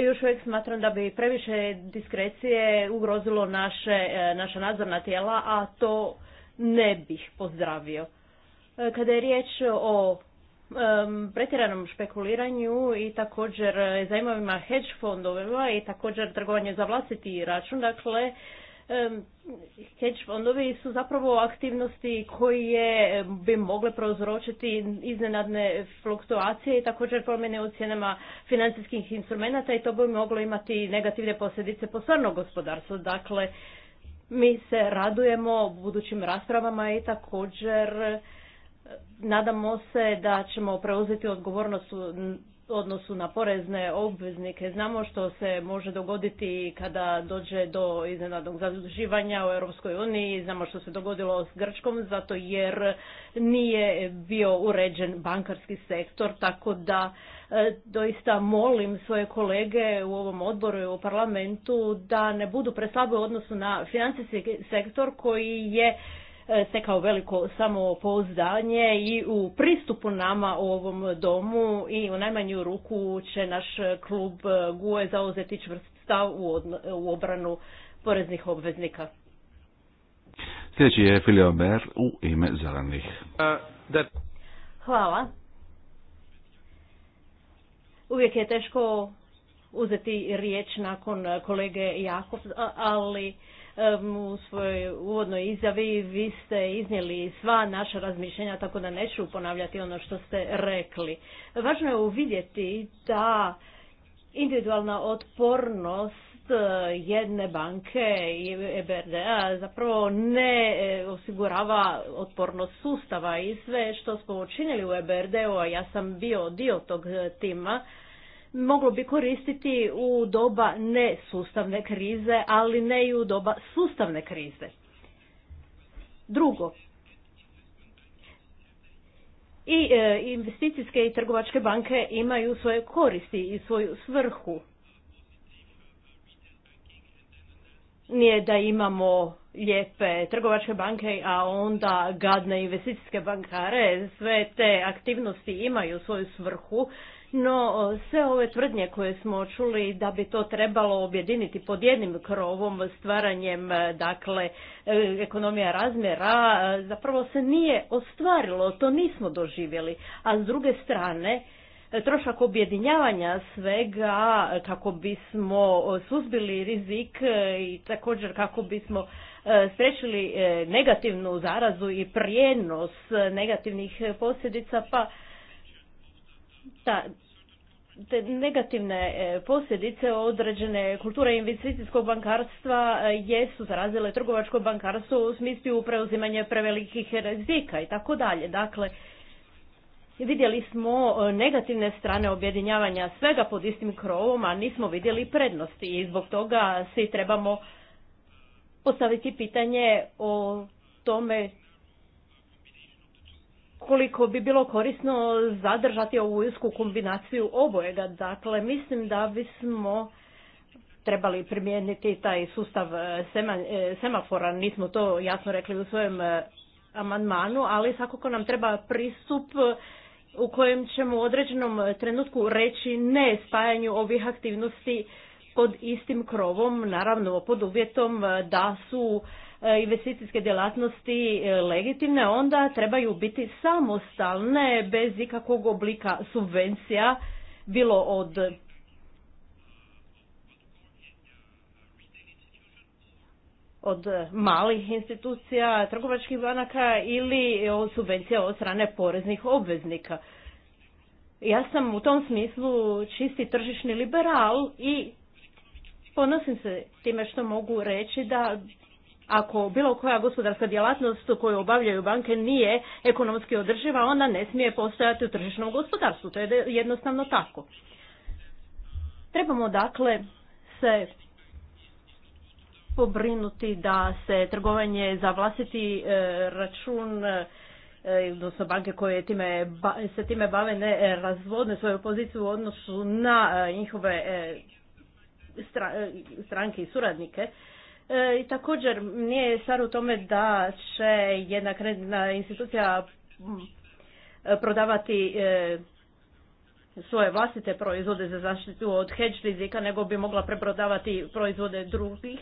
još uvijek smatram da bi previše diskrecije ugrozilo naše, e, naša nadzorna tijela, a to ne bih pozdravio. E, kada je riječ o pretjeranom špekuliranju i također e, zajmovima hedge fondovima i također trgovanje za vlastiti račun, dakle hedge fondovi su zapravo aktivnosti koje bi mogle prouzročiti iznenadne fluktuacije i također promjene u cijenama financijskih instrumenata i to bi moglo imati negativne posljedice po stvarno gospodarstvo. Dakle, mi se radujemo budućim raspravama i također nadamo se da ćemo preuzeti odgovornost odnosu na porezne obveznike. Znamo što se može dogoditi kada dođe do iznenadnog zaduživanja u Europskoj uniji, znamo što se dogodilo s Grčkom, zato jer nije bio uređen bankarski sektor, tako da e, doista molim svoje kolege u ovom odboru i u parlamentu da ne budu preslabi u odnosu na financijski sektor koji je E, stekao veliko samopouzdanje i u pristupu nama u ovom domu i u najmanju ruku će naš klub e, GUE zauzeti čvrst stav u obranu poreznih obveznika. Sljedeći je Filio Ber u ime zelenih. Hvala. Uvijek je teško uzeti riječ nakon kolege Jakov, ali u svojoj uvodnoj izjavi vi ste iznijeli sva naša razmišljenja, tako da neću ponavljati ono što ste rekli. Važno je uvidjeti da individualna otpornost e, jedne banke i EBRD-a zapravo ne e, osigurava otpornost sustava i sve što smo učinili u EBRD-u, a ja sam bio dio tog tima, moglo bi koristiti u doba nesustavne krize, ali ne i u doba sustavne krize. Drugo, i e, investicijske i trgovačke banke imaju svoje koristi i svoju svrhu. Nije da imamo lijepe trgovačke banke, a onda gadne investicijske bankare. Sve te aktivnosti imaju svoju svrhu no, sve ove tvrdnje koje smo čuli da bi to trebalo objediniti pod jednim krovom stvaranjem, e, dakle, e, ekonomija razmjera, e, zapravo se nije ostvarilo, to nismo doživjeli. A s druge strane, trošak objedinjavanja svega kako bismo suzbili rizik i također kako bismo sprečili negativnu zarazu i prijenos negativnih posljedica, pa ta, te negativne e, posljedice određene kulture investicijskog bankarstva e, jesu zarazile trgovačko bankarstvo u smislu preuzimanja prevelikih rizika i tako dalje. Dakle, vidjeli smo e, negativne strane objedinjavanja svega pod istim krovom, a nismo vidjeli prednosti i zbog toga svi trebamo postaviti pitanje o tome koliko bi bilo korisno zadržati ovu usku kombinaciju obojega. Dakle, mislim da bismo trebali primijeniti taj sustav e, e, semafora. Nismo to jasno rekli u svojem e, amandmanu, ali svakako nam treba pristup u kojem ćemo u određenom trenutku reći ne spajanju ovih aktivnosti pod istim krovom, naravno pod uvjetom da su E, investicijske djelatnosti e, legitimne, onda trebaju biti samostalne bez ikakvog oblika subvencija, bilo od od malih institucija, trgovačkih banaka ili od subvencija od strane poreznih obveznika. Ja sam u tom smislu čisti tržišni liberal i ponosim se time što mogu reći da ako bilo koja gospodarska djelatnost koju obavljaju banke nije ekonomski održiva, ona ne smije postojati u tržišnom gospodarstvu. To je jednostavno tako. Trebamo dakle se pobrinuti da se trgovanje za vlastiti e, račun e, odnosno banke koje time, se time bave ne e, razvodne svoju poziciju u odnosu na njihove stranke i suradnike E, I također nije stvar u tome da će jedna kreditna institucija mm, e, prodavati e, svoje vlastite proizvode za zaštitu od hedge rizika, nego bi mogla preprodavati proizvode drugih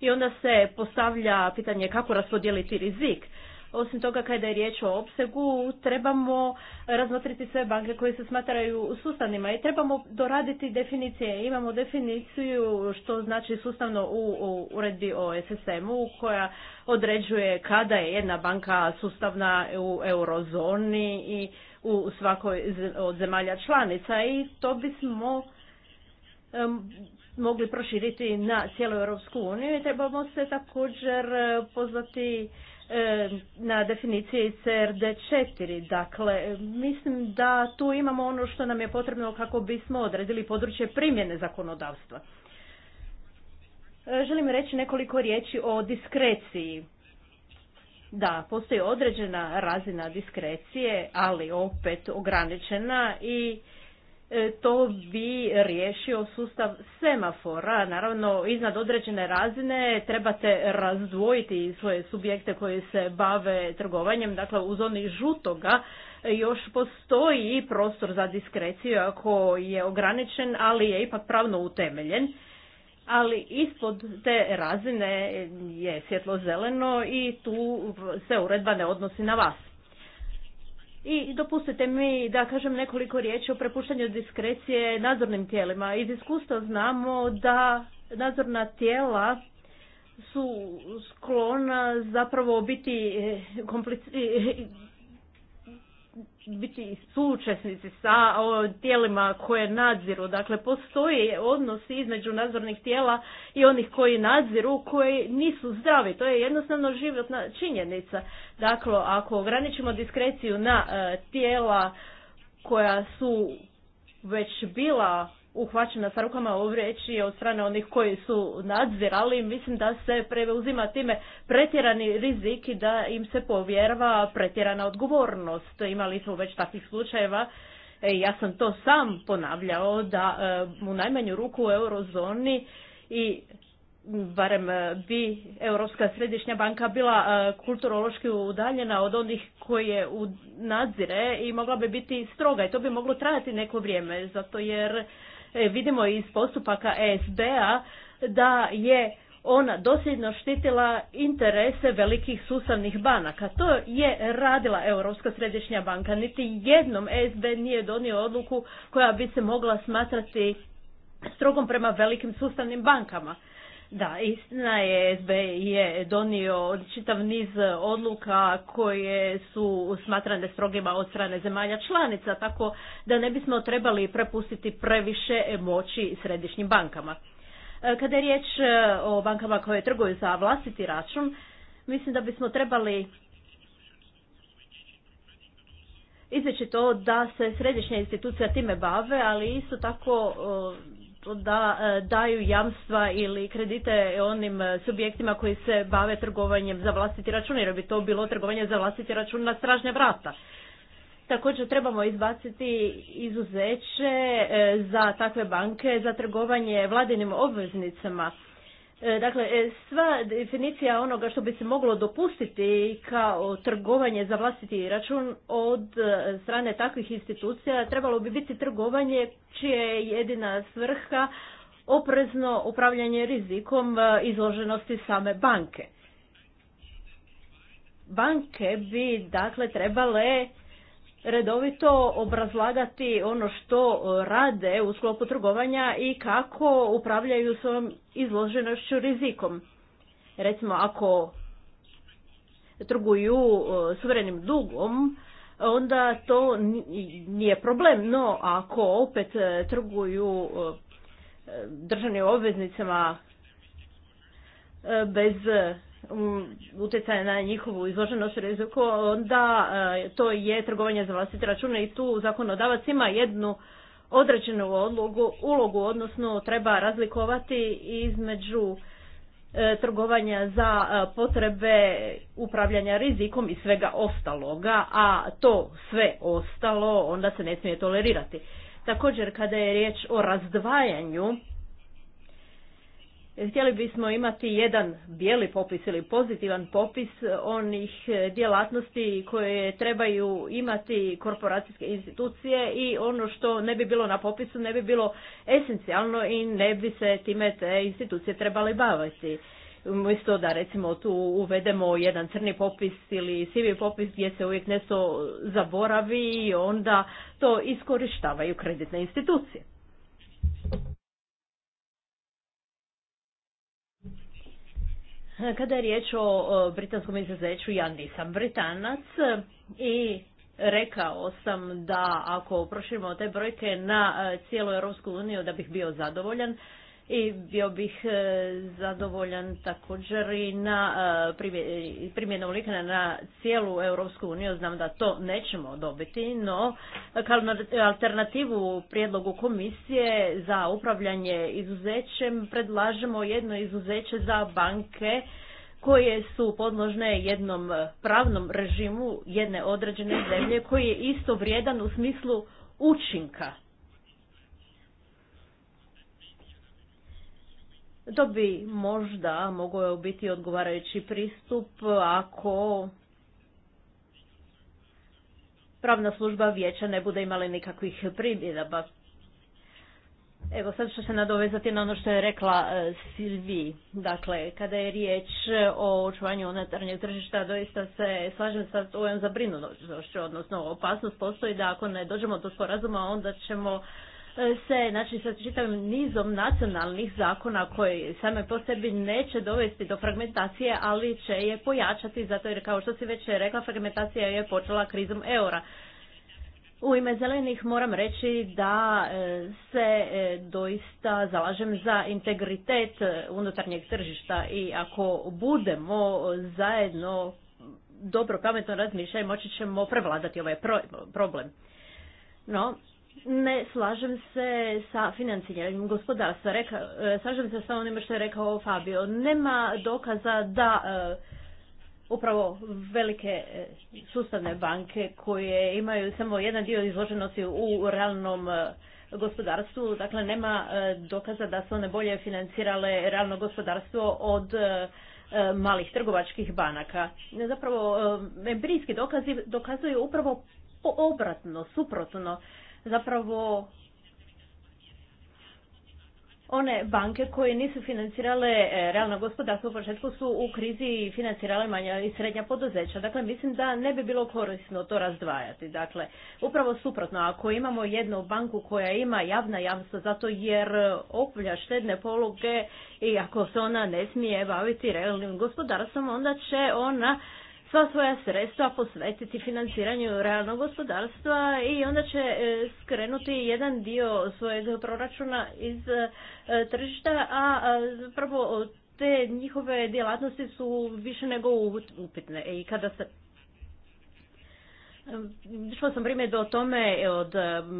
i onda se postavlja pitanje kako raspodijeliti rizik. Osim toga, kada je riječ o opsegu, trebamo razmotriti sve banke koje se smatraju sustavnima i trebamo doraditi definicije. Imamo definiciju što znači sustavno u uredbi o SSM-u koja određuje kada je jedna banka sustavna u eurozoni i u svakoj od zemalja članica i to bismo mogli proširiti na cijelu Europsku uniju i trebamo se također eh, pozvati E, na definiciji CRD4. Dakle, mislim da tu imamo ono što nam je potrebno kako bismo odredili područje primjene zakonodavstva. E, želim reći nekoliko riječi o diskreciji. Da, postoji određena razina diskrecije, ali opet ograničena i E, to bi riješio sustav semafora. Naravno, iznad određene razine trebate razdvojiti svoje subjekte koji se bave trgovanjem. Dakle, u zoni žutoga još postoji prostor za diskreciju ako je ograničen, ali je ipak pravno utemeljen. Ali ispod te razine je svjetlo zeleno i tu se uredba ne odnosi na vas. I dopustite mi da kažem nekoliko riječi o prepuštanju diskrecije nadzornim tijelima. Iz iskustva znamo da nadzorna tijela su sklona zapravo biti eh, komplici, eh, biti sučesnici sa tijelima koje nadziru. Dakle, postoji odnos između nadzornih tijela i onih koji nadziru, koji nisu zdravi. To je jednostavno životna činjenica. Dakle, ako ograničimo diskreciju na e, tijela koja su već bila uhvaćena sa rukama u od strane onih koji su nadzirali. Mislim da se preuzima time pretjerani rizik i da im se povjerava pretjerana odgovornost. Imali smo već takvih slučajeva. E, ja sam to sam ponavljao da e, u najmanju ruku u eurozoni i barem e, bi Europska središnja banka bila kulturološki udaljena od onih koje nadzire i mogla bi biti stroga i to bi moglo trajati neko vrijeme zato jer E, vidimo iz postupaka ESB-a da je ona dosljedno štitila interese velikih sustavnih banaka. To je radila Europska središnja banka. Niti jednom ESB nije donio odluku koja bi se mogla smatrati strogom prema velikim sustavnim bankama. Da, istina je, SB je donio čitav niz odluka koje su smatrane strogima od strane zemalja članica, tako da ne bismo trebali prepustiti previše moći središnjim bankama. E, kada je riječ e, o bankama koje trguju za vlastiti račun, mislim da bismo trebali izveći to da se središnja institucija time bave, ali isto tako e, da e, daju jamstva ili kredite onim e, subjektima koji se bave trgovanjem za vlastiti račun, jer bi to bilo trgovanje za vlastiti račun na stražnja vrata. Također trebamo izbaciti izuzeće e, za takve banke za trgovanje vladinim obveznicama. E, dakle, e, sva definicija onoga što bi se moglo dopustiti kao trgovanje za vlastiti račun od e, strane takvih institucija trebalo bi biti trgovanje čija je jedina svrha oprezno upravljanje rizikom izloženosti same banke. Banke bi dakle trebale redovito obrazlagati ono što e, rade u sklopu trgovanja i kako upravljaju svojom izloženošću rizikom. Recimo ako trguju e, suverenim dugom, onda to nije problem, no ako opet e, trguju državnim obveznicama bez Mm, utjecaja na njihovu izloženost riziku, onda e, to je trgovanje za vlastite račune i tu zakonodavac ima jednu određenu ulogu, odnosno treba razlikovati između e, trgovanja za e, potrebe upravljanja rizikom i svega ostaloga, a to sve ostalo onda se ne smije tolerirati. Također kada je riječ o razdvajanju Htjeli bismo imati jedan bijeli popis ili pozitivan popis onih e, djelatnosti koje trebaju imati korporacijske institucije i ono što ne bi bilo na popisu ne bi bilo esencijalno i ne bi se time te institucije trebale baviti. Umjesto da recimo tu uvedemo jedan crni popis ili sivi popis gdje se uvijek nešto zaboravi i onda to iskorištavaju kreditne institucije. Kada je riječ o britanskom izuzeću, ja nisam britanac e, i rekao sam da ako proširimo te brojke na e, cijelu Europsku uniju da bih bio zadovoljan i bio bih e, zadovoljan također i na e, primjenom likna na cijelu Europsku Znam da to nećemo dobiti, no kao alternativu prijedlogu komisije za upravljanje izuzećem predlažemo jedno izuzeće za banke koje su podložne jednom pravnom režimu jedne određene zemlje koji je isto vrijedan u smislu učinka To bi možda mogao biti odgovarajući pristup ako pravna služba vijeća ne bude imala nikakvih primjedaba. Evo sad ću se nadovezati na ono što je rekla e, Silvi. Dakle, kada je riječ o očuvanju unutarnjeg tržišta, doista se slažem sa ovom zabrinutošću, odnosno opasnost postoji da ako ne dođemo do sporazuma, onda ćemo se znači sa čitavim nizom nacionalnih zakona koji same po sebi neće dovesti do fragmentacije, ali će je pojačati zato jer kao što si već rekla fragmentacija je počela krizom eura. U ime zelenih moram reći da e, se e, doista zalažem za integritet e, unutarnjeg tržišta i ako budemo zajedno dobro pametno razmišljati moći ćemo prevladati ovaj problem. No, ne slažem se sa financiranjem gospodarstva. Reka, e, slažem se sa onim što je rekao Fabio. Nema dokaza da e, upravo velike e, sustavne banke koje imaju samo jedan dio izloženosti u realnom gospodarstvu, dakle nema dokaza da su one bolje financirale realno gospodarstvo od malih trgovačkih banaka. Zapravo, embrijski dokazi dokazuju upravo obratno, suprotno zapravo one banke koje nisu financirale e, realno gospodarstvo u početku su u krizi financirale manja i srednja poduzeća. Dakle, mislim da ne bi bilo korisno to razdvajati. Dakle, upravo suprotno, ako imamo jednu banku koja ima javna jamstva zato jer oplja štedne pologe i ako se ona ne smije baviti realnim gospodarstvom, onda će ona sva svoja sredstva posvetiti financiranju realnog gospodarstva i onda će e, skrenuti jedan dio svojeg proračuna iz e, tržišta, a zapravo te njihove djelatnosti su više nego upitne. I kada se Išla e, sam primjer o tome od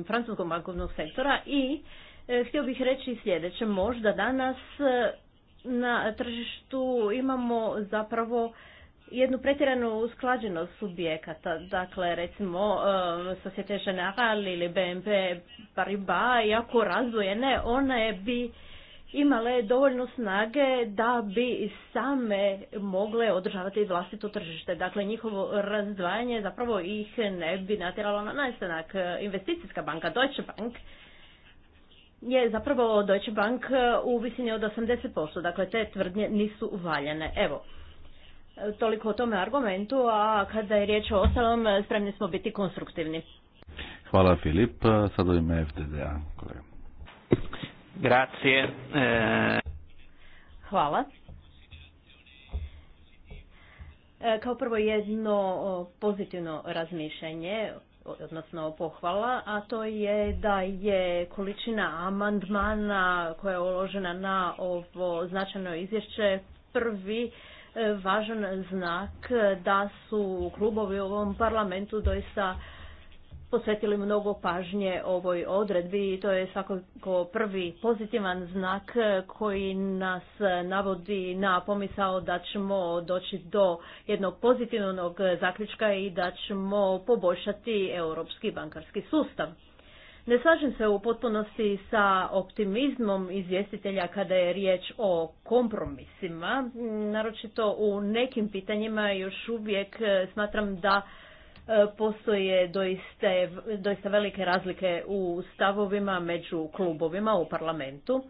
francuskog bankovnog sektora i htio bih reći sljedeće. Možda danas na tržištu imamo zapravo jednu pretjeranu usklađenost subjekata. Dakle, recimo, e, Societe Generale ili BNP Paribas, jako razvojene, one bi imale dovoljno snage da bi same mogle održavati vlastito tržište. Dakle, njihovo razdvajanje zapravo ih ne bi natjeralo na nastanak. Investicijska banka Deutsche Bank je zapravo Deutsche Bank u visini od 80%. Dakle, te tvrdnje nisu valjane. Evo, Toliko o tome argumentu, a kada je riječ o ostalom, spremni smo biti konstruktivni. Hvala Filip, sad FDDA. Grazie. Eh. Hvala. E, kao prvo jedno pozitivno razmišljanje, odnosno pohvala, a to je da je količina amandmana koja je uložena na ovo značajno izvješće prvi važan znak da su klubovi u ovom parlamentu doista posvetili mnogo pažnje ovoj odredbi i to je svakako prvi pozitivan znak koji nas navodi na pomisao da ćemo doći do jednog pozitivnog zaključka i da ćemo poboljšati europski bankarski sustav. Ne slažem se u potpunosti sa optimizmom izvjestitelja kada je riječ o kompromisima, naročito u nekim pitanjima još uvijek e, smatram da e, postoje doista, doista velike razlike u stavovima među klubovima u parlamentu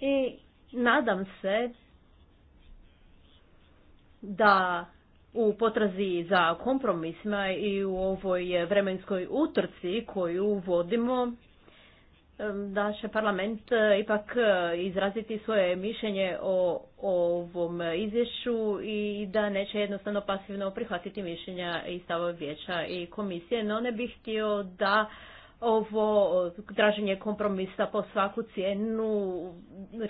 i nadam se da u potrazi za kompromisima i u ovoj vremenskoj utrci koju vodimo da će parlament e, ipak e, izraziti svoje mišljenje o, ovom izvješću i da neće jednostavno pasivno prihvatiti mišljenja i stavove vijeća i komisije, no ne bih htio da ovo traženje kompromisa po svaku cijenu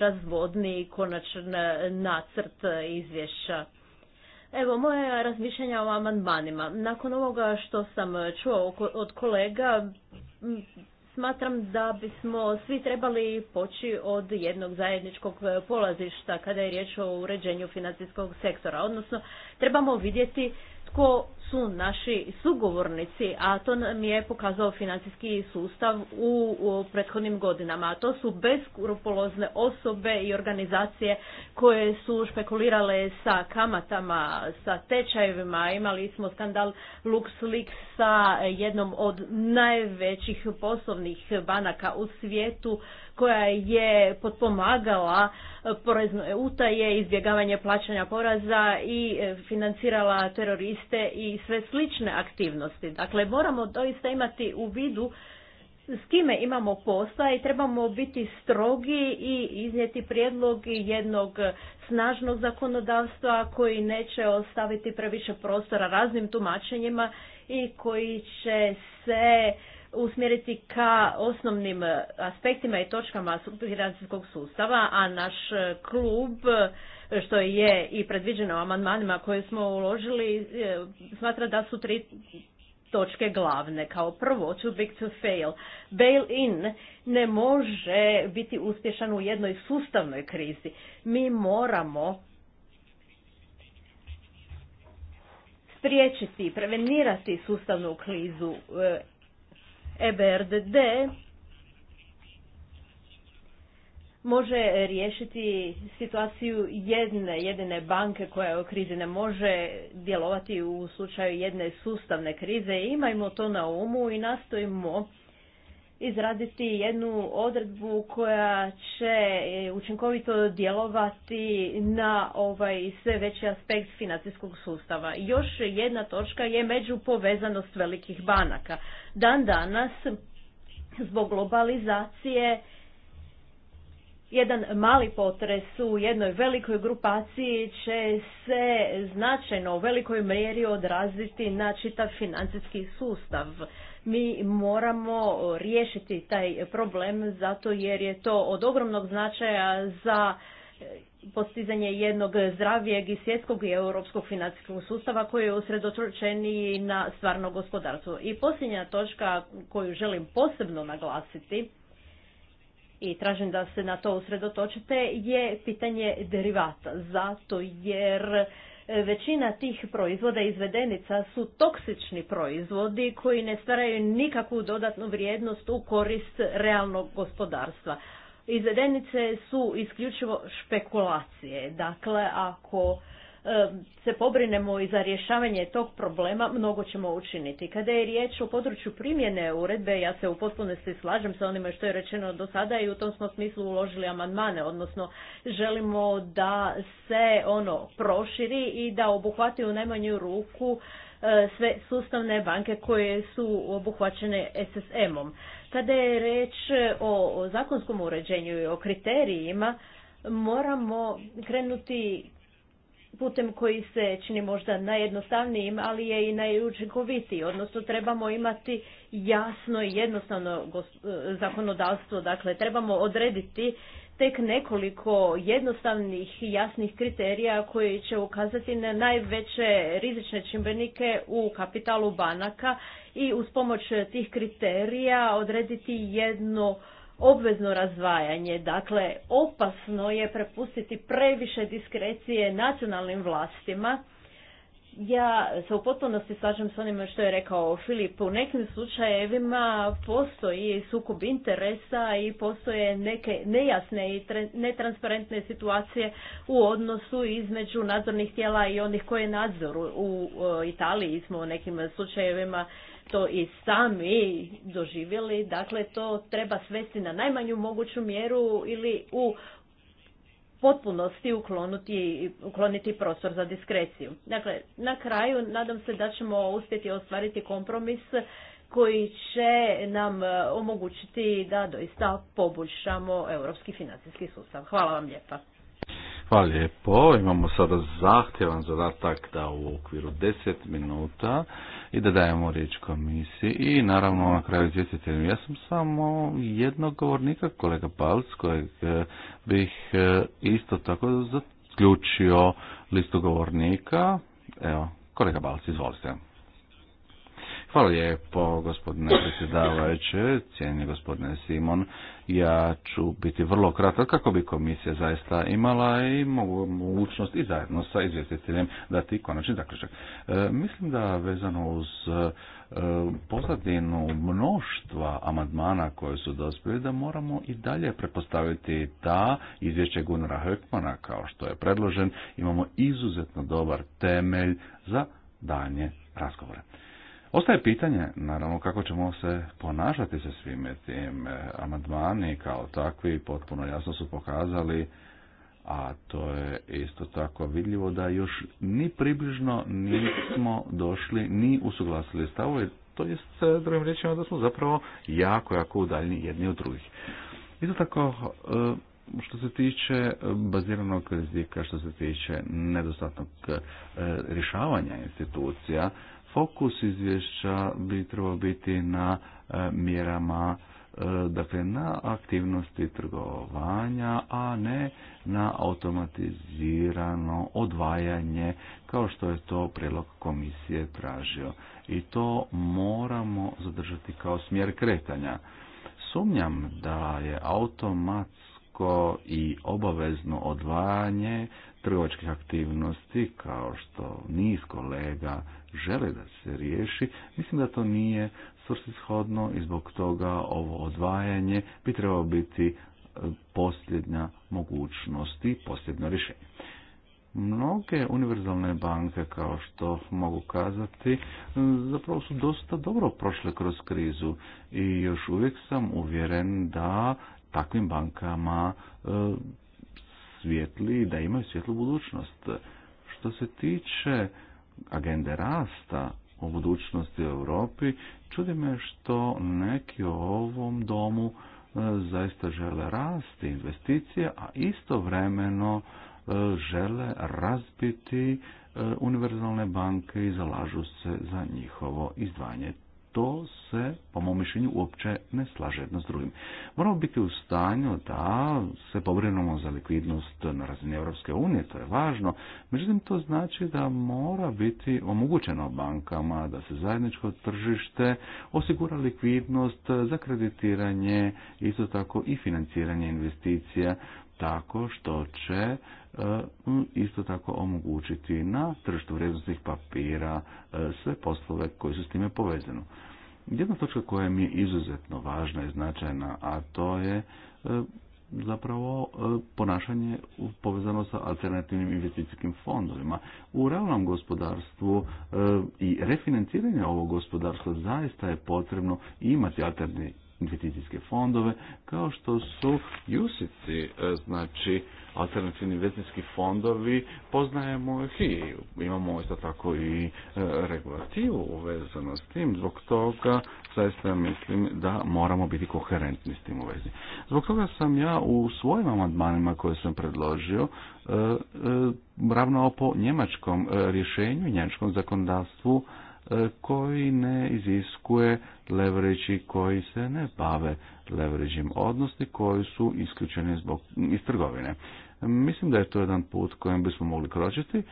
razvodni konačan nacrt izvješća. Evo, moje razmišljanja o amandmanima. Nakon ovoga što sam čuo od kolega, smatram da bismo svi trebali poći od jednog zajedničkog polazišta kada je riječ o uređenju financijskog sektora. Odnosno, trebamo vidjeti tko su naši sugovornici, a to nam je pokazao financijski sustav u, prethodnim godinama. A to su beskrupulozne osobe i organizacije koje su špekulirale sa kamatama, sa tečajevima. Imali smo skandal LuxLeaks sa jednom od najvećih poslovnih banaka u svijetu koja je potpomagala porezne utaje, izbjegavanje plaćanja poraza i financirala teroriste i sve slične aktivnosti. Dakle, moramo doista imati u vidu s kime imamo posla i trebamo biti strogi i iznijeti prijedlog jednog snažnog zakonodavstva koji neće ostaviti previše prostora raznim tumačenjima i koji će se usmjeriti ka osnovnim aspektima i točkama financijskog sustava, a naš klub što je i predviđeno amandmanima koje smo uložili, e, smatra da su tri točke glavne. Kao prvo, too big to fail. Bail-in ne može biti uspješan u jednoj sustavnoj krizi. Mi moramo spriječiti, prevenirati sustavnu krizu EBRDD e može riješiti situaciju jedne, jedine banke koja je u krizi ne može djelovati u slučaju jedne sustavne krize. Imajmo to na umu i nastojimo izraditi jednu odredbu koja će učinkovito djelovati na ovaj sve veći aspekt financijskog sustava. Još jedna točka je međupovezanost velikih banaka. Dan danas zbog globalizacije jedan mali potres u jednoj velikoj grupaciji će se značajno u velikoj mjeri odraziti na čitav financijski sustav. Mi moramo riješiti taj problem zato jer je to od ogromnog značaja za postizanje jednog zdravijeg i svjetskog i europskog financijskog sustava koji je usredotočeniji na stvarno gospodarstvo. I posljednja točka koju želim posebno naglasiti i tražim da se na to usredotočite je pitanje derivata zato jer e, većina tih proizvoda izvedenica su toksični proizvodi koji ne stvaraju nikakvu dodatnu vrijednost u korist realnog gospodarstva. Izvedenice su isključivo špekulacije. Dakle, ako se pobrinemo i za rješavanje tog problema, mnogo ćemo učiniti. Kada je riječ o području primjene uredbe, ja se u potpunosti slažem sa onima što je rečeno do sada i u tom smo smislu uložili amandmane, odnosno želimo da se ono proširi i da obuhvati u najmanju ruku e, sve sustavne banke koje su obuhvaćene SSM-om. Kada je reč o zakonskom uređenju i o kriterijima, moramo krenuti putem koji se čini možda najjednostavnijim, ali je i najučinkovitiji. Odnosno trebamo imati jasno i jednostavno e, zakonodavstvo, dakle trebamo odrediti tek nekoliko jednostavnih i jasnih kriterija koji će ukazati na najveće rizične čimbenike u kapitalu banaka i uz pomoć tih kriterija odrediti jedno obvezno razdvajanje. Dakle, opasno je prepustiti previše diskrecije nacionalnim vlastima. Ja se u potpunosti slažem s onima što je rekao Filip. U nekim slučajevima postoji sukob interesa i postoje neke nejasne i netransparentne situacije u odnosu između nadzornih tijela i onih koje nadzoru. U e, Italiji smo u nekim slučajevima to i sami doživjeli, dakle to treba svesti na najmanju moguću mjeru ili u potpunosti uklonuti, ukloniti prostor za diskreciju. Dakle, na kraju nadam se da ćemo uspjeti ostvariti kompromis koji će nam e, omogućiti da doista poboljšamo europski financijski sustav. Hvala vam lijepa. Hvala lijepo. Imamo sada zahtjevan zadatak da u okviru 10 minuta i da dajemo riječ komisiji i naravno na kraju izvjestitelju. Ja sam samo jednog govornika, kolega Palc, kojeg e, bih e, isto tako zaključio listu govornika. Evo, kolega Balc, izvolite. Hvala lijepo gospodine predsjedavajuće, cijenjeni gospodine Simon. Ja ću biti vrlo kratak kako bi komisija zaista imala i mogućnost i zajedno sa izvjestiteljem dati konačni zaključak. E, mislim da vezano uz e, pozadinu mnoštva amandmana koje su dospjeli da moramo i dalje prepostaviti da izvješće Gunara Hökmana kao što je predložen imamo izuzetno dobar temelj za danje razgovore. Ostaje pitanje, naravno, kako ćemo se ponašati sa svime tim. Eh, amandmani kao takvi potpuno jasno su pokazali, a to je isto tako vidljivo da još ni približno nismo došli, ni usuglasili stavove, to s eh, drugim riječima da smo zapravo jako, jako udaljni jedni od drugih. Isto tako, eh, što se tiče baziranog rizika, što se tiče nedostatnog rješavanja institucija, fokus izvješća bi trebao biti na e, mjerama e, dakle na aktivnosti trgovanja, a ne na automatizirano odvajanje kao što je to prilog komisije tražio. I to moramo zadržati kao smjer kretanja. Sumnjam da je automatsko i obavezno odvajanje trgovačkih aktivnosti kao što niz kolega žele da se riješi, mislim da to nije svrsishodno i zbog toga ovo odvajanje bi trebalo biti e, posljednja mogućnost i posljedno rješenje. Mnoge univerzalne banke, kao što mogu kazati, e, zapravo su dosta dobro prošle kroz krizu i još uvijek sam uvjeren da takvim bankama e, svijetli, da imaju svjetlu budućnost. Što se tiče agende rasta u budućnosti u Europi, čudi me što neki u ovom domu e, zaista žele rasti investicije, a istovremeno e, žele razbiti e, univerzalne banke i zalažu se za njihovo izdvajanje to se, po mom mišljenju, uopće ne slaže jedno s drugim. Moramo biti u stanju da se pobrinemo za likvidnost na razini Europske unije, to je važno. Međutim, to znači da mora biti omogućeno bankama da se zajedničko tržište osigura likvidnost za kreditiranje, isto tako i financiranje investicija tako što će e, isto tako omogućiti na tržištu vrijednostnih papira e, sve poslove koji su s time povezani. Jedna točka koja mi je izuzetno važna i značajna, a to je e, zapravo ponašanje povezano sa alternativnim investicijskim fondovima. U realnom gospodarstvu i refinanciranje ovog gospodarstva zaista je potrebno imati alternativni, investicijske fondove, kao što su jusici, e, znači alternativni investicijski fondovi, poznajemo ih i imamo isto tako i e, regulativu uvezano s tim, zbog toga zaista mislim da moramo biti koherentni s tim u vezi. Zbog toga sam ja u svojim amandmanima koje sam predložio e, ravno po njemačkom rješenju, njemačkom zakonodavstvu, E, koji ne iziskuje leverage koji se ne bave leverage odnosno koji su isključeni zbog, iz trgovine. Mislim da je to jedan put kojem bismo mogli kročiti.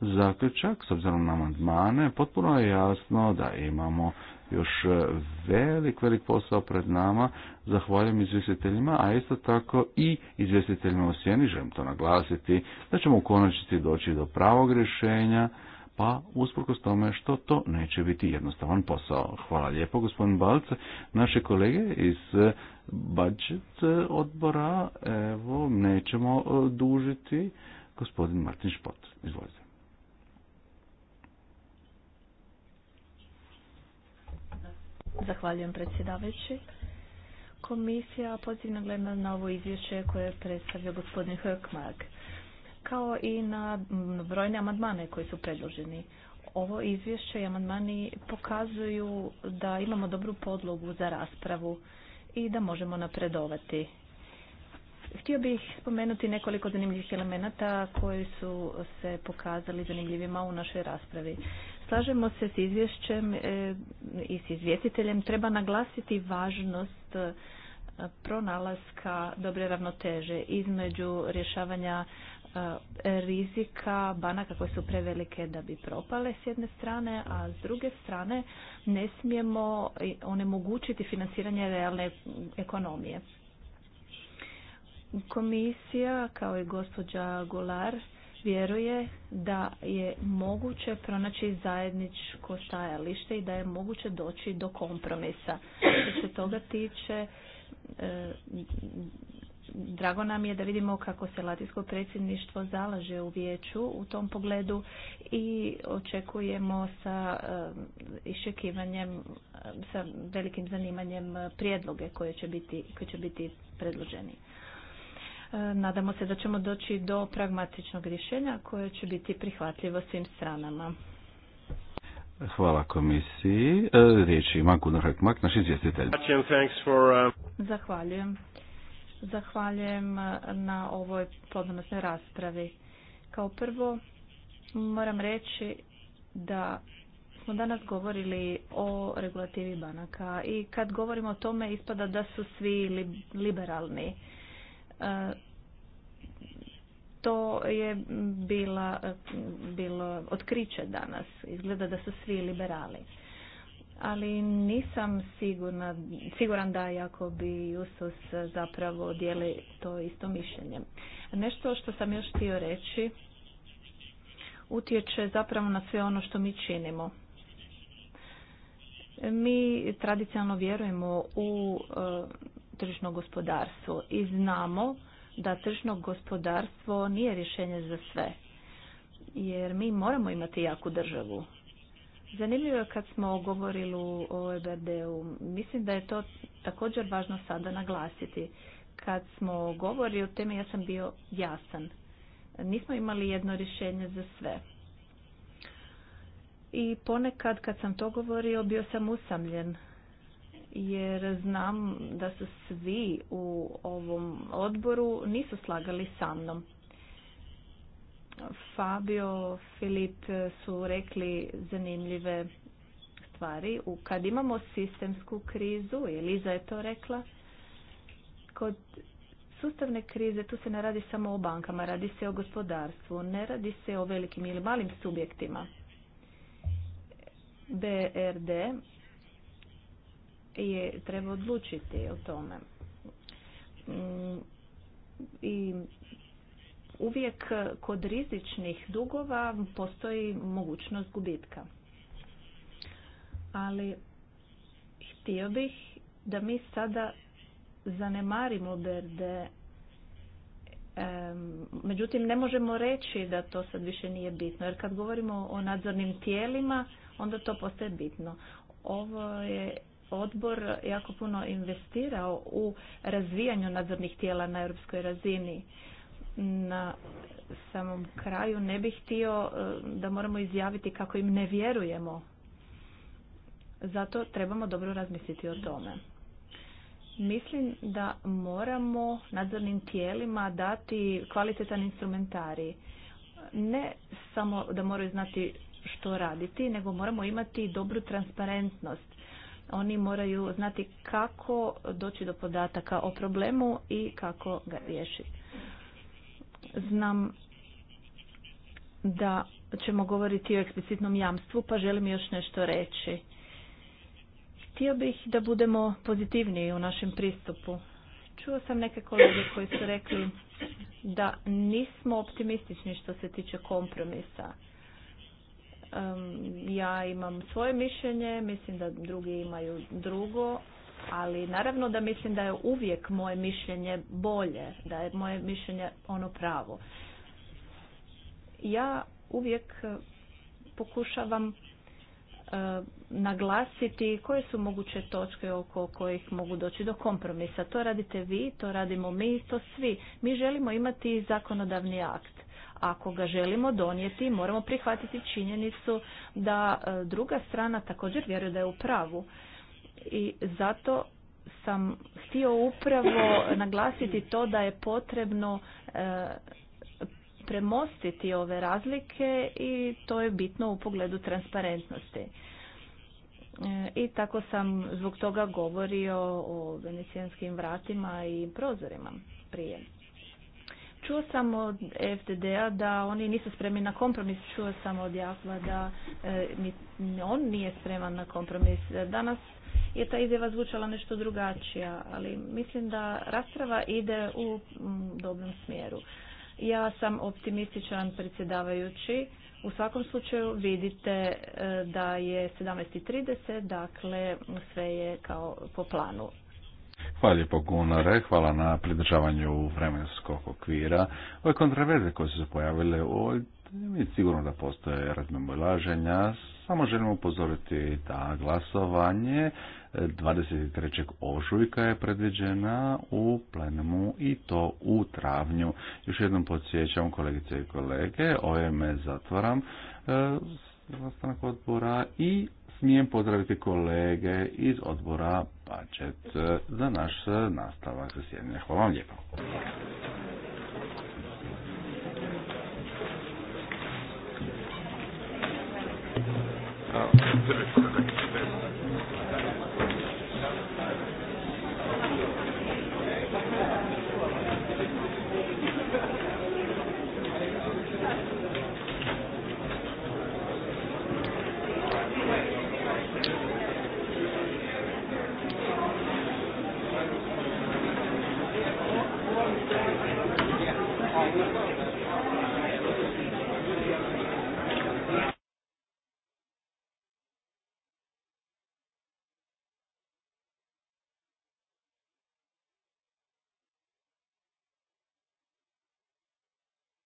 Zaključak, s obzirom na amandmane, potpuno je jasno da imamo još e, velik, velik posao pred nama. Zahvaljujem izvjestiteljima, a isto tako i izvjestiteljima u sjeni, želim to naglasiti, da ćemo u konačnici doći do pravog rješenja pa usprkos tome što to neće biti jednostavan posao. Hvala lijepo gospodin Balc. Naše kolege iz budget odbora, evo, nećemo e, dužiti. Gospodin Martin Špot, izvolite. Zahvaljujem predsjedavajući. Komisija pozivno gleda na ovo izvješće koje je predstavio gospodin Hrkmark kao i na brojne amandmane koji su predloženi. Ovo izvješće i amandmani pokazuju da imamo dobru podlogu za raspravu i da možemo napredovati. Htio bih spomenuti nekoliko zanimljivih elemenata koji su se pokazali zanimljivima u našoj raspravi. Slažemo se s izvješćem e, i s izvjestiteljem. Treba naglasiti važnost e, pronalaska dobre ravnoteže između rješavanja E, rizika banaka koje su prevelike da bi propale s jedne strane, a s druge strane ne smijemo onemogućiti financiranje realne ekonomije. Komisija, kao i gospođa Golar, vjeruje da je moguće pronaći zajedničko stajalište i da je moguće doći do kompromisa. Što se toga tiče, e, drago nam je da vidimo kako se latinsko predsjedništvo zalaže u vijeću u tom pogledu i očekujemo sa eh, iščekivanjem, eh, sa velikim zanimanjem prijedloge koje će biti, koje će biti predloženi. Eh, nadamo se da ćemo doći do pragmatičnog rješenja koje će biti prihvatljivo svim stranama. Hvala komisiji. Riječ ima Gunnar naš izvjestitelj. Zahvaljujem. Zahvaljujem na ovoj podnosnoj raspravi. Kao prvo moram reći da smo danas govorili o regulativi banaka i kad govorimo o tome ispada da su svi liberalni. E, to je bila, bilo otkriće danas. Izgleda da su svi liberali ali nisam sigurna, siguran da jako bi Jusos zapravo dijeli to isto mišljenje. Nešto što sam još htio reći utječe zapravo na sve ono što mi činimo. Mi tradicionalno vjerujemo u e, tržišno gospodarstvo i znamo da tržišno gospodarstvo nije rješenje za sve. Jer mi moramo imati jaku državu. Zanimljivo je kad smo govorili o EBRD-u. Mislim da je to također važno sada naglasiti. Kad smo govorili o teme ja sam bio jasan. Nismo imali jedno rješenje za sve. I ponekad kad sam to govorio, bio sam usamljen. Jer znam da su svi u ovom odboru nisu slagali sa mnom. Fabio, Filip su rekli zanimljive stvari. Kad imamo sistemsku krizu, Eliza je to rekla, kod sustavne krize tu se ne radi samo o bankama, radi se o gospodarstvu, ne radi se o velikim ili malim subjektima. BRD je treba odlučiti o tome. Mm, I uvijek kod rizičnih dugova postoji mogućnost gubitka. Ali htio bih da mi sada zanemarimo berde međutim ne možemo reći da to sad više nije bitno jer kad govorimo o nadzornim tijelima onda to postaje bitno ovo je odbor jako puno investirao u razvijanju nadzornih tijela na europskoj razini na samom kraju ne bih htio e, da moramo izjaviti kako im ne vjerujemo. Zato trebamo dobro razmisliti o tome. Mislim da moramo nadzornim tijelima dati kvalitetan instrumentari. Ne samo da moraju znati što raditi, nego moramo imati dobru transparentnost. Oni moraju znati kako doći do podataka o problemu i kako ga riješiti. Znam da ćemo govoriti o eksplicitnom jamstvu, pa želim još nešto reći. Htio bih da budemo pozitivniji u našem pristupu. Čuo sam neke kolege koji su rekli da nismo optimistični što se tiče kompromisa. Ja imam svoje mišljenje, mislim da drugi imaju drugo, ali naravno da mislim da je uvijek moje mišljenje bolje, da je moje mišljenje ono pravo. Ja uvijek e, pokušavam e, naglasiti koje su moguće točke oko kojih mogu doći do kompromisa. To radite vi, to radimo mi, to svi. Mi želimo imati zakonodavni akt. Ako ga želimo donijeti, moramo prihvatiti činjenicu da e, druga strana također vjeruje da je u pravu i zato sam htio upravo naglasiti to da je potrebno e, premostiti ove razlike i to je bitno u pogledu transparentnosti. E, I tako sam zbog toga govorio o venecijanskim vratima i prozorima prije. Čuo sam od FDD-a da oni nisu spremni na kompromis, čuo sam od Jakla da e, on nije spreman na kompromis. Danas je ta izjava zvučala nešto drugačija, ali mislim da rasprava ide u mm, dobrom smjeru. Ja sam optimističan predsjedavajući. U svakom slučaju vidite e, da je 17.30, dakle sve je kao po planu. Hvala lijepo Gunare, hvala na pridržavanju vremenskog okvira. Ove kontraverze koje su se pojavile ovoj mi sigurno da postoje razmemolaženja, samo želimo upozoriti da glasovanje 23. ožujka je predviđena u plenumu i to u travnju. Još jednom podsjećam kolegice i kolege, ovime zatvaram e, sastanak odbora i smijem pozdraviti kolege iz odbora Pačet za naš nastavak zasjedanja. Hvala vam lijepo.